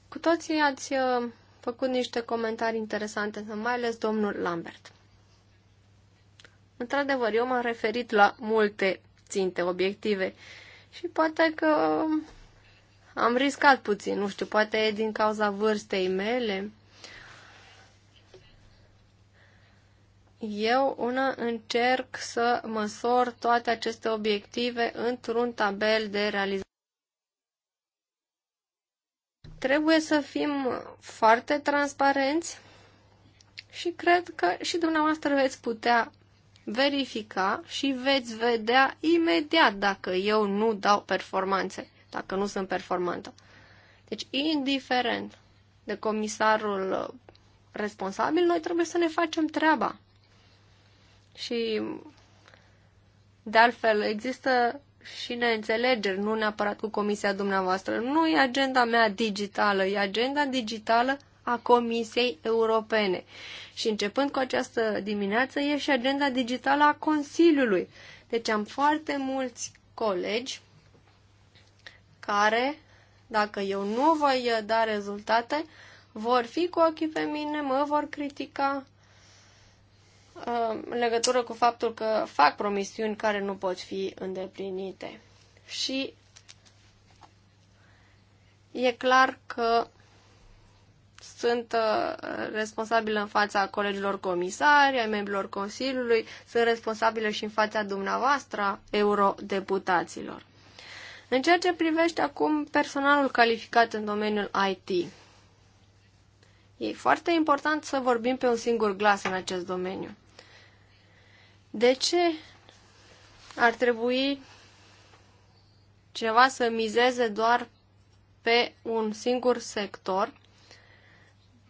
Cu toții ați uh, făcut niște comentarii interesante, mai ales domnul Lambert. Într-adevăr, eu m-am referit la multe ținte obiective și poate că am riscat puțin, nu știu, poate e din cauza vârstei mele. Eu una încerc să măsor toate aceste obiective într-un tabel de realizare. Trebuie să fim foarte transparenți și cred că și dumneavoastră veți putea verifica și veți vedea imediat dacă eu nu dau performanțe, dacă nu sunt performantă. Deci, indiferent de comisarul uh, responsabil, noi trebuie să ne facem treaba. Și, de altfel, există și neînțelegeri, nu neapărat cu comisia dumneavoastră. Nu e agenda mea digitală, e agenda digitală a Comisiei Europene. Și începând cu această dimineață e și agenda digitală a Consiliului. Deci am foarte mulți colegi care, dacă eu nu voi da rezultate, vor fi cu ochii pe mine, mă vor critica uh, în legătură cu faptul că fac promisiuni care nu pot fi îndeplinite. Și e clar că sunt uh, responsabilă în fața colegilor comisari, ai membrilor Consiliului, sunt responsabilă și în fața dumneavoastră, eurodeputaților. În ceea ce privește acum personalul calificat în domeniul IT, e foarte important să vorbim pe un singur glas în acest domeniu. De ce ar trebui ceva să mizeze doar pe un singur sector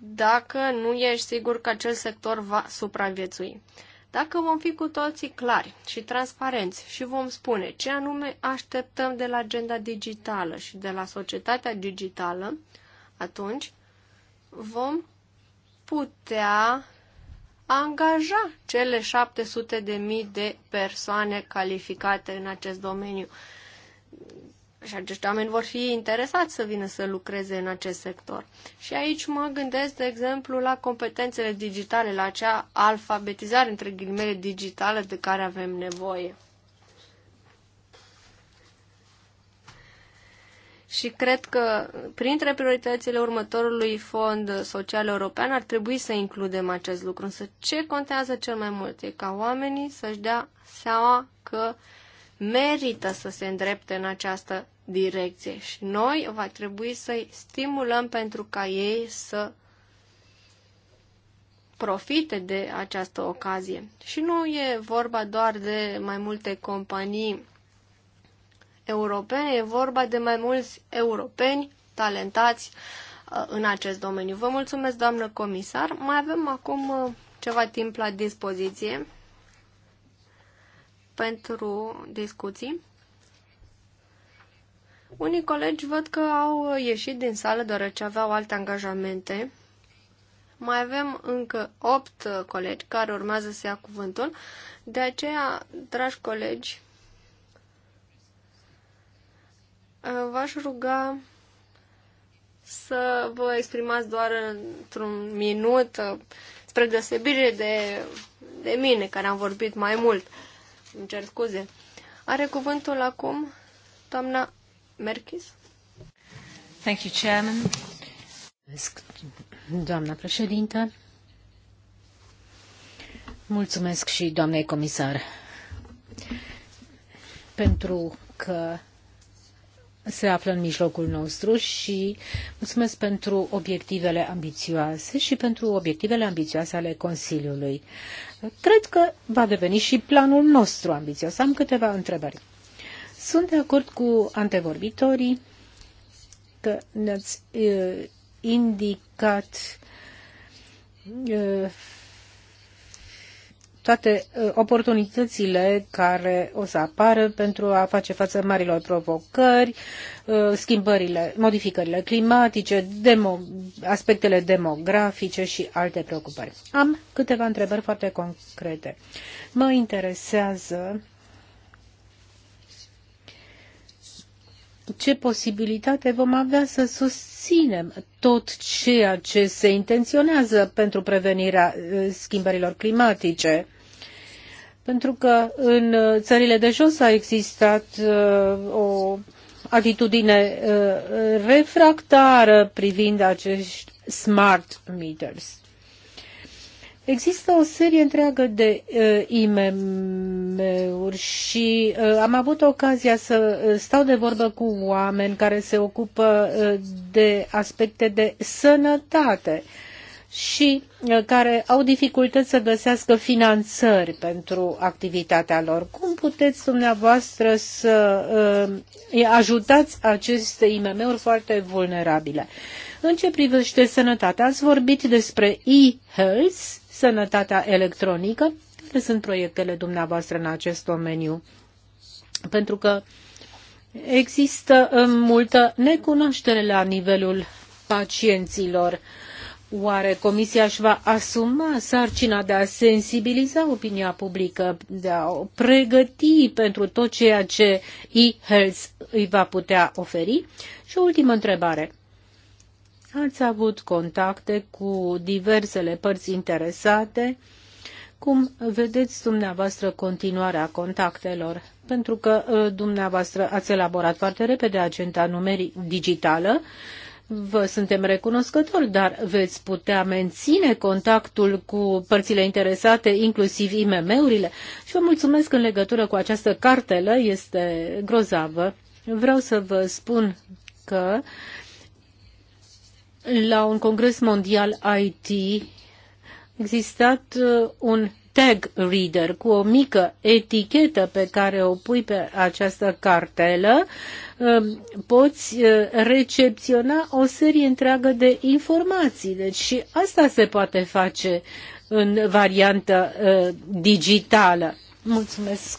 dacă nu ești sigur că acel sector va supraviețui. Dacă vom fi cu toții clari și transparenți și vom spune ce anume așteptăm de la agenda digitală și de la societatea digitală, atunci vom putea angaja cele 700 de mii de persoane calificate în acest domeniu. Și acești oameni vor fi interesați să vină să lucreze în acest sector. Și aici mă gândesc, de exemplu, la competențele digitale, la acea alfabetizare, între ghilimele, digitală de care avem nevoie. Și cred că printre prioritățile următorului fond social european ar trebui să includem acest lucru. Însă ce contează cel mai mult e ca oamenii să-și dea seama că merită să se îndrepte în această direcție și noi va trebui să-i stimulăm pentru ca ei să profite de această ocazie. Și nu e vorba doar de mai multe companii europene, e vorba de mai mulți europeni talentați uh, în acest domeniu. Vă mulțumesc, doamnă comisar. Mai avem acum uh, ceva timp la dispoziție pentru discuții. Unii colegi văd că au ieșit din sală deoarece aveau alte angajamente. Mai avem încă opt colegi care urmează să ia cuvântul. De aceea, dragi colegi, v-aș ruga să vă exprimați doar într-un minut, spre deosebire de, de mine, care am vorbit mai mult. Îmi cer scuze. Are cuvântul acum doamna doamnă Thank you, Chairman. președintă. Mulțumesc și doamnei comisar pentru că se află în mijlocul nostru și mulțumesc pentru obiectivele ambițioase și pentru obiectivele ambițioase ale Consiliului. Cred că va deveni și planul nostru ambițios. Am câteva întrebări. Sunt de acord cu antevorbitorii că ne-ați uh, indicat toate oportunitățile care o să apară pentru a face față marilor provocări, schimbările, modificările climatice, demo, aspectele demografice și alte preocupări. Am câteva întrebări foarte concrete. Mă interesează ce posibilitate vom avea să susținem tot ceea ce se intenționează pentru prevenirea uh, schimbărilor climatice. Pentru că în uh, țările de jos a existat uh, o atitudine refractară privind acești smart meters. Există o serie întreagă de uh, IMM-uri și uh, am avut ocazia să uh, stau de vorbă cu oameni care se ocupă uh, de aspecte de sănătate și uh, care au dificultăți să găsească finanțări pentru activitatea lor. Cum puteți dumneavoastră să uh, ajutați aceste IMM-uri foarte vulnerabile? În ce privește sănătatea, ați vorbit despre e-health, sănătatea electronică. Care sunt proiectele dumneavoastră în acest domeniu? Pentru că există uh, multă necunoaștere la nivelul pacienților. Oare Comisia își va asuma sarcina de a sensibiliza opinia publică, de a o pregăti pentru tot ceea ce e-health îi va putea oferi? Și o ultimă întrebare. Ați avut contacte cu diversele părți interesate. Cum vedeți dumneavoastră continuarea contactelor? Pentru că uh, dumneavoastră ați elaborat foarte repede agenda numerii digitală, vă suntem recunoscători, dar veți putea menține contactul cu părțile interesate, inclusiv IMM-urile. Și vă mulțumesc în legătură cu această cartelă, este grozavă. Vreau să vă spun că la un congres mondial IT existat uh, un tag reader cu o mică etichetă pe care o pui pe această cartelă, uh, poți uh, recepționa o serie întreagă de informații. Deci și asta se poate face în variantă digitală. Mulțumesc!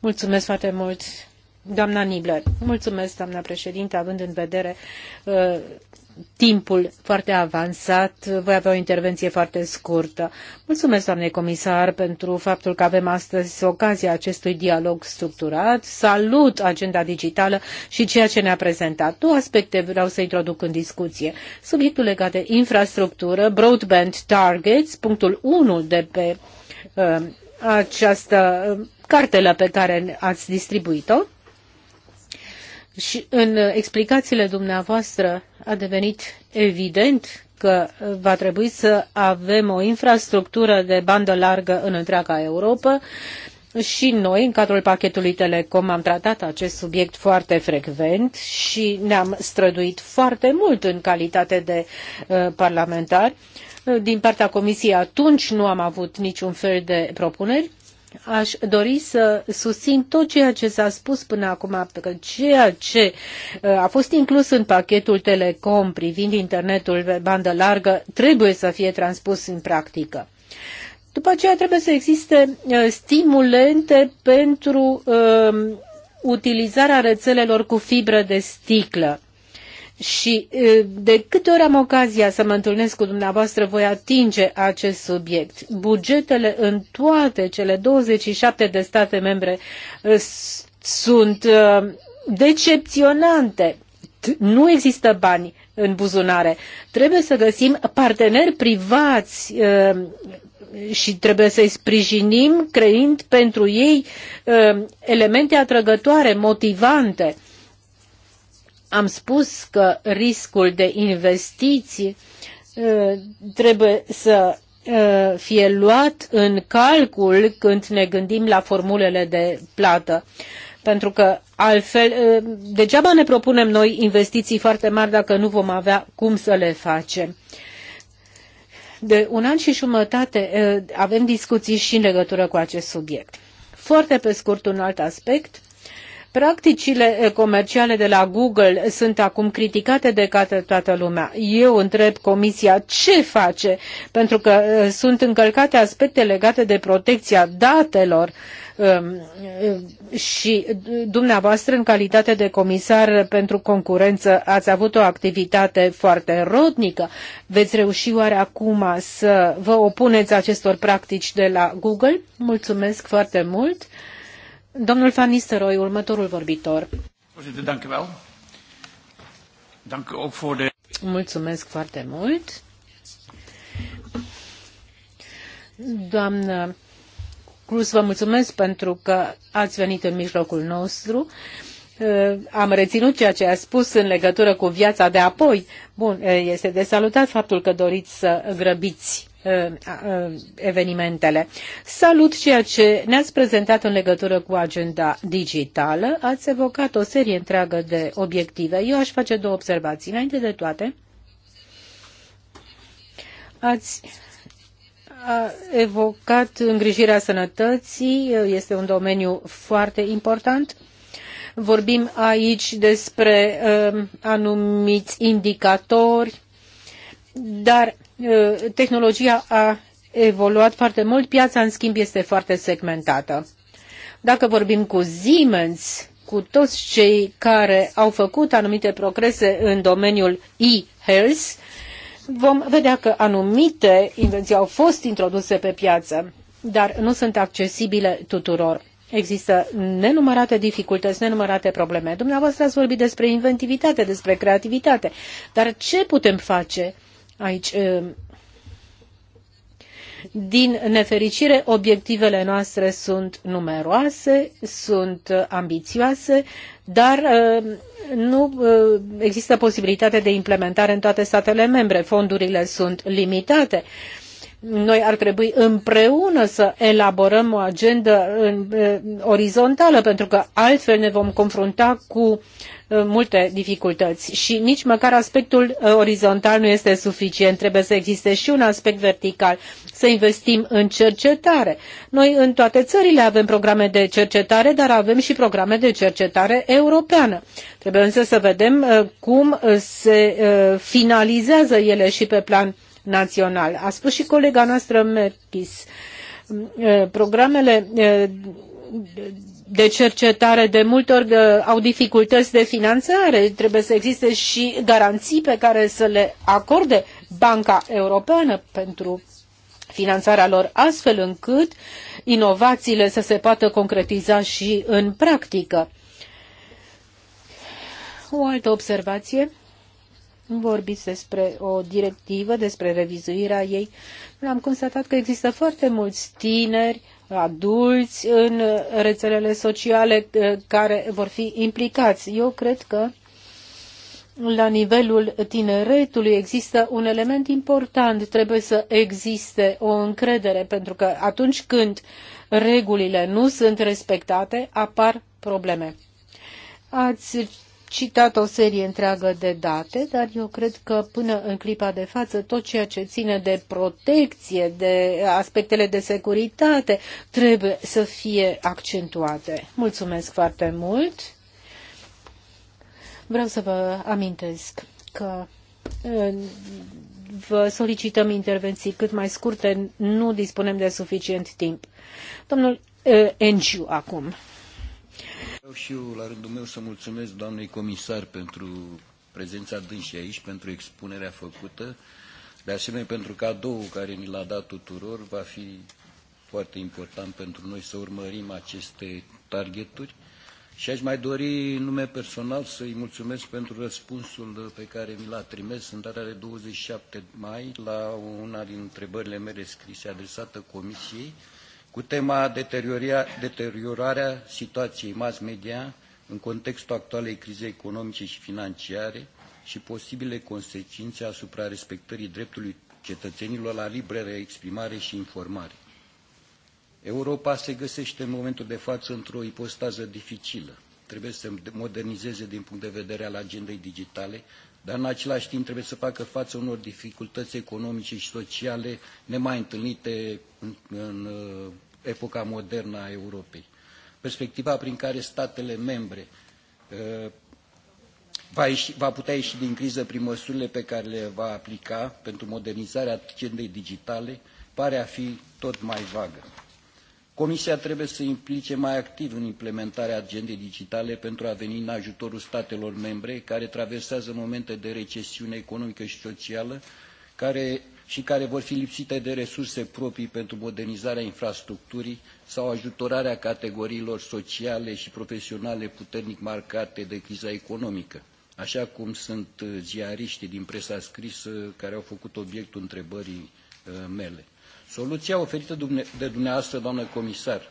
Mulțumesc foarte mult! Doamna Nibler, mulțumesc, doamna președinte, având în vedere uh, timpul foarte avansat, voi avea o intervenție foarte scurtă. Mulțumesc, doamne comisar, pentru faptul că avem astăzi ocazia acestui dialog structurat. Salut agenda digitală și ceea ce ne-a prezentat. Două aspecte vreau să introduc în discuție. Subiectul legat de infrastructură, broadband targets, punctul 1 de pe uh, această uh, cartelă pe care ați distribuit-o și în explicațiile dumneavoastră a devenit evident că va trebui să avem o infrastructură de bandă largă în întreaga Europa și noi, în cadrul pachetului Telecom, am tratat acest subiect foarte frecvent și ne-am străduit foarte mult în calitate de uh, parlamentari. Din partea Comisiei atunci nu am avut niciun fel de propuneri aș dori să susțin tot ceea ce s-a spus până acum, că ceea ce uh, a fost inclus în pachetul Telecom privind internetul pe bandă largă trebuie să fie transpus în practică. După aceea trebuie să existe uh, stimulente pentru uh, utilizarea rețelelor cu fibră de sticlă și de câte ori am ocazia să mă întâlnesc cu dumneavoastră, voi atinge acest subiect. Bugetele în toate cele 27 de state membre sunt decepționante. Nu există bani în buzunare. Trebuie să găsim parteneri privați și trebuie să-i sprijinim creând pentru ei elemente atrăgătoare, motivante am spus că riscul de investiții uh, trebuie să uh, fie luat în calcul când ne gândim la formulele de plată. Pentru că altfel, uh, degeaba ne propunem noi investiții foarte mari dacă nu vom avea cum să le facem. De un an și jumătate avem discuții și în legătură cu acest subiect. Foarte pe scurt, un alt aspect Practicile eh, comerciale de la Google sunt acum criticate de către toată lumea. Eu întreb Comisia ce face, pentru că eh, sunt încălcate aspecte legate de protecția datelor ehm, eh, și dumneavoastră, în calitate de comisar pentru concurență, ați avut o activitate foarte rodnică. Veți reuși oare acum să vă opuneți acestor practici de la Google? Mulțumesc foarte mult! Domnul Van Nistelrooy, următorul vorbitor. Mulțumesc foarte mult. Doamnă Cruz, vă mulțumesc pentru că ați venit în mijlocul nostru. Eh, am reținut ceea ce a spus în legătură cu viața de apoi. Bun, eh, este de salutat faptul că doriți să grăbiți Uh, uh, evenimentele. Salut ceea ce ne-ați prezentat în legătură cu agenda digitală. Ați evocat o serie întreagă de obiective. Eu aș face două observații. Înainte de toate, ați a evocat îngrijirea sănătății. Este un domeniu foarte important. Vorbim aici despre uh, anumiți indicatori, dar Eh, tehnologia a evoluat foarte mult, piața în schimb este foarte segmentată. Dacă vorbim cu Siemens, cu toți cei care au făcut anumite progrese în domeniul e-health, vom vedea că anumite invenții au fost introduse pe piață, dar nu sunt accesibile tuturor. Există nenumărate dificultăți, nenumărate probleme. Dumneavoastră ați vorbit despre inventivitate, despre creativitate, dar ce putem face aici. Din nefericire, obiectivele noastre sunt numeroase, sunt ambițioase, dar nu există posibilitate de implementare în toate statele membre. Fondurile sunt limitate noi ar trebui împreună să elaborăm o agendă orizontală, pentru că altfel ne vom confrunta cu uh, multe dificultăți și nici măcar aspectul uh, orizontal nu este suficient. Trebuie să existe și un aspect vertical, să investim în cercetare. Noi în toate țările avem programe de cercetare, dar avem și programe de cercetare europeană. Trebuie însă să vedem uh, cum se finalizează ele și pe plan național. A spus și colega noastră Merkis, eh, programele eh, de cercetare de multe ori eh, au dificultăți de finanțare. Trebuie să existe și garanții pe care să le acorde Banca Europeană pentru finanțarea lor, astfel încât inovațiile să se poată concretiza și în practică. O altă observație vorbiți despre o directivă, despre revizuirea ei. Am constatat că există foarte mulți tineri, adulți în rețelele sociale eh, care vor fi implicați. Eu cred că la nivelul tineretului există un element important, trebuie să existe o încredere, pentru că atunci când regulile nu sunt respectate, apar probleme. Ați citat o serie întreagă de date, dar eu cred că până în clipa de față tot ceea ce ține de protecție, de aspectele de securitate, trebuie să fie accentuate. Mulțumesc foarte mult! Vreau să vă amintesc că vă solicităm intervenții cât mai scurte, nu dispunem de suficient timp. Domnul eh, Enciu acum. Vreau și eu, la rândul meu, să mulțumesc doamnei comisar pentru prezența dânsii aici, pentru expunerea făcută, de asemenea pentru cadou care ni l-a dat tuturor, va fi foarte important pentru noi să urmărim aceste targeturi. Și aș mai dori în nume personal să-i mulțumesc pentru răspunsul pe care mi l-a trimis în data de 27 mai la una din întrebările mele scrise adresată Comisiei cu tema deteriorarea situației mass media în contextul actualei crize economice și financiare și posibile consecințe asupra respectării dreptului cetățenilor la liberă exprimare și informare. Europa se găsește în momentul de față într-o ipostază dificilă. Trebuie să modernizeze din punct de vedere al agendei digitale, dar în același timp trebuie să facă față unor dificultăți economice și sociale nemai întâlnite în, în epoca modernă a Europei. Perspectiva prin care statele membre uh, va, ieși, va putea ieși din criză prin măsurile pe care le va aplica pentru modernizarea agendei digitale pare a fi tot mai vagă. Comisia trebuie să se implice mai activ în implementarea agendei digitale pentru a veni în ajutorul statelor membre care traversează momente de recesiune economică și socială, care și care vor fi lipsite de resurse proprii pentru modernizarea infrastructurii sau ajutorarea categoriilor sociale și profesionale puternic marcate de criza economică, așa cum sunt uh, ziariștii din presa scrisă care au făcut obiectul întrebării uh, mele. Soluția oferită de dumneavoastră, doamnă comisar,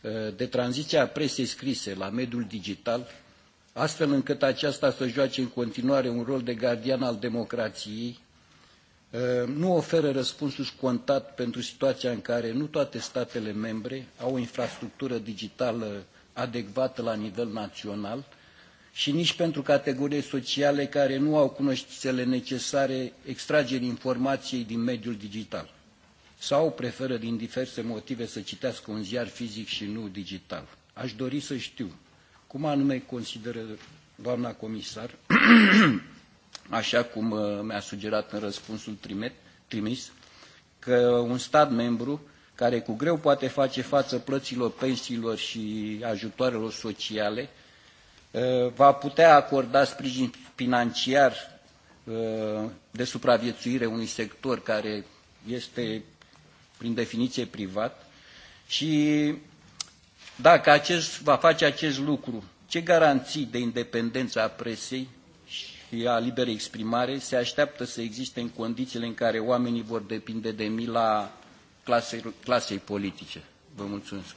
uh, de tranziția presei scrise la mediul digital, astfel încât aceasta să joace în continuare un rol de gardian al democrației, Uh, nu oferă răspunsuri contat pentru situația în care nu toate statele membre au o infrastructură digitală adecvată la nivel național și nici pentru categorii sociale care nu au cunoștințele necesare extragerii informației din mediul digital sau preferă din diverse motive să citească un ziar fizic și nu digital. Aș dori să știu cum anume consideră doamna comisar așa cum uh, mi-a sugerat în răspunsul trimis, că un stat membru care cu greu poate face față plăților pensiilor și ajutoarelor sociale, uh, va putea acorda sprijin financiar uh, de supraviețuire unui sector care este prin definiție privat și dacă acest, va face acest lucru, ce garanții de independență a presei a liberei exprimare se așteaptă să existe în condițiile în care oamenii vor depinde de mila clasei, clasei politice. Vă mulțumesc.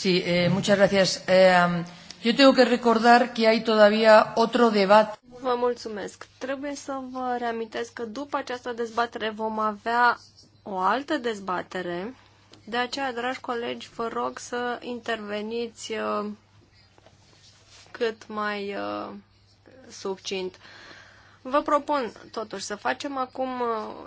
Sí, eh, muchas gracias. Eh, tengo que recordar que hay todavía otro debate. Vă mulțumesc. Trebuie să vă reamintesc că după această dezbatere vom avea o altă dezbatere. De aceea, dragi colegi, vă rog să interveniți eh, cât mai eh, succint. Vă propun totuși să facem acum,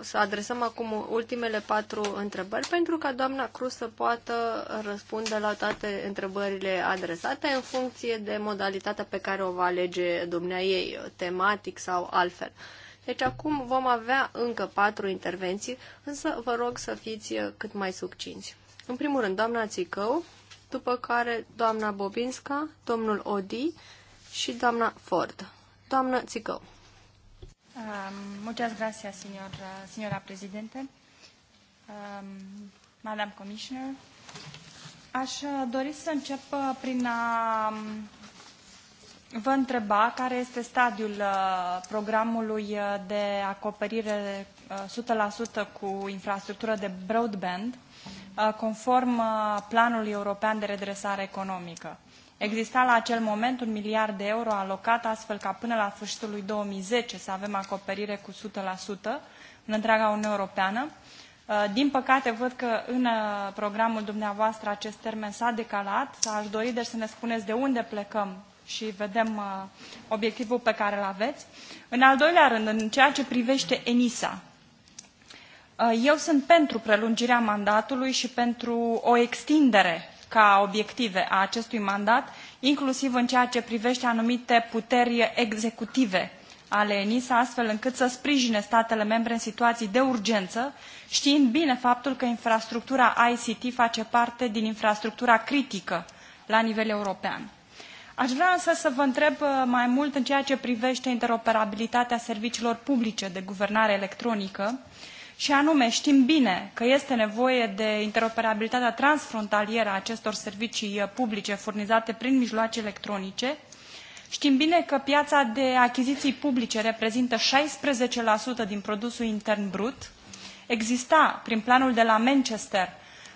să adresăm acum ultimele patru întrebări pentru ca doamna Cruz să poată răspunde la toate întrebările adresate în funcție de modalitatea pe care o va alege dumnea ei, tematic sau altfel. Deci acum vom avea încă patru intervenții, însă vă rog să fiți cât mai succinți. În primul rând, doamna Țicău, după care doamna Bobinska, domnul Odi și doamna Ford. Doamnă Țică. Um, muchas gracias, señor, uh, señora presidente. Um, madam Commissioner, aș uh, dori să încep uh, prin a um, vă întreba care este stadiul programului de acoperire 100% cu infrastructură de broadband, conform Planului European de Redresare Economică. Exista la acel moment un miliard de euro alocat astfel ca până la sfârșitul lui 2010 să avem acoperire cu 100% în întreaga Uniune Europeană. Uh, din păcate, văd că în uh, programul dumneavoastră acest termen s-a decalat. Aș dori deci să ne spuneți de unde plecăm și vedem uh, obiectivul pe care îl aveți. În al doilea rând, în ceea ce privește ENISA, eu sunt pentru prelungirea mandatului și pentru o extindere ca obiective a acestui mandat, inclusiv în ceea ce privește anumite puteri executive ale ENISA, astfel încât să sprijine statele membre în situații de urgență, știind bine faptul că infrastructura ICT face parte din infrastructura critică la nivel european. Aș vrea însă să vă întreb uh, mai mult în ceea ce privește interoperabilitatea serviciilor publice de guvernare electronică, și anume, știm bine că este nevoie de interoperabilitatea transfrontalieră a acestor servicii uh, publice furnizate prin mijloace electronice. Știm bine că piața de achiziții publice reprezintă 16% din produsul intern brut. Exista, prin planul de la Manchester,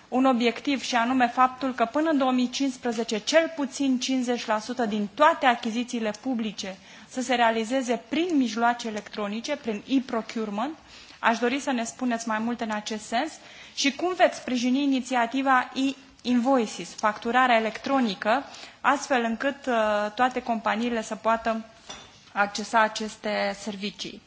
un obiectiv și anume faptul că până în 2015 cel puțin 50% din toate achizițiile publice să se realizeze prin mijloace electronice, prin e-procurement, Aș dori să ne spuneți mai multe în acest sens și cum veți sprijini inițiativa e-invoices, facturarea electronică, astfel încât uh, toate companiile să poată accesa aceste servicii.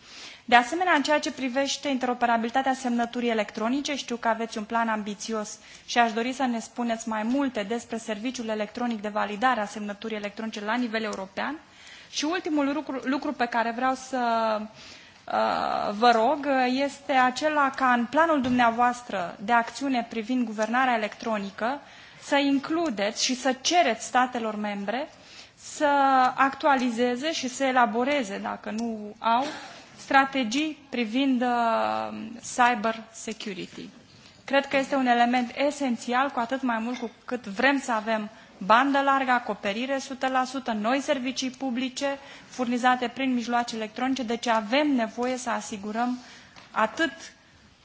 De asemenea, în ceea ce privește interoperabilitatea semnăturii electronice, știu că aveți un plan ambițios și aș dori să ne spuneți mai multe despre serviciul electronic de validare a semnăturii electronice la nivel european. Și ultimul lucru, lucru pe care vreau să Uh, vă rog, este acela ca în planul dumneavoastră de acțiune privind guvernarea electronică să includeți și să cereți statelor membre să actualizeze și să elaboreze, dacă nu au, strategii privind uh, cyber security. Cred că este un element esențial, cu atât mai mult cu cât vrem să avem bandă largă, acoperire 100%, noi servicii publice furnizate prin mijloace electronice, deci avem nevoie să asigurăm atât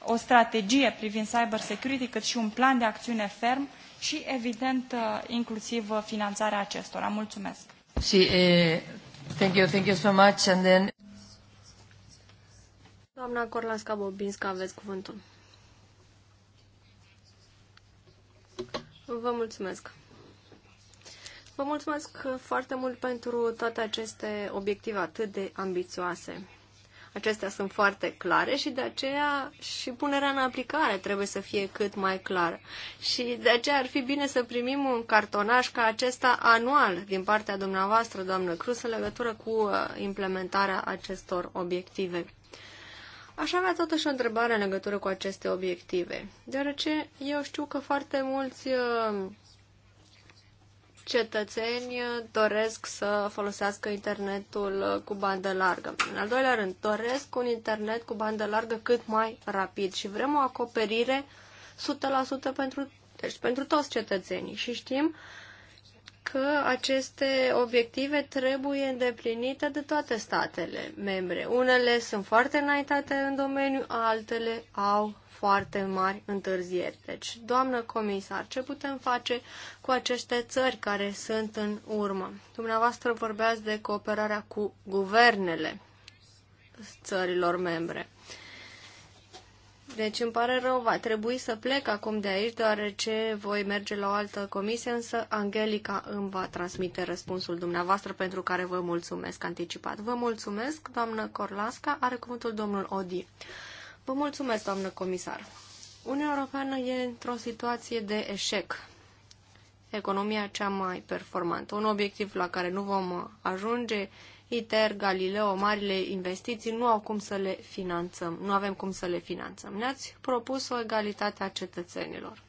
o strategie privind cyber security, cât și un plan de acțiune ferm și, evident, uh, inclusiv uh, finanțarea acestora. Mulțumesc! Și, e, eh, thank you, thank you so much. And then... Doamna Corlasca Bobinska, aveți cuvântul. Vă mulțumesc. Vă mulțumesc foarte mult pentru toate aceste obiective atât de ambițioase. Acestea sunt foarte clare și de aceea și punerea în aplicare trebuie să fie cât mai clară. Și de aceea ar fi bine să primim un cartonaș ca acesta anual din partea dumneavoastră, doamnă Cruz, în legătură cu uh, implementarea acestor obiective. Aș avea totuși o întrebare în legătură cu aceste obiective, deoarece eu știu că foarte mulți uh, cetățeni doresc să folosească internetul cu bandă largă. În al doilea rând, doresc un internet cu bandă largă cât mai rapid și vrem o acoperire 100% pentru, deci pentru toți cetățenii. Și știm că aceste obiective trebuie îndeplinite de toate statele membre. Unele sunt foarte înaintate în domeniu, altele au foarte mari întârzieri. Deci, doamnă comisar, ce putem face cu aceste țări care sunt în urmă? Dumneavoastră vorbeați de cooperarea cu guvernele țărilor membre. Deci îmi pare rău, va trebui să plec acum de aici, deoarece voi merge la o altă comisie, însă Angelica îmi va transmite răspunsul dumneavoastră, pentru care vă mulțumesc anticipat. Vă mulțumesc, doamnă Corlasca, are cuvântul domnul Odi. Vă mulțumesc, doamnă comisar. Uniunea Europeană e într-o situație de eșec. Economia cea mai performantă, un obiectiv la care nu vom ajunge, ITER, Galileo, marile investiții, nu au cum să le finanțăm, nu avem cum să le finanțăm. Ne-ați propus o egalitate a cetățenilor.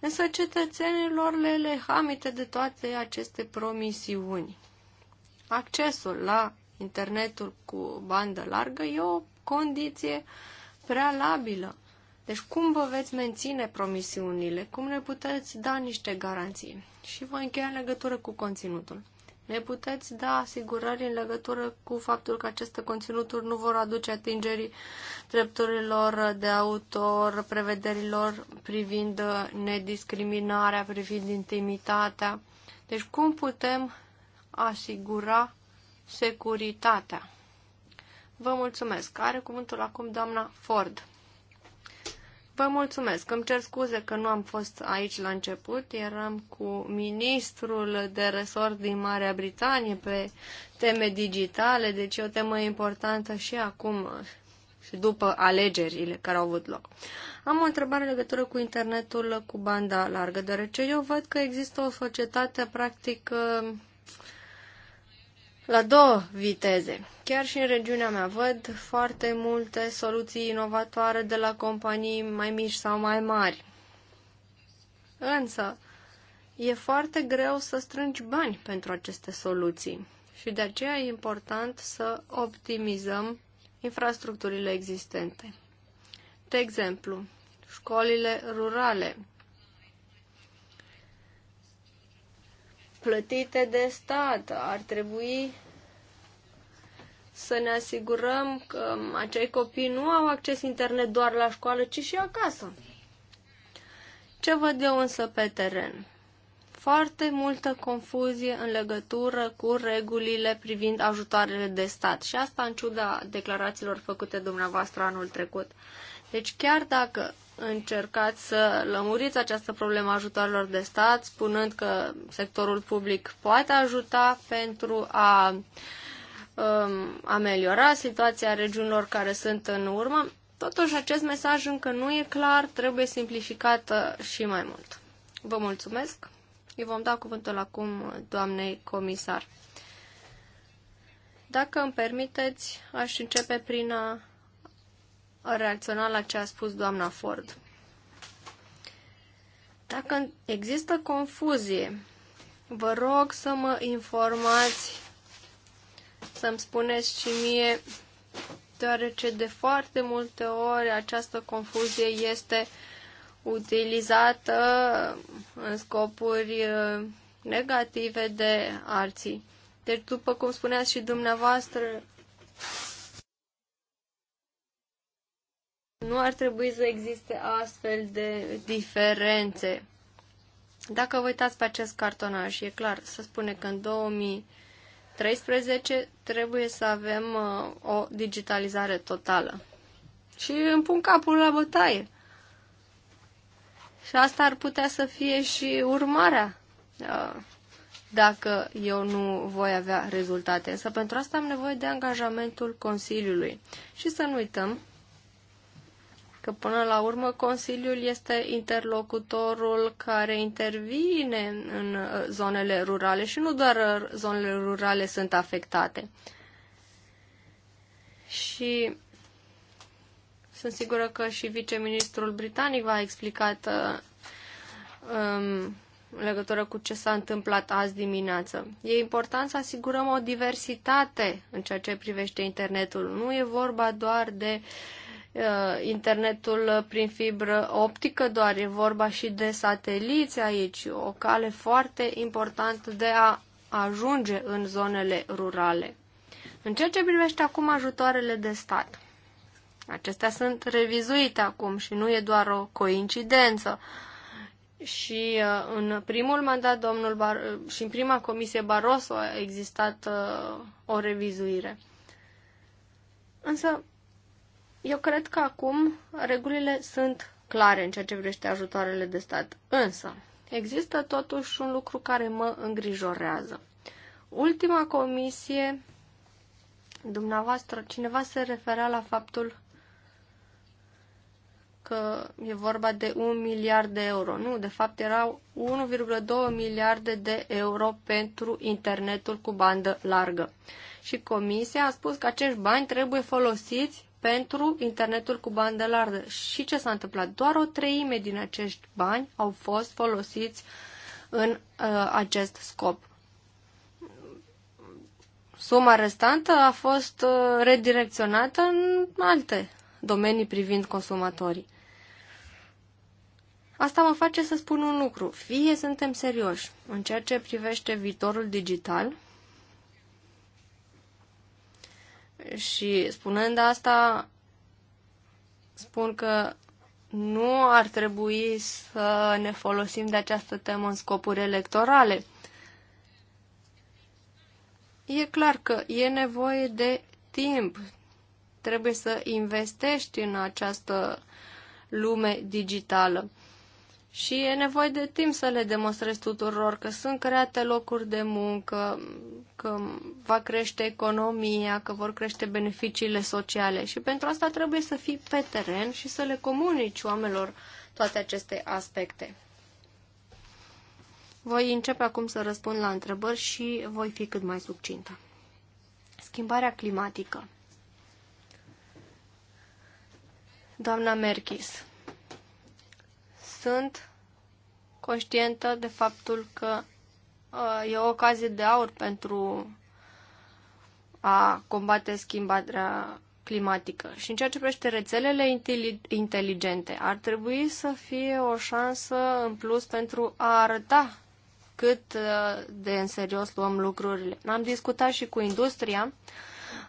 Însă cetățenilor le lehamite de toate aceste promisiuni. Accesul la internetul cu bandă largă e o condiție uh, prealabilă. Deci cum vă veți menține promisiunile? Cum ne puteți da niște garanții? Și voi încheia în legătură cu conținutul. Ne puteți da asigurări în legătură cu faptul că aceste conținuturi nu vor aduce atingerii drepturilor de autor, prevederilor privind nediscriminarea, privind intimitatea. Deci cum putem asigura securitatea? Vă mulțumesc. Are cuvântul acum doamna Ford. Vă mulțumesc. Îmi cer scuze că nu am fost aici la început. Eram cu ministrul de resort din Marea Britanie pe teme digitale, deci e o temă importantă și acum și după alegerile care au avut loc. Am o întrebare în legătură cu internetul cu banda largă, deoarece eu văd că există o societate practic la două viteze. Chiar și în regiunea mea văd foarte multe soluții inovatoare de la companii mai mici sau mai mari. Însă, e foarte greu să strângi bani pentru aceste soluții și de aceea e important să optimizăm infrastructurile existente. De exemplu, școlile rurale plătite de stat. Ar trebui să ne asigurăm că acei copii nu au acces internet doar la școală, ci și acasă. Ce văd eu însă pe teren? Foarte multă confuzie în legătură cu regulile privind ajutoarele de stat și asta în ciuda declarațiilor făcute dumneavoastră anul trecut. Deci chiar dacă încercat să lămuriți această problemă ajutoarelor de stat, spunând că sectorul public poate ajuta pentru a um, ameliora situația regiunilor care sunt în urmă. Totuși, acest mesaj încă nu e clar, trebuie simplificat și mai mult. Vă mulțumesc. Îi vom da cuvântul acum doamnei comisar. Dacă îmi permiteți, aș începe prin a a reacționa la ce a spus doamna Ford. Dacă există confuzie, vă rog să mă informați, să-mi spuneți și mie, deoarece de foarte multe ori această confuzie este utilizată în scopuri uh, negative de alții. Deci, după cum spuneați și dumneavoastră, Nu ar trebui să existe astfel de diferențe. Dacă vă uitați pe acest cartonaj, e clar, să spune că în 2013 trebuie să avem uh, o digitalizare totală. Și îmi pun capul la bătaie. Și asta ar putea să fie și urmarea uh, dacă eu nu voi avea rezultate. Însă pentru asta am nevoie de angajamentul Consiliului. Și să nu uităm că până la urmă Consiliul este interlocutorul care intervine în uh, zonele rurale și nu doar uh, zonele rurale sunt afectate. Și sunt sigură că și viceministrul britanic va explicat uh, um, în legătură cu ce s-a întâmplat azi dimineață. E important să asigurăm o diversitate în ceea ce privește internetul. Nu e vorba doar de uh, Uh, internetul prin fibră optică, doar e vorba și de sateliți aici, o cale foarte importantă de a ajunge în zonele rurale. În ceea ce privește acum ajutoarele de stat, acestea sunt revizuite acum și nu e doar o coincidență. Și uh, în primul mandat, domnul Bar- uh, și în prima comisie Barroso a existat o revizuire. Însă, eu cred că acum regulile sunt clare în ceea ce vrește ajutoarele de stat. Însă, există totuși un lucru care mă îngrijorează. Ultima comisie, dumneavoastră, cineva se referea la faptul că e vorba de un miliard de euro. Nu, de fapt erau 1,2 miliarde de euro pentru internetul cu bandă largă. Și comisia a spus că acești bani trebuie folosiți pentru internetul cu bandă largă. Și ce s-a întâmplat? Doar o treime din acești bani au fost folosiți în uh, acest scop. Suma restantă a fost uh, redirecționată în alte domenii privind consumatorii. Asta mă face să spun un lucru. Fie suntem serioși în ceea ce privește viitorul digital, Și spunând asta, spun că nu ar trebui să ne folosim de această temă în scopuri electorale. E clar că e nevoie de timp. Trebuie să investești în această lume digitală. Și e nevoie de timp să le demonstrezi tuturor că sunt create locuri de muncă, că va crește economia, că vor crește beneficiile sociale. Și pentru asta trebuie să fii pe teren și să le comunici oamenilor toate aceste aspecte. Voi începe acum să răspund la întrebări și voi fi cât mai succintă. Schimbarea climatică. Doamna Merchis, sunt conștientă de faptul că uh, e o ocazie de aur pentru a combate schimbarea climatică. Și în ceea ce privește rețelele inteligente, ar trebui să fie o șansă în plus pentru a arăta cât uh, de în serios luăm lucrurile. Am discutat și cu industria,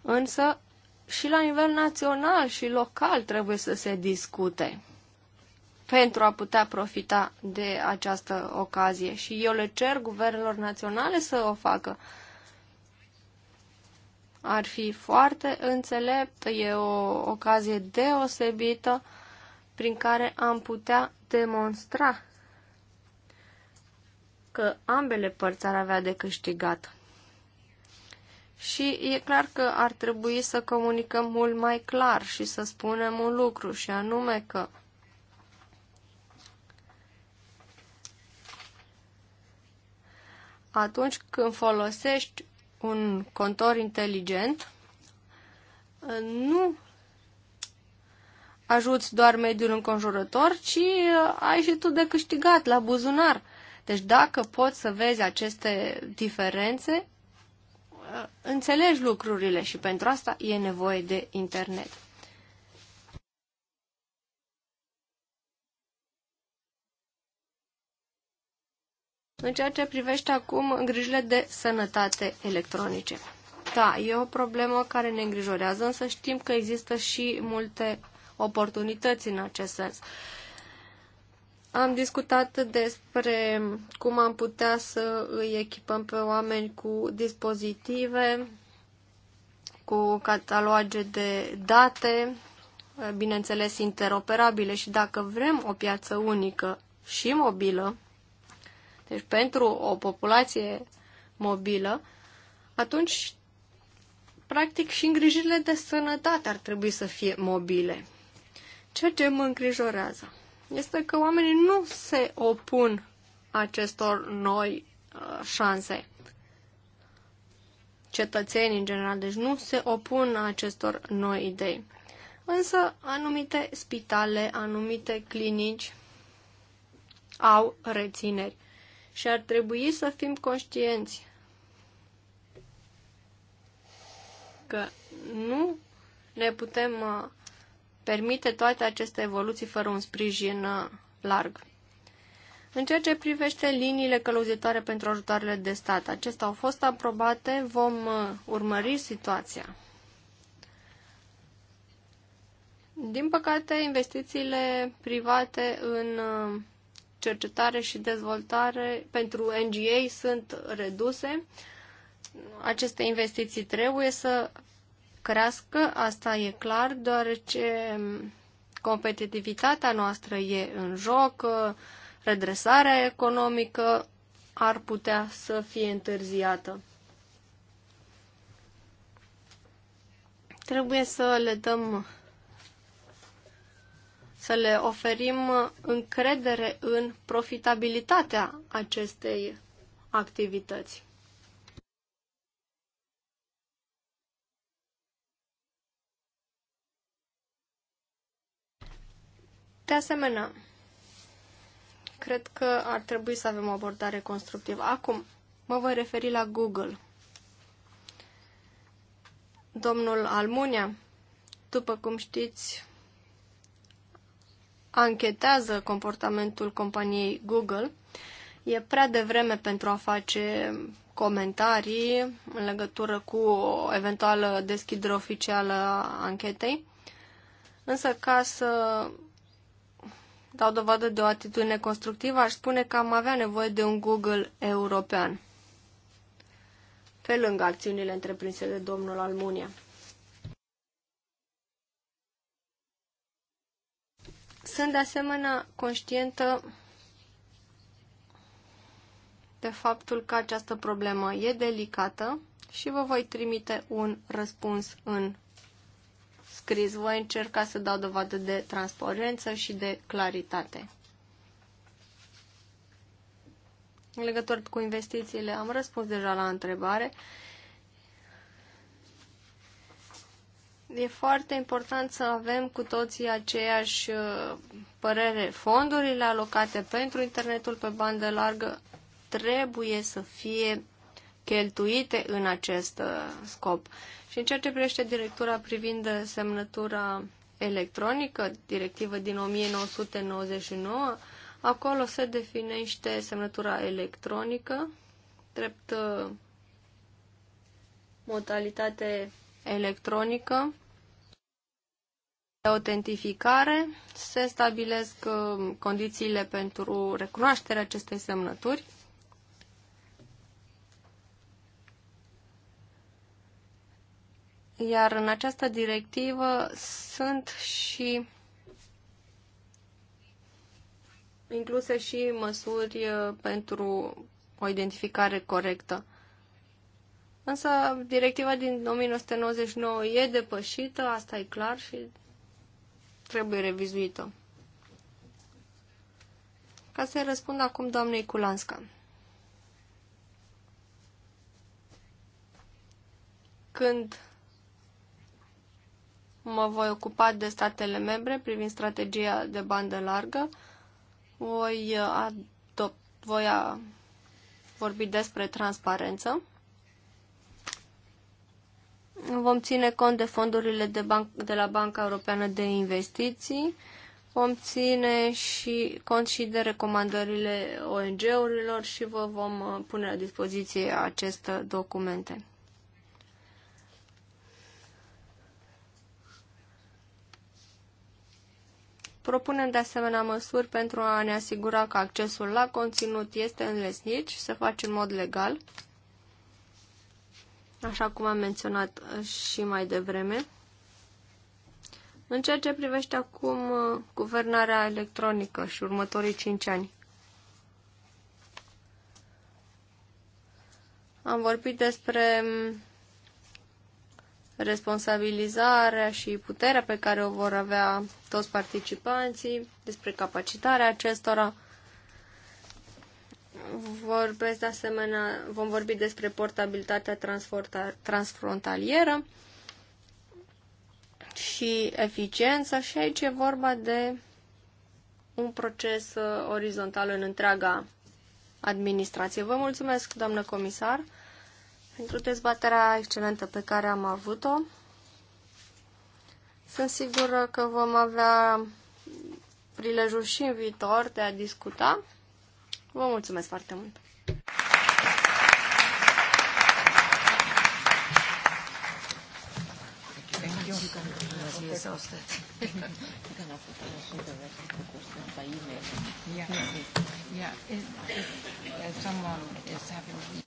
însă și la nivel național și local trebuie să se discute pentru a putea profita de această ocazie. Și eu le cer guvernelor naționale să o facă. Ar fi foarte înțelept, e o ocazie deosebită prin care am putea demonstra că ambele părți ar avea de câștigat. Și e clar că ar trebui să comunicăm mult mai clar și să spunem un lucru, și anume că atunci când folosești un contor inteligent, nu ajuți doar mediul înconjurător, ci uh, ai și tu de câștigat la buzunar. Deci dacă poți să vezi aceste diferențe, uh, înțelegi lucrurile și pentru asta e nevoie de internet. În ceea ce privește acum grijile de sănătate electronice. Da, e o problemă care ne îngrijorează, însă știm că există și multe oportunități în acest sens. Am discutat despre cum am putea să îi echipăm pe oameni cu dispozitive, cu cataloge de date, bineînțeles interoperabile și dacă vrem o piață unică și mobilă, deci pentru o populație mobilă, atunci, practic, și îngrijirile de sănătate ar trebui să fie mobile. Ceea ce mă îngrijorează este că oamenii nu se opun acestor noi uh, șanse. Cetățenii, în general, deci nu se opun acestor noi idei. Însă, anumite spitale, anumite clinici au rețineri și ar trebui să fim conștienți că nu ne putem uh, permite toate aceste evoluții fără un sprijin uh, larg. În ceea ce privește liniile călăuzitoare pentru ajutoarele de stat, acestea au fost aprobate, vom uh, urmări situația. Din păcate, investițiile private în cercetare și dezvoltare pentru NGA sunt reduse. Aceste investiții trebuie să crească, asta e clar, deoarece competitivitatea noastră e în joc, redresarea economică ar putea să fie întârziată. Trebuie să le dăm să le oferim încredere în profitabilitatea acestei activități. De asemenea, cred că ar trebui să avem o abordare constructivă. Acum, mă voi referi la Google. Domnul Almunia, după cum știți, anchetează comportamentul companiei Google. E prea devreme pentru a face comentarii în legătură cu o eventuală deschidere oficială a anchetei. Însă ca să dau dovadă de o atitudine constructivă, aș spune că am avea nevoie de un Google european, pe lângă acțiunile întreprinse de domnul Almunia. Sunt de asemenea conștientă de faptul că această problemă e delicată și vă voi trimite un răspuns în scris. Voi încerca să dau dovadă de transparență și de claritate. În legătură cu investițiile, am răspuns deja la întrebare. E foarte important să avem cu toții aceeași uh, părere. Fondurile alocate pentru internetul pe bandă largă trebuie să fie cheltuite în acest uh, scop. Și în ceea ce privește directura privind semnătura electronică, directivă din 1999, acolo se definește semnătura electronică drept uh, modalitate electronică de autentificare. Se stabilesc uh, condițiile pentru recunoașterea acestei semnături. Iar în această directivă sunt și incluse și măsuri uh, pentru o identificare corectă. Însă directiva din 1999 e depășită, asta e clar și trebuie revizuită. Ca să-i răspund acum doamnei Culanska. Când mă voi ocupa de statele membre privind strategia de bandă largă, voi, adopt, voi vorbi despre transparență vom ține cont de fondurile de, ban- de la Banca Europeană de Investiții, vom ține și cont și de recomandările ONG-urilor și vă vom uh, pune la dispoziție aceste documente. Propunem de asemenea măsuri pentru a ne asigura că accesul la conținut este înlesnit și se face în mod legal așa cum am menționat uh, și mai devreme. În ceea ce privește acum uh, guvernarea electronică și următorii 5 ani. Am vorbit despre mm, responsabilizarea și puterea pe care o vor avea toți participanții, despre capacitarea acestora, vorbesc de asemenea, vom vorbi despre portabilitatea transfrontalieră și eficiența și aici e vorba de un proces uh, orizontal în întreaga administrație. Vă mulțumesc, doamnă comisar, pentru dezbaterea excelentă pe care am avut-o. Sunt sigură că vom avea prilejul și în viitor de a discuta Vă mulțumesc foarte mult! Yeah. Yeah. It, it, someone is having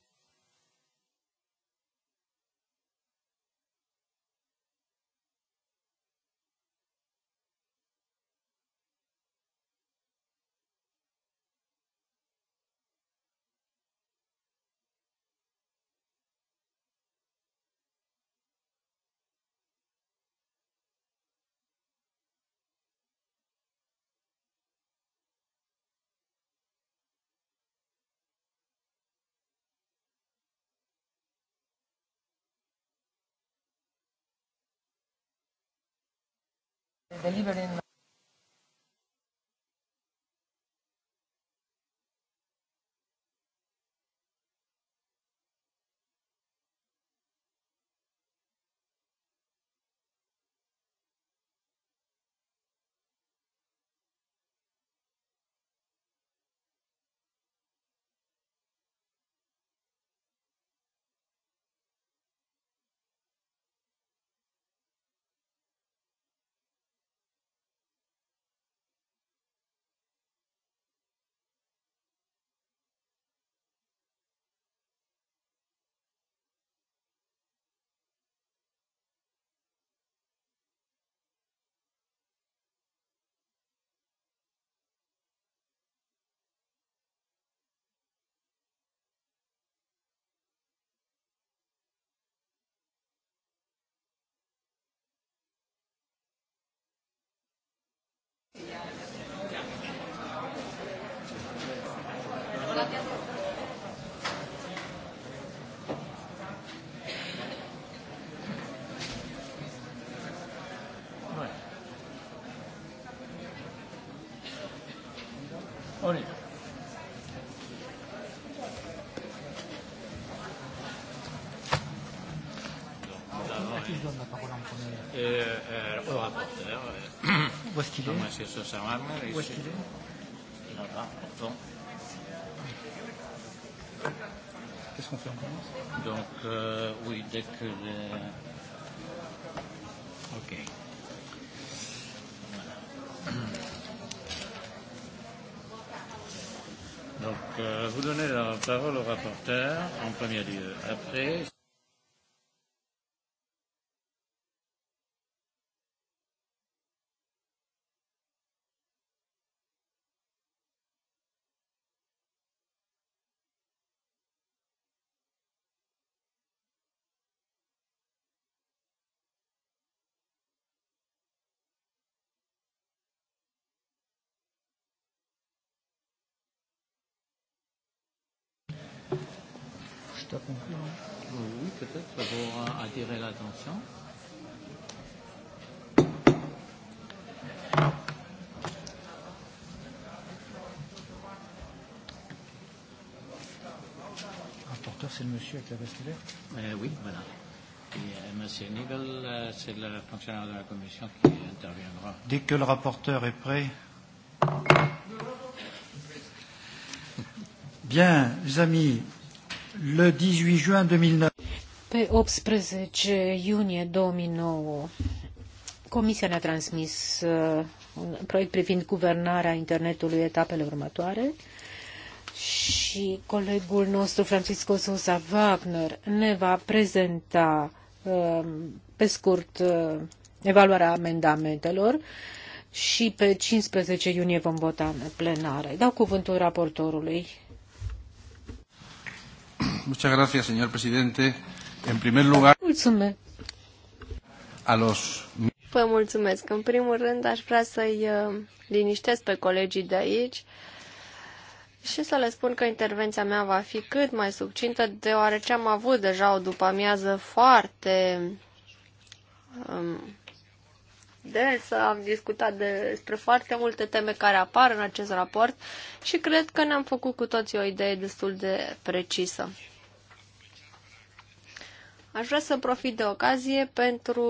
delivered qu'il est Où est-ce qu'il est Qu'est-ce qu'on fait On commence Donc, euh, oui, dès que les... Ok. Donc, euh, vous donnez la parole au rapporteur en premier lieu. Après. peut-être pour attirer l'attention. Rapporteur, c'est le monsieur avec la veste verte euh, Oui, voilà. Et M. Euh, monsieur euh, c'est le fonctionnaire de la commission qui interviendra. Dès que le rapporteur est prêt. Bien, mes amis, le 18 juin 2009. 18 iunie 2009, Comisia ne-a transmis uh, un proiect privind guvernarea internetului etapele următoare și colegul nostru Francisco Sousa Wagner ne va prezenta uh, pe scurt uh, evaluarea amendamentelor și pe 15 iunie vom vota în plenare. Dau cuvântul raportorului. Muchas gracias, señor presidente. Mulțumesc. A los... Vă mulțumesc. În primul rând aș vrea să-i uh, liniștesc pe colegii de aici și să le spun că intervenția mea va fi cât mai succintă, deoarece am avut deja o după-amiază foarte um, densă, am discutat despre foarte multe teme care apar în acest raport și cred că ne-am făcut cu toții o idee destul de precisă. Aș vrea să profit de ocazie pentru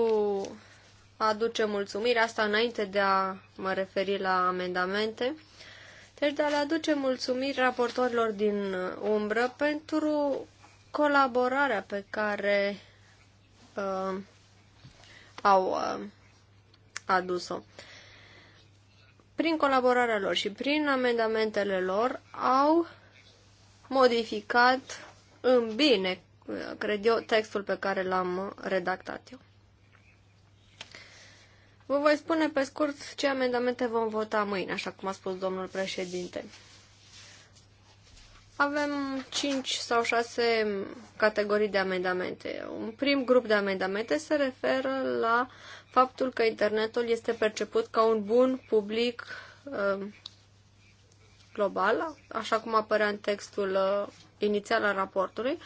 a aduce mulțumiri, asta înainte de a mă referi la amendamente, deci de a le aduce mulțumiri raportorilor din umbră pentru colaborarea pe care uh, au uh, adus-o. Prin colaborarea lor și prin amendamentele lor au modificat în bine cred eu, textul pe care l-am redactat eu. Vă voi spune pe scurt ce amendamente vom vota mâine, așa cum a spus domnul președinte. Avem 5 sau 6 categorii de amendamente. Un prim grup de amendamente se referă la faptul că internetul este perceput ca un bun public um, global, așa cum apărea în textul uh, inițial al raportului,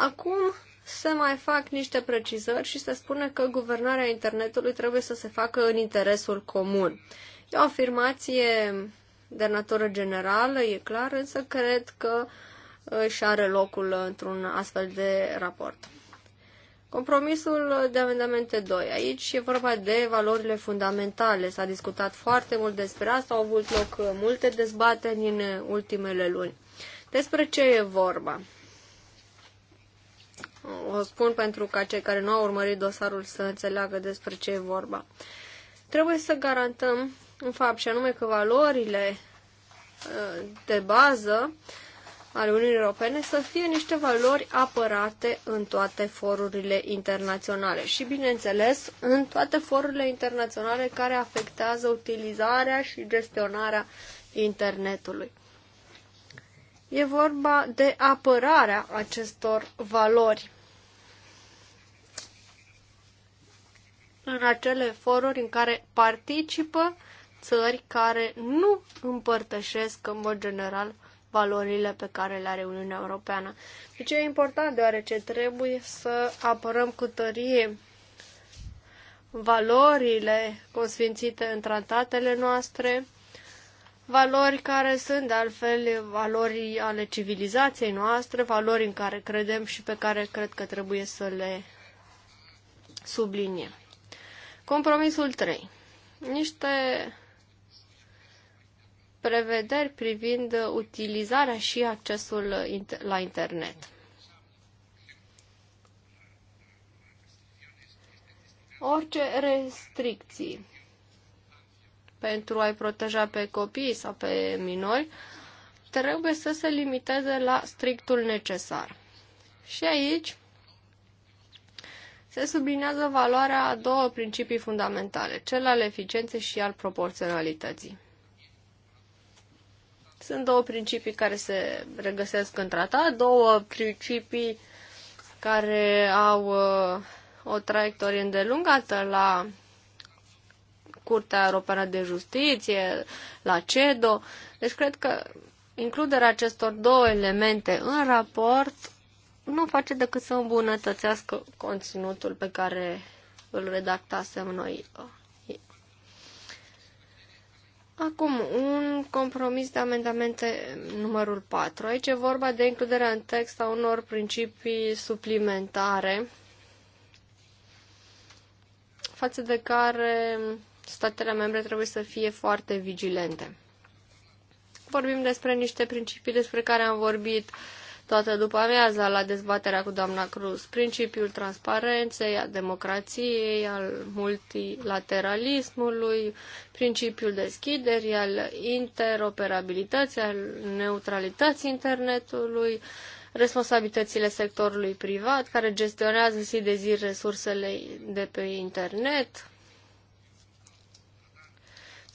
Acum se mai fac niște precizări și se spune că guvernarea internetului trebuie să se facă în interesul comun. E o afirmație de natură generală, e clar, însă cred că își are locul într-un astfel de raport. Compromisul de amendamente 2. Aici e vorba de valorile fundamentale. S-a discutat foarte mult despre asta, au avut loc multe dezbateri în ultimele luni. Despre ce e vorba? O spun pentru ca cei care nu au urmărit dosarul să înțeleagă despre ce e vorba. Trebuie să garantăm în fapt și anume că valorile ă, de bază ale Uniunii Europene să fie niște valori apărate în toate forurile internaționale și, bineînțeles, în toate forurile internaționale care afectează utilizarea și gestionarea internetului. E vorba de apărarea acestor valori în acele foruri în care participă țări care nu împărtășesc în mod general valorile pe care le are Uniunea Europeană. Deci e important deoarece trebuie să apărăm cu tărie valorile consfințite în tratatele noastre, valori care sunt de altfel valori ale civilizației noastre, valori în care credem și pe care cred că trebuie să le subliniem. Compromisul 3. Niște prevederi privind utilizarea și accesul la internet. Orice restricții pentru a-i proteja pe copii sau pe minori trebuie să se limiteze la strictul necesar. Și aici se sublinează valoarea a două principii fundamentale, cel al eficienței și al proporționalității. Sunt două principii care se regăsesc în tratat, două principii care au uh, o traiectorie îndelungată la Curtea Europeană de Justiție, la CEDO. Deci cred că includerea acestor două elemente în raport nu face decât să îmbunătățească conținutul pe care îl redactasem noi. Acum, un compromis de amendamente numărul 4. Aici e vorba de includerea în text a unor principii suplimentare față de care statele membre trebuie să fie foarte vigilente. Vorbim despre niște principii despre care am vorbit uh, toată după amiaza la dezbaterea cu doamna Cruz. Principiul transparenței, a democrației, al multilateralismului, principiul deschiderii, al interoperabilității, al neutralității internetului, responsabilitățile sectorului privat care gestionează zi de zi resursele de pe internet,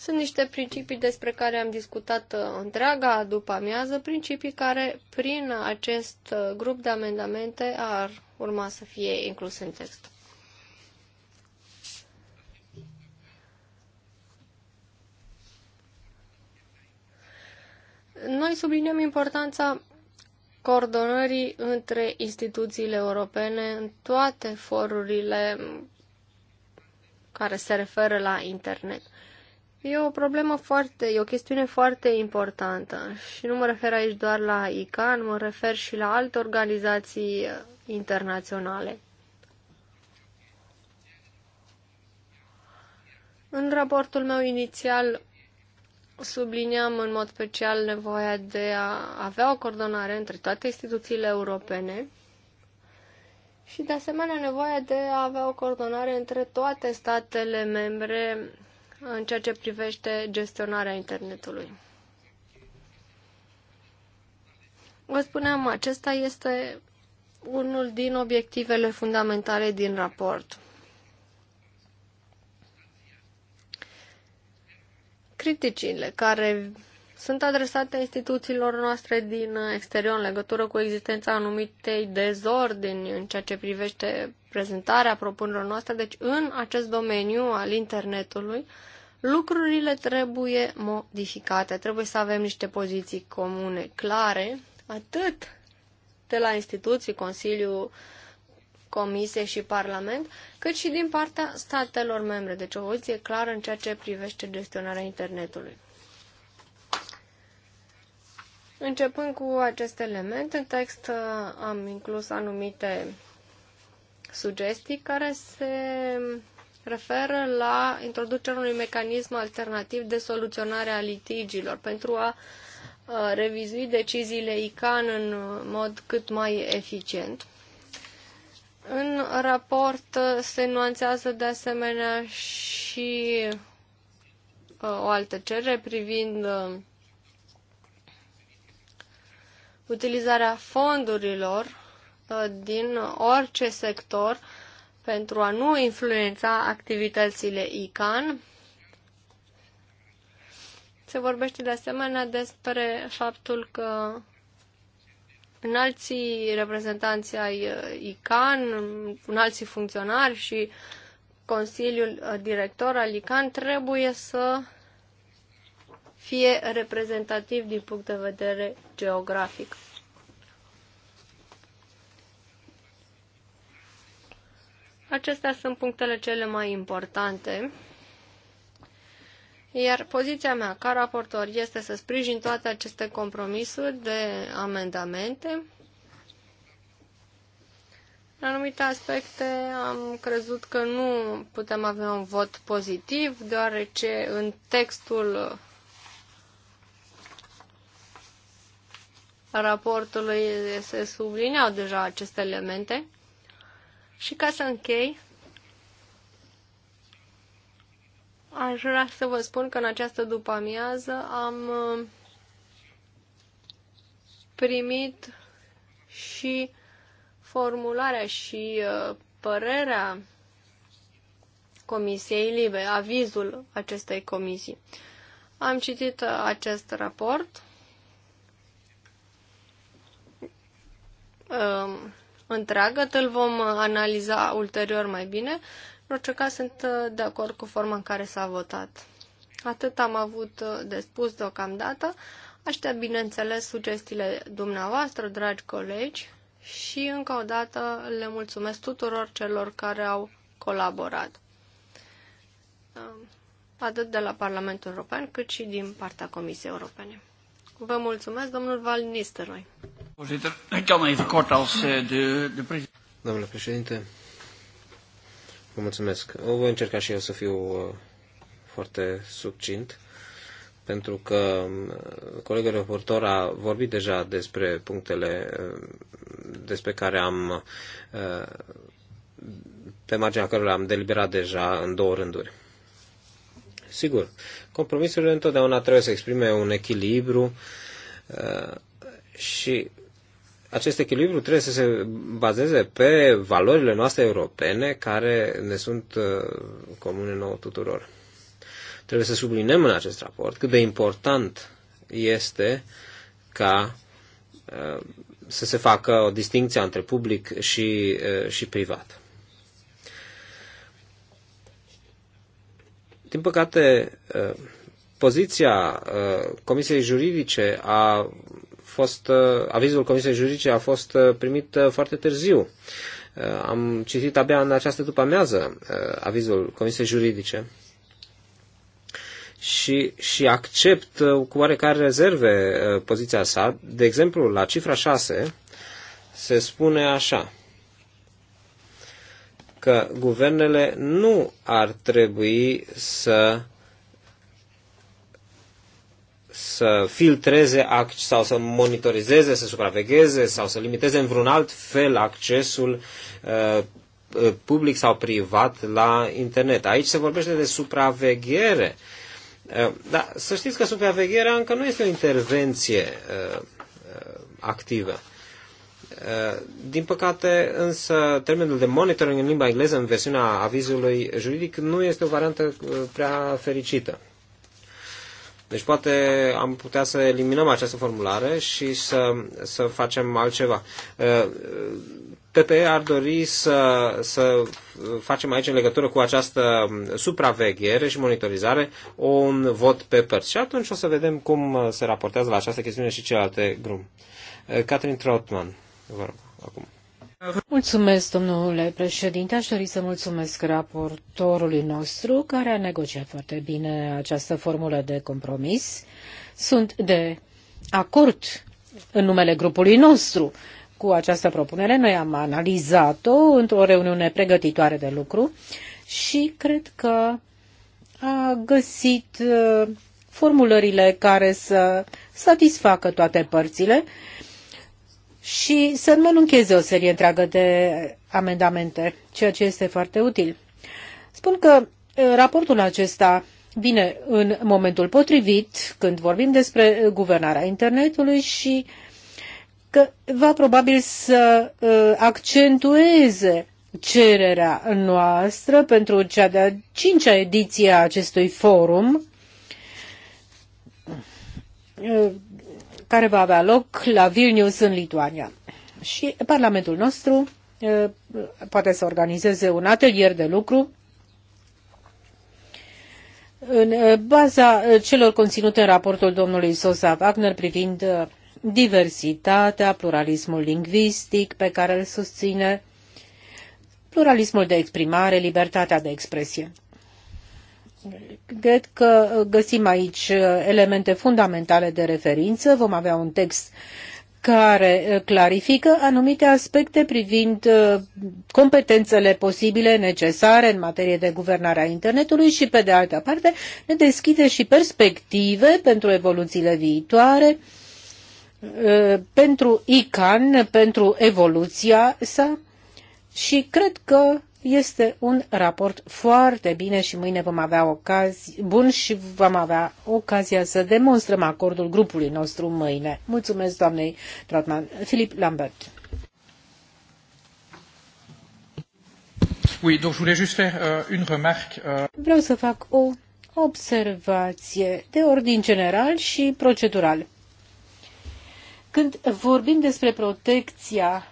sunt niște principii despre care am discutat uh, întreaga după amiază, principii care prin acest uh, grup de amendamente ar urma să fie incluse în text. Noi subliniem importanța coordonării între instituțiile europene în toate forurile care se referă la internet. E o problemă foarte, e o chestiune foarte importantă și nu mă refer aici doar la ICAN, mă refer și la alte organizații uh, internaționale. În raportul meu inițial subliniam în mod special nevoia de a avea o coordonare între toate instituțiile europene și de asemenea nevoia de a avea o coordonare între toate statele membre în ceea ce privește gestionarea internetului. Vă spuneam, acesta este unul din obiectivele fundamentale din raport. Criticile care sunt adresate instituțiilor noastre din exterior în legătură cu existența anumitei dezordini în ceea ce privește prezentarea propunerilor noastre. Deci, în acest domeniu al internetului, uh, lucrurile trebuie modificate. Trebuie să avem niște poziții comune clare, atât de la instituții, Consiliu, Comisie și Parlament, cât și din partea statelor membre. Deci o poziție clară în ceea ce privește gestionarea internetului. Începând cu acest element, în text uh, am inclus anumite sugestii care se referă la introducerea unui mecanism alternativ de soluționare a litigiilor pentru a revizui deciziile ICAN în mod cât mai eficient. În raport se nuanțează de asemenea și o altă cerere privind utilizarea fondurilor din orice sector pentru a nu influența activitățile ICAN. Se vorbește de asemenea despre faptul că în alții reprezentanți ai uh, ICAN, în alții funcționari și Consiliul uh, Director al ICAN trebuie să fie reprezentativ din punct de vedere geografic. Acestea sunt punctele cele mai importante. Iar poziția mea ca raportor este să sprijin toate aceste compromisuri de amendamente. În anumite aspecte am crezut că nu putem avea un vot pozitiv, deoarece în textul raportului se sublineau deja aceste elemente. Și ca să închei, aș vrea să vă spun că în această după-amiază am uh, primit și formularea și uh, părerea Comisiei Libe, avizul acestei comisii. Am citit uh, acest raport. Um, întreagă, îl vom analiza ulterior mai bine. În orice caz sunt uh, de acord cu forma în care s-a votat. Atât am avut uh, de spus deocamdată. Aștept, bineînțeles, sugestiile dumneavoastră, dragi colegi, și încă o dată le mulțumesc tuturor celor care au colaborat, uh, atât de la Parlamentul European, cât și din partea Comisiei Europene. Vă mulțumesc, domnul Val Nisteroi. Eh, Domnule președinte, vă mulțumesc. O voi încerca și eu să fiu eh, foarte succint, pentru că eh, colegul reportor a vorbit deja despre punctele despre care am pe marginea cărora am deliberat deja în două rânduri. Sigur, compromisurile întotdeauna trebuie să exprime un echilibru și acest echilibru trebuie să se bazeze pe valorile noastre europene care ne sunt uh, comune nouă tuturor. Trebuie să subliniem în acest raport cât de important este ca uh, să se facă o distinție între public și, uh, și privat. Din păcate, poziția Comisiei Juridice a fost, uh, avizul Comisiei Juridice a fost uh, primit uh, foarte târziu. Am citit abia în această după-amiază avizul Comisiei Juridice și, și accept cu oarecare rezerve poziția sa. De exemplu, la cifra 6 se spune așa că guvernele nu ar trebui să să filtreze sau să monitorizeze, să supravegheze sau să limiteze în vreun alt fel accesul uh, uh, public sau privat la internet. Aici se vorbește de supraveghere. Uh, dar să știți că supravegherea încă nu este o intervenție activă. Din păcate, însă, termenul de monitoring în limba engleză, în versiunea avizului juridic, nu este o variantă prea fericită. Deci poate am putea să eliminăm această formulare și să, să facem altceva. TPE uh, ar dori să, să facem aici în legătură cu această supraveghere și monitorizare un vot pe părți. Și atunci o să vedem cum se raportează la această chestiune și celelalte grum. Uh, Catherine Trotman, vă rog, acum. Mulțumesc, domnule președinte. Aș dori să mulțumesc raportorului nostru, care a negociat foarte bine această formulă de compromis. Sunt de acord în numele grupului nostru cu această propunere. Noi am analizat-o într-o reuniune pregătitoare de lucru și cred că a găsit uh, formulările care să satisfacă toate părțile și să nu înmănuncheze o serie întreagă de amendamente, ceea ce este foarte util. Spun că uh, raportul acesta vine în momentul potrivit când vorbim despre guvernarea internetului și că va probabil să uh, accentueze cererea noastră pentru cea de-a cincea ediție a acestui forum uh, care va avea loc la Vilnius în Lituania. Și Parlamentul nostru poate să organizeze un atelier de lucru în baza celor conținute în raportul domnului Sosa Wagner privind diversitatea, pluralismul lingvistic pe care îl susține, pluralismul de exprimare, libertatea de expresie. Cred că găsim aici uh, elemente fundamentale de referință. Vom avea un text care uh, clarifică anumite aspecte privind uh, competențele posibile necesare în materie de guvernare a internetului și, pe de altă parte, ne deschide și perspective pentru evoluțiile viitoare pentru ICAN, pentru evoluția sa și cred că este un raport foarte bine și mâine vom avea ocazie bun și vom avea ocazia să demonstrăm acordul grupului nostru mâine. Mulțumesc doamnei Trotman. Filip Lambert. Oui, donc je voulais juste faire euh, une remarque. Euh... Vreau să fac o observație de ordin general și procedural. Când vorbim despre protecția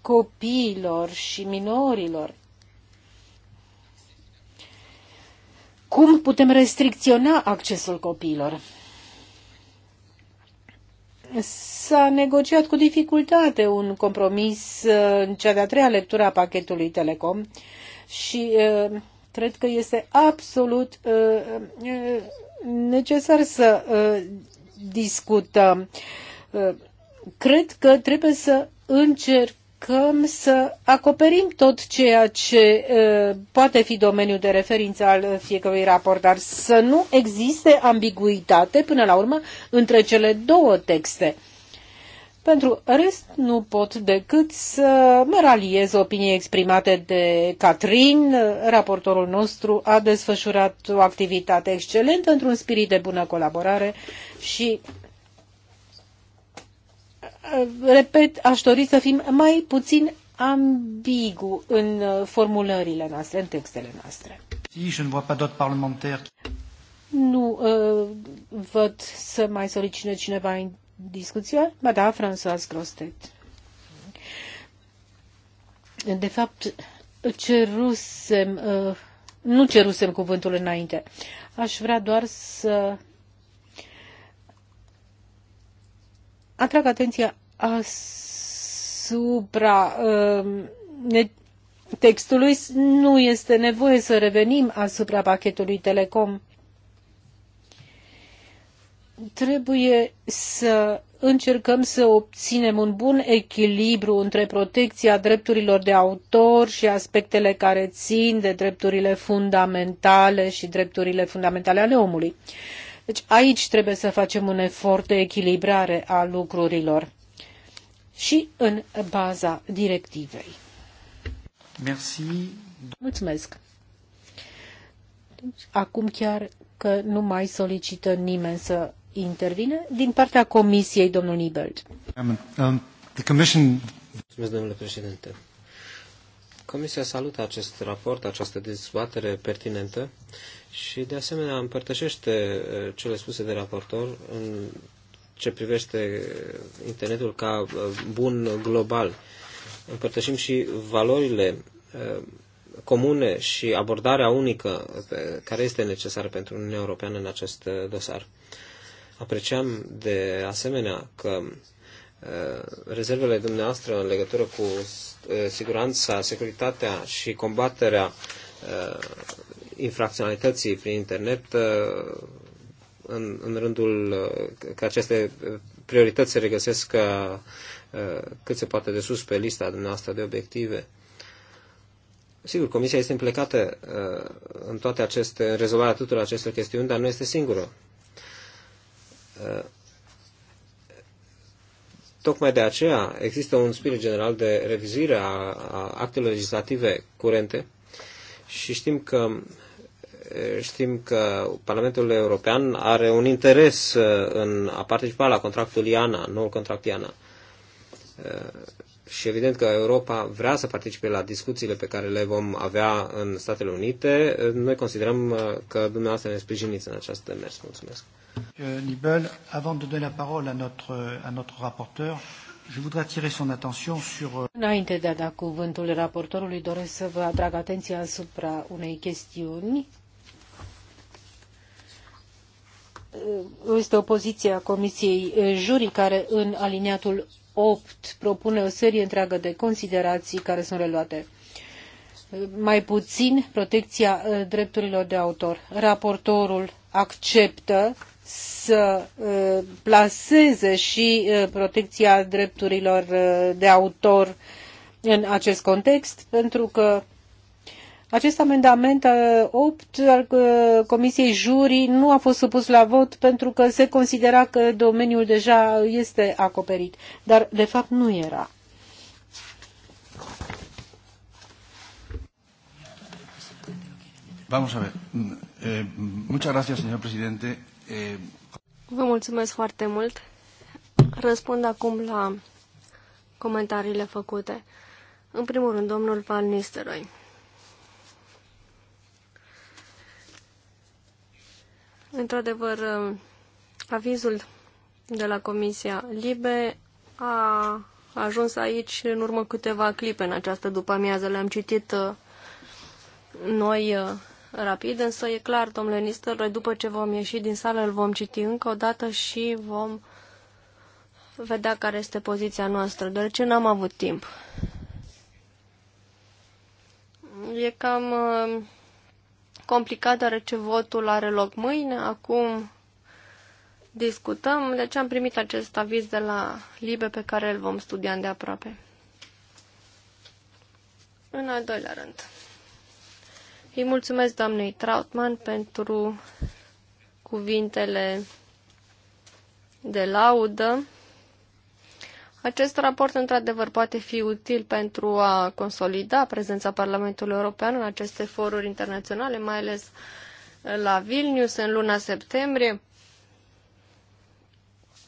copiilor și minorilor, Cum putem restricționa accesul copiilor? S-a negociat cu dificultate un compromis uh, în cea de-a treia lectură a pachetului Telecom și uh, cred că este absolut uh, necesar să discutăm. Cred că trebuie să încercăm încercăm să acoperim tot ceea ce uh, poate fi domeniul de referință al fiecărui raport, dar să nu existe ambiguitate până la urmă între cele două texte. Pentru rest, nu pot decât să mă raliez opinii exprimate de Catrin. Raportorul nostru a desfășurat o activitate excelentă într-un spirit de bună colaborare și repet, aș dori să fim mai puțin ambigu în uh, formulările noastre, în textele noastre. Nu uh, văd să mai solicite cineva în discuție. Ba da, François Grostet. De fapt, cerusem, uh, nu cerusem cuvântul înainte. Aș vrea doar să atrag atenția asupra uh, textului. Nu este nevoie să revenim asupra pachetului Telecom. Trebuie să încercăm să obținem un bun echilibru între protecția drepturilor de autor și aspectele care țin de drepturile fundamentale și drepturile fundamentale ale omului. Uh, deci aici trebuie să facem un efort de echilibrare a lucrurilor și în baza directivei. Merci. Mulțumesc. Deci, acum chiar că nu mai solicită nimeni să intervine. Din partea Comisiei, domnul Nibelt. Um, Mulțumesc, domnule președinte. Comisia salută acest raport, această dezbatere pertinentă și de asemenea împărtășește cele spuse de raportor în ce privește internetul ca bun global. Împărtășim și valorile comune și abordarea unică care este necesară pentru Uniunea Europeană în acest dosar. Apreciam de asemenea că rezervele dumneavoastră în legătură cu siguranța, securitatea și combaterea Uh, infracționalității prin internet uh, în, în rândul uh, că aceste priorități se regăsesc cât se poate de sus pe lista dumneavoastră de obiective. Sigur, Comisia este implicată în toate aceste, în rezolvarea tuturor acestor chestiuni, dar nu este singură. Tocmai de aceea există un spirit general de revizire a, a actelor legislative curente, și știm că știm că Parlamentul European are un interes uh, în a participa la contractul IANA, noul contract IANA. Uh, și evident că Europa vrea să participe la discuțiile pe care le vom avea în Statele Unite. Uh, noi considerăm că dumneavoastră ne sprijiniți în această demers. Mulțumesc. Nibel, avant de donner la parole à notre, à notre rapporteur, Euh, Înainte de a da cuvântul raportorului, doresc să vă atrag atenția asupra unei chestiuni. Este o poziție a Comisiei Juri care în aliniatul 8 propune o serie întreagă de considerații care sunt reluate mai puțin protecția uh, drepturilor de autor. Raportorul acceptă să uh, plaseze și uh, protecția drepturilor uh, de autor în acest context, pentru că acest amendament 8 al Comisiei Juri nu a fost supus la vot pentru că se considera că domeniul deja este acoperit, dar de fapt nu era. Vamos a ver. Eh, muchas gracias, señor presidente. Vă mulțumesc foarte mult. Răspund acum la comentariile făcute. În primul rând, domnul Van Nistelrooy. Într-adevăr, avizul de la Comisia Libe a ajuns aici în urmă câteva clipe în această după-amiază. Le-am citit uh, noi uh, rapid, însă e clar, domnule Nistelrooy, după ce vom ieși din sală, îl vom citi încă o dată și vom vedea care este poziția noastră, deoarece n-am avut timp. E cam uh, complicat, deoarece votul are loc mâine, acum discutăm, deci am primit acest aviz de la Libe pe care îl vom studia de aproape. În al doilea rând. Îi mulțumesc doamnei Trautman pentru cuvintele de laudă. Acest raport, într-adevăr, poate fi util pentru a consolida prezența Parlamentului European în aceste foruri internaționale, mai ales la Vilnius în luna septembrie.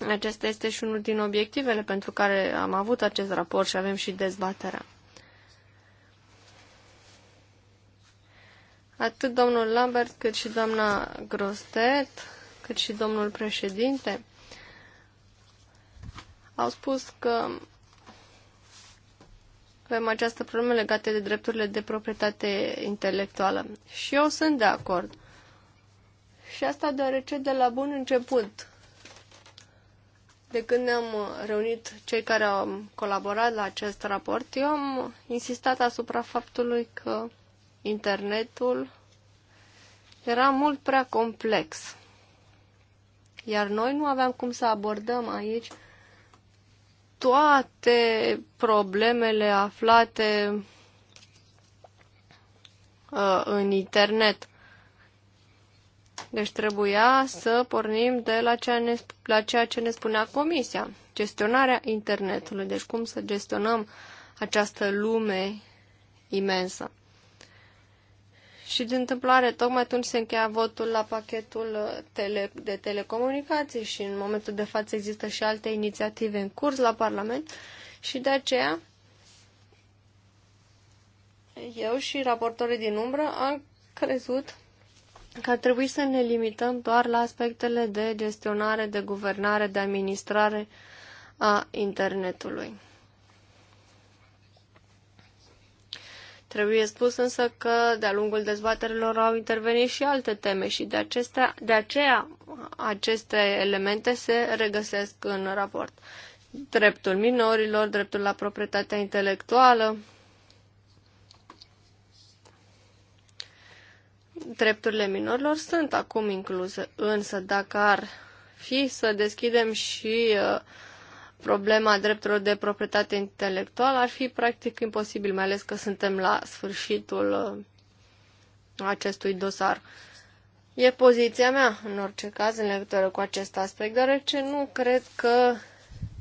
Acesta este și unul din obiectivele pentru care am avut acest raport și avem și dezbaterea. Atât domnul Lambert, cât și doamna Grostet, cât și domnul președinte au spus că avem această problemă legată de drepturile de proprietate intelectuală. Și eu sunt de acord. Și asta deoarece de la bun început, de când ne-am reunit cei care au colaborat la acest raport, eu am insistat asupra faptului că internetul era mult prea complex. Iar noi nu aveam cum să abordăm aici toate problemele aflate uh, în internet. Deci trebuia să pornim de la ceea, ne, la ceea ce ne spunea comisia, gestionarea internetului, deci cum să gestionăm această lume imensă. Și de întâmplare, tocmai atunci se încheia votul la pachetul uh, tele, de telecomunicații și în momentul de față există și alte inițiative în curs la Parlament și de aceea eu și raportorii din umbră am crezut că ar trebui să ne limităm doar la aspectele de gestionare, de guvernare, de administrare a internetului. Trebuie spus însă că de-a lungul dezbaterilor au intervenit și alte teme și de, acestea, de aceea aceste elemente se regăsesc în raport. Dreptul minorilor, dreptul la proprietatea intelectuală, drepturile minorilor sunt acum incluse, însă dacă ar fi să deschidem și uh, problema drepturilor de proprietate intelectuală ar fi practic imposibil, mai ales că suntem la sfârșitul uh, acestui dosar. E poziția mea, în orice caz, în legătură cu acest aspect, deoarece nu cred că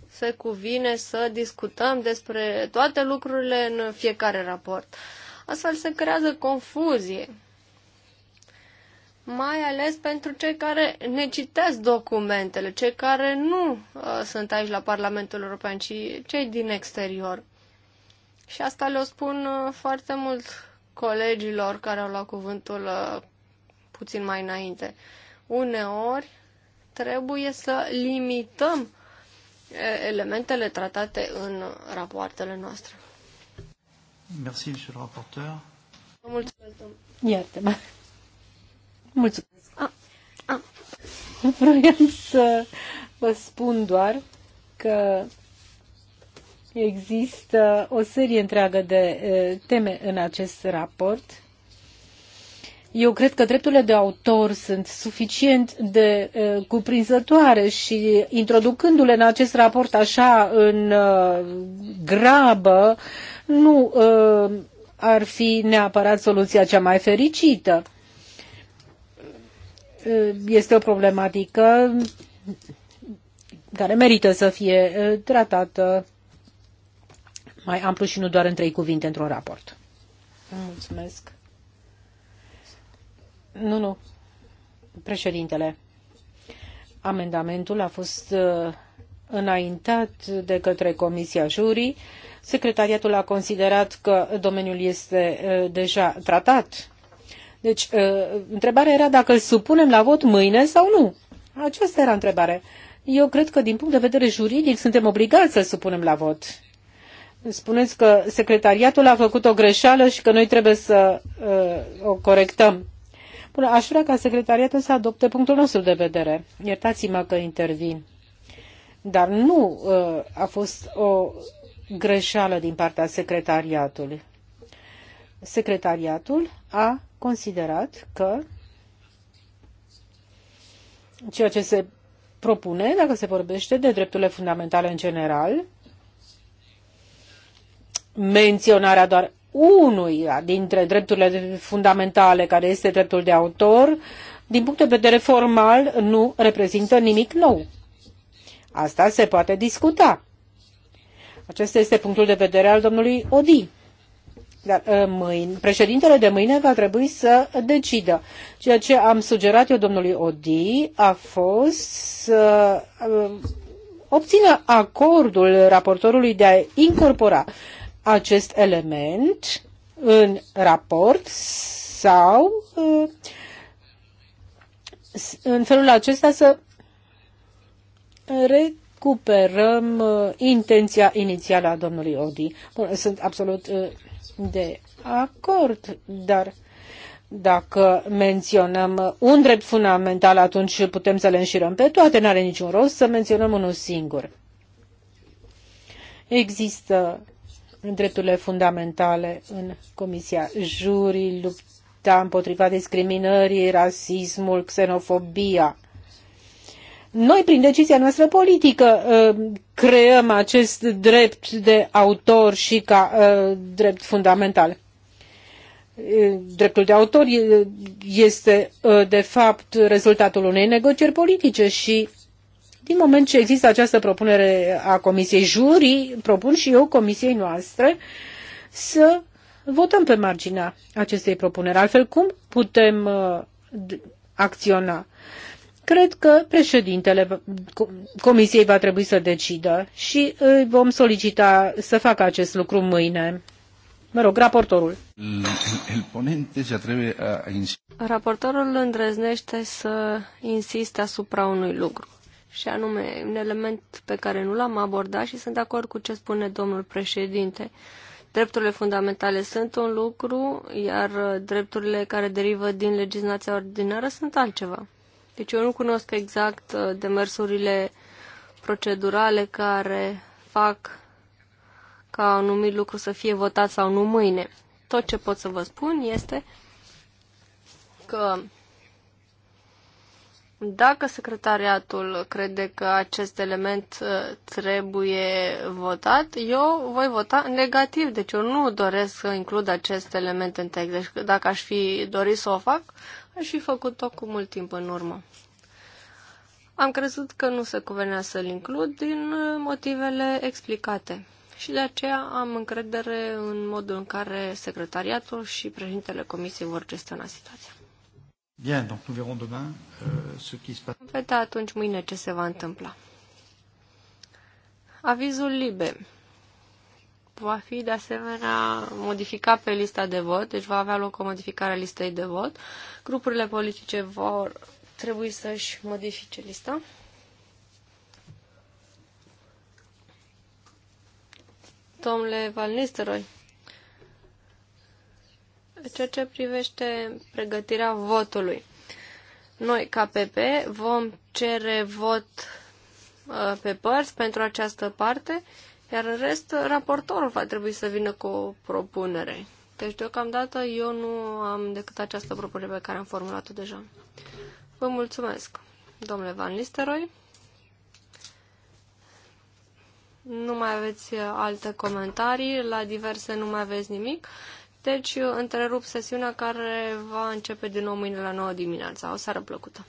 se cuvine să discutăm despre toate lucrurile în fiecare raport. Astfel se creează confuzie mai ales pentru cei care ne citesc documentele, cei care nu uh, sunt aici la Parlamentul European, ci cei din exterior. Și asta le o spun uh, foarte mult colegilor care au luat cuvântul uh, puțin mai înainte. Uneori trebuie să limităm uh, elementele tratate în rapoartele noastre. Merci, monsieur le Mulțumesc, domnule. Iată. Mulțumesc. A, a. Vroiam să vă spun doar că există o serie întreagă de teme în acest raport. Eu cred că drepturile de autor sunt suficient de uh, cuprinzătoare și introducându-le în acest raport așa în uh, grabă, nu uh, ar fi neapărat soluția cea mai fericită. Eh, este o problematică care merită să fie eh, tratată mai amplu și nu doar în trei cuvinte într-un raport. Mulțumesc. Nu, nu. Președintele, amendamentul a fost eh, înaintat de către Comisia Jurii. Secretariatul a considerat că domeniul este deja tratat deci, uh, întrebarea era dacă îl supunem la vot mâine sau nu. Aceasta era întrebarea. Eu cred că, din punct de vedere juridic, suntem obligați să-l supunem la vot. Spuneți că secretariatul a făcut o greșeală și că noi trebuie să uh, o corectăm. Bun, aș vrea ca secretariatul să adopte punctul nostru de vedere. Iertați-mă că intervin. Dar nu uh, a fost o greșeală din partea secretariatului. Secretariatul a considerat că ceea ce se propune, dacă se vorbește de drepturile fundamentale în general, menționarea doar unuia dintre drepturile fundamentale, care este dreptul de autor, din punct de vedere formal, nu reprezintă nimic nou. Asta se poate discuta. Acesta este punctul de vedere al domnului Odi. Dar ă, mâine, președintele de mâine va trebui să decidă. Ceea ce am sugerat eu domnului Odi a fost să ă, obțină acordul raportorului de a incorpora acest element în raport sau ă, în felul acesta să recuperăm intenția inițială a domnului Odi. Bun, sunt absolut de acord, dar dacă menționăm un drept fundamental, atunci putem să le înșirăm pe toate, n are niciun rost să menționăm unul singur. Există drepturile fundamentale în Comisia Jurii, lupta împotriva discriminării, rasismul, xenofobia noi, prin decizia noastră politică, ă, creăm acest drept de autor și ca ă, drept fundamental. Ă, dreptul de autor este, de fapt, rezultatul unei negocieri politice și din moment ce există această propunere a Comisiei Jurii, propun și eu Comisiei noastre să votăm pe marginea acestei propuneri. Altfel, cum putem acționa? Cred că președintele Comisiei va trebui să decidă și îi uh, vom solicita să facă acest lucru mâine. Mă rog, raportorul. Raportorul îndrăznește să insiste asupra unui lucru, și anume un element pe care nu l-am abordat și sunt de acord cu ce spune domnul președinte. Drepturile fundamentale sunt un lucru, iar drepturile care derivă din legislația ordinară sunt altceva. Deci eu nu cunosc exact uh, demersurile procedurale care fac ca anumit lucru să fie votat sau nu mâine. Tot ce pot să vă spun este că dacă secretariatul crede că acest element uh, trebuie votat, eu voi vota negativ. Deci eu nu doresc să includ acest element în text. Deci dacă aș fi dorit să o fac, și făcut-o cu mult timp în urmă. Am crezut că nu se cuvenea să-l includ din uh, motivele explicate și de aceea am încredere în modul în care secretariatul și președintele comisiei vor gestiona situația. Bien, donc nous verrons demain euh, ce qui se passe. Vedea atunci mâine ce se va întâmpla. Avizul liber va fi de asemenea modificat pe lista de vot, deci va avea loc o modificare a listei de vot. Grupurile politice vor trebui să-și modifice lista. Domnule Val Nisteroi, ceea ce privește pregătirea votului, noi ca PP vom cere vot uh, pe părți pentru această parte iar în rest, raportorul va trebui să vină cu o propunere. Deci, deocamdată, eu nu am decât această propunere pe care am formulat-o deja. Vă mulțumesc, domnule Van Listeroi. Nu mai aveți alte comentarii, la diverse nu mai aveți nimic. Deci, întrerup sesiunea care va începe din nou mâine la 9 dimineața. O seară plăcută!